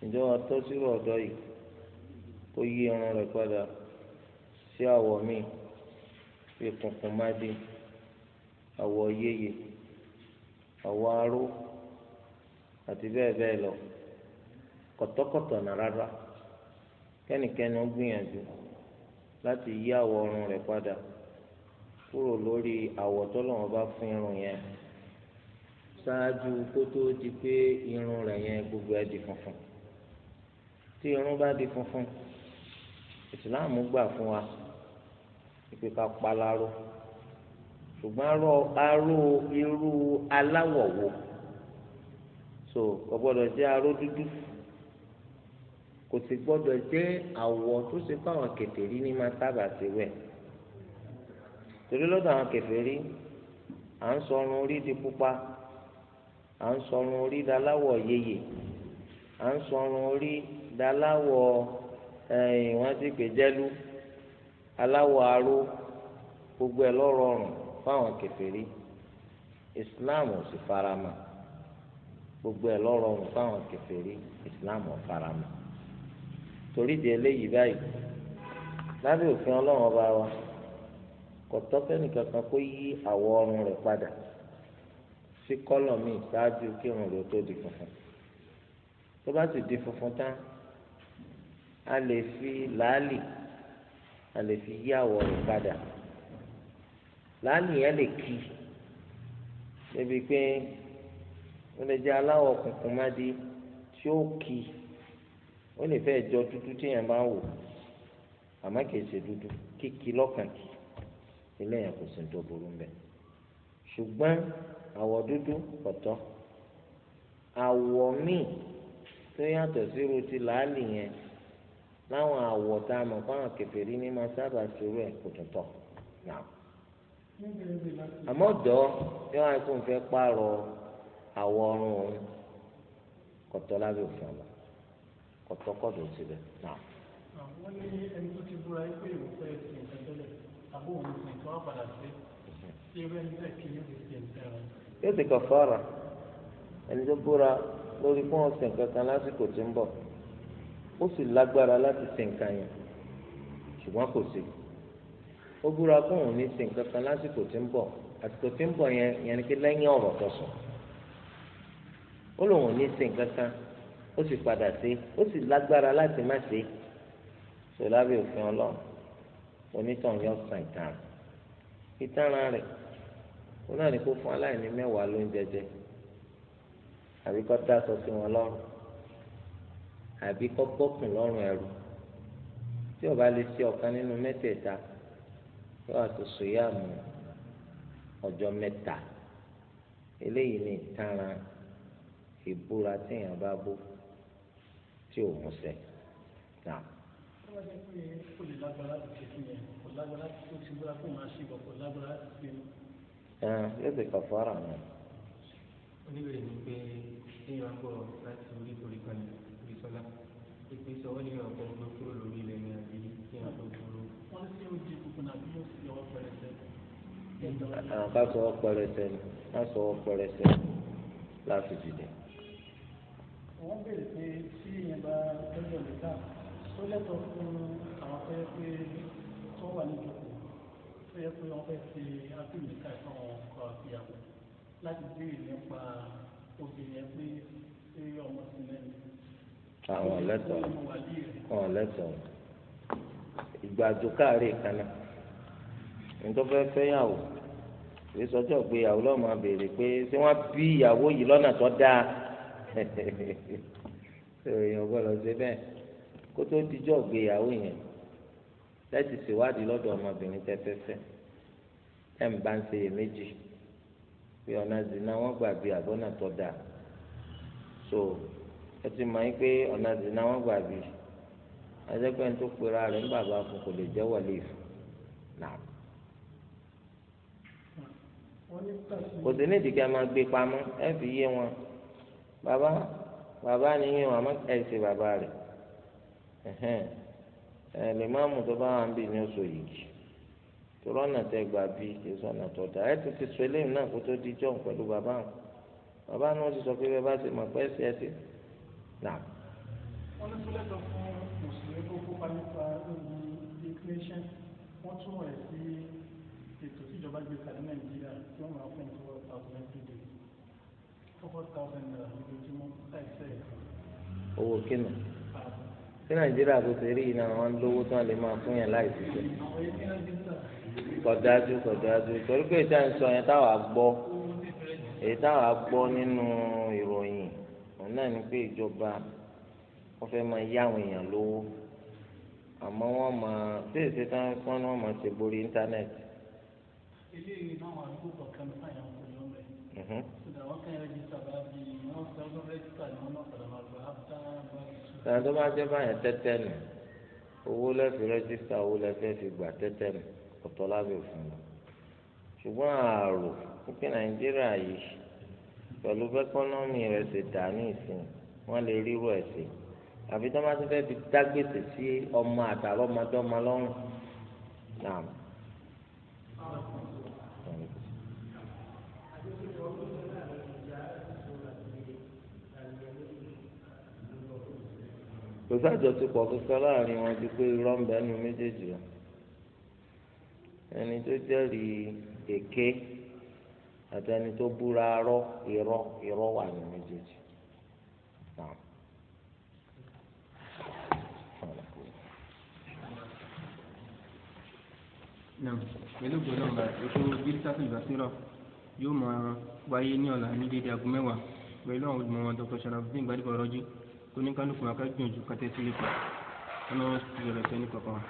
ǹjẹ́ wọn tọ́ sírò ọ̀dọ́ yìí kó yí irun rẹ̀ padà sí àwọ̀ míì bí kùnkùn má dín àwọ̀ yéye lọ kọ̀tọ́kọ̀tọ̀ nà rárá ó gbìyànjú láti yí àwọ̀ ọrùn rẹ̀ padà kúrò lórí àwọ̀ tọ́lọ́wọ́n bá fún irun yẹn ṣáájú di pé gbogbo ẹ̀ funfun. tí irun bá di funfun ìsìláàmù gbà fún wa ìpè ká paláró ṣùgbọ́n aró aró irú aláwọ̀ wo so kò gbọ́dọ̀ jẹ́ aró dúdú kò sì gbọ́dọ̀ jẹ́ àwọ̀ tó ṣe fáwọn kèfèrí ní máa sábà ti wẹ̀ torí lọ́dọ̀ àwọn kèfèrí à ń sọrun orí di pupa à ń sọrun orí di aláwọ̀ yeye à ń sọrun orí daláwọ̀ ẹ̀yìn wọ́n ti pè jẹ́lú aláwọ̀ aró gbogbo ẹ̀ lọ́rọ̀ọ̀rùn fáwọn kèfèrí islam ò sì farama gbogbo ẹ̀ lọ́rọ̀ọ̀rùn fáwọn kèfèrí islam ò farama torí di eléyìí báyìí lábẹ́ òfin ọlọ́run ọba wa kò tọ́pẹ́ nìkan kan kó yí àwọ̀ ọrùn rẹ̀ padà sí kọ́lọ̀ míì ṣáájú kí irun rẹ̀ tó di funfun tó bá sì di funfun tán a lè fi làálì a lè fi yí àwọ̀ rẹ̀ padà làálì yẹn lè kí débi pé ó lè jẹ́ aláwọ̀ kùnkùn má di tí ó kì í ó lè fẹ́ jọ dúdú tí èèyàn bá ń wò àmọ́ kìí ṣe dúdú kíkì lọ́kàn kì eléyàn kò sí tó burú mbẹ ṣùgbọ́n àwọ̀ dúdú ọ̀tọ̀ àwọ̀ míì tó yàtọ̀ sí irú ti làálì yẹn láwọn àwọ̀ tá a mọ̀ fáwọn kẹfẹ́rí ní máa sábà ṣerú ẹ̀ kò tún tọ̀ náà. àmọ́ ọ̀dọ́ yóò wá kó n fẹ́ pààrọ̀ àwọ̀ ọrùn òun kọ̀tọ́ lábẹ́ òfin ọ̀la kọ̀tọ́ kọ̀dọ̀ síbẹ̀ náà. wọ́n ní ẹni tó ti búra yìí pé òun fẹ́ ti nǹkan tẹ́lẹ̀ àbó òun mhm. ti tó àpàdà sí ṣé ẹgbẹ́ ní tẹ̀kí ní ti ti nǹkan rẹ̀. yóò ti kọ̀ fọ́ọ̀rà ẹni tó búra lórí fún ọ̀sẹ̀ kankan lásìkò tó ń bọ̀ ó sì lágbára láti ṣe nǹkan yẹn ṣùgbọ́n kò sí ó búra kó òun ní ṣe nǹkan kan lásìkò tí ń bọ̀ àsìkò tí ń bọ̀ yẹn yẹn ni pé lẹ́yìn ọ̀rọ̀ tó sọ ó lóun ò ní ṣe nǹkan kan ó sì padà ṣe ó sì lágbára láti má ṣe ṣe lábẹ́ òfin ọlọ́run onítàn yọ sàn ìtàn ìtara rẹ̀ ó náà ní kó fún aláìní mẹ́wàá lóúnjẹ jẹ àbí kó dá aṣọ sí wọn lọ́rùn àbí kọ́ bọ́kùn lọ́rùn ẹrù tí ó bá lè ṣe ọ̀kan nínú mẹ́tẹ̀ẹ̀ta yóò àti sòyàmù ọjọ́ mẹ́ta eléyìí ní ìtara ìbúra tí èèyàn bá bó tí ò mú ṣẹ. yóò ṣe kàfàrà náà. oníbèrè ni pé èèyàn ń láti orí koríko ni pípé sọ wọ́n ní ọ̀pọ̀ ọmọ kúrò lórí ilẹ̀ ní àbí kí n tó kúrò. wọ́n ní sí ojú kúkú náà bí sì yọ ọpẹrẹsẹ. àwọn ká sọ ọpẹrẹsẹ ni ká sọ ọpẹrẹsẹ láti dìde. wọ́n béèrè pé tí ìyẹn bá tẹ́lẹ̀ ọ̀lẹ́ ká tó lẹ́tọ̀ọ́ fún àwọn fẹ́ pé tó wà ní ìjókòó tó yẹ pé wọ́n fẹ́ fi ábìlì ìfọ̀n kọ ìyàwó láti béèrè nípa obìnrin pé ṣé ọmọ sí lẹ́nu àwọn ọ̀lẹ́tọ̀ àwọn ọ̀lẹ́tọ̀ ìgbàdo káàárẹ̀ kaná nítorí fẹ́yàwó èyí sọjọ́ pé ìyàwó lọ́ọ́ máa béèrè pé ṣé wọ́n bí ìyàwó yìí lọ́nà tó dáa èèyàn gbọ́dọ̀ ṣe bẹ́ẹ̀ kó tó dijọ́ gbéyàwó yẹn láti ṣèwádìí lọ́dọ̀ ọmọbìnrin tẹ́fẹ́fẹ́ ẹ̀ ń bá ń ṣe iyèméjì pé ọ̀nà zina wọ́n gbà bí àbọ̀nà tó dáa so ẹ ti mọ̀ yín pé ọ̀nà ìdènà wọn gbà bí ẹ̀ẹ́dẹ́gbẹ́ tó pera rẹ̀ ń bàbá fún kò lè jẹ́ wọlé fún náà. kò sí nídìí kí a máa gbé pamọ́ ẹ fi yé wọn bàbá bàbá ni yín wọn àmọ́ ẹ ṣe bàbá rẹ̀ ẹ lè má mú tó bá wà ń ní oṣù yìí tòrọ ọ̀nà tẹ gbà bí èso ọ̀nà tó dà ẹ ti ti sọ eléyìí náà kó tó di jọ̀ pẹ̀lú bàbá wọn bàbá náà ti sọ pé bẹ́ẹ̀ bá ti mọ̀ pẹ́ sí ẹ ti. Naam. wọ́n ní sílẹ̀ tó fún òṣèré tó kópa nípa lórí inflation wọ́n túmọ̀ ẹ̀ sí ètò tíjọba gbé kalẹ̀ nàìjíríà tí wọ́n máa fún ìtura thousand every day four thousand naira lójoojúmọ́ láìsẹ̀ ẹ̀ka. owó kínú sí nàìjíríà kò sí rí iná wọn lówó tí wọn lè máa fún yẹn láì ṣiṣẹ́ kọdájú kọdájú torí pé ìta sọ yẹn táwa gbọ́ èyí táwa gbọ́ nínú ìròyìn òun náà ni pé ìjọba wọ́n fẹ́ máa yá àwọn èèyàn lówó àmọ́ wọ́n máa ṣé èsì tán kán ni wọ́n máa ṣe borí íńtánẹ́ẹ̀tì. ilé ìnáwó àdúgbò kan sáyà ń pè lọ́mọ ẹ̀. ṣùgbọ́n mm-hmm. wọ́n kàn rẹ́jísítà bá bí wọ́n fẹ́ lọ́ rẹ́jísítà ni wọ́n náà padà máa gbà á tá a gbà. ìtàn tó bá jẹ́ báyẹn tẹ́tẹ́ nù owó lẹ́fì rẹ́jísítà owó lẹ́fì fi gbà tẹ́tẹ́ nù ọ̀tọ̀ lábẹ́ òfin ṣùgbọ́n ààrò pípẹ́ nàìjíríà yìí pẹ̀lú bẹ́kọ́nọ́mì rẹ̀ ṣe dà ní ìsìn wọ́n lè ríru ẹ̀ sí àbí tó máa ti fẹ́ fi dágbèsè sí ọmọ àtàrọ ọmọdọ́mọ lọ́rùn náà. kò sájọsípọ̀ kankan láàrin wọn ju pé irọ́ ń bẹ́ẹ̀ nu méjèèjì ẹni tó jẹ́rìí èké àtẹni tó búra rọ irọ́ irọ́ wà ní méjèèjì. pẹ̀lú gbọ́dọ̀ ọ̀gá ètò bírísítàtì ìgbàsílọ̀ yóò máa wáyé ní ọ̀la ní dédé aago mẹ́wàá pẹ̀lú àwọn olùmọ̀ràn dr sharafdin gbadébọ̀ rọ́jú tó ní kálukú akájùmọ̀jù kàtẹ́sílẹ̀ pa ọ̀nà ìrọ̀lẹ́sẹ̀ ní kọ̀ọ̀kan.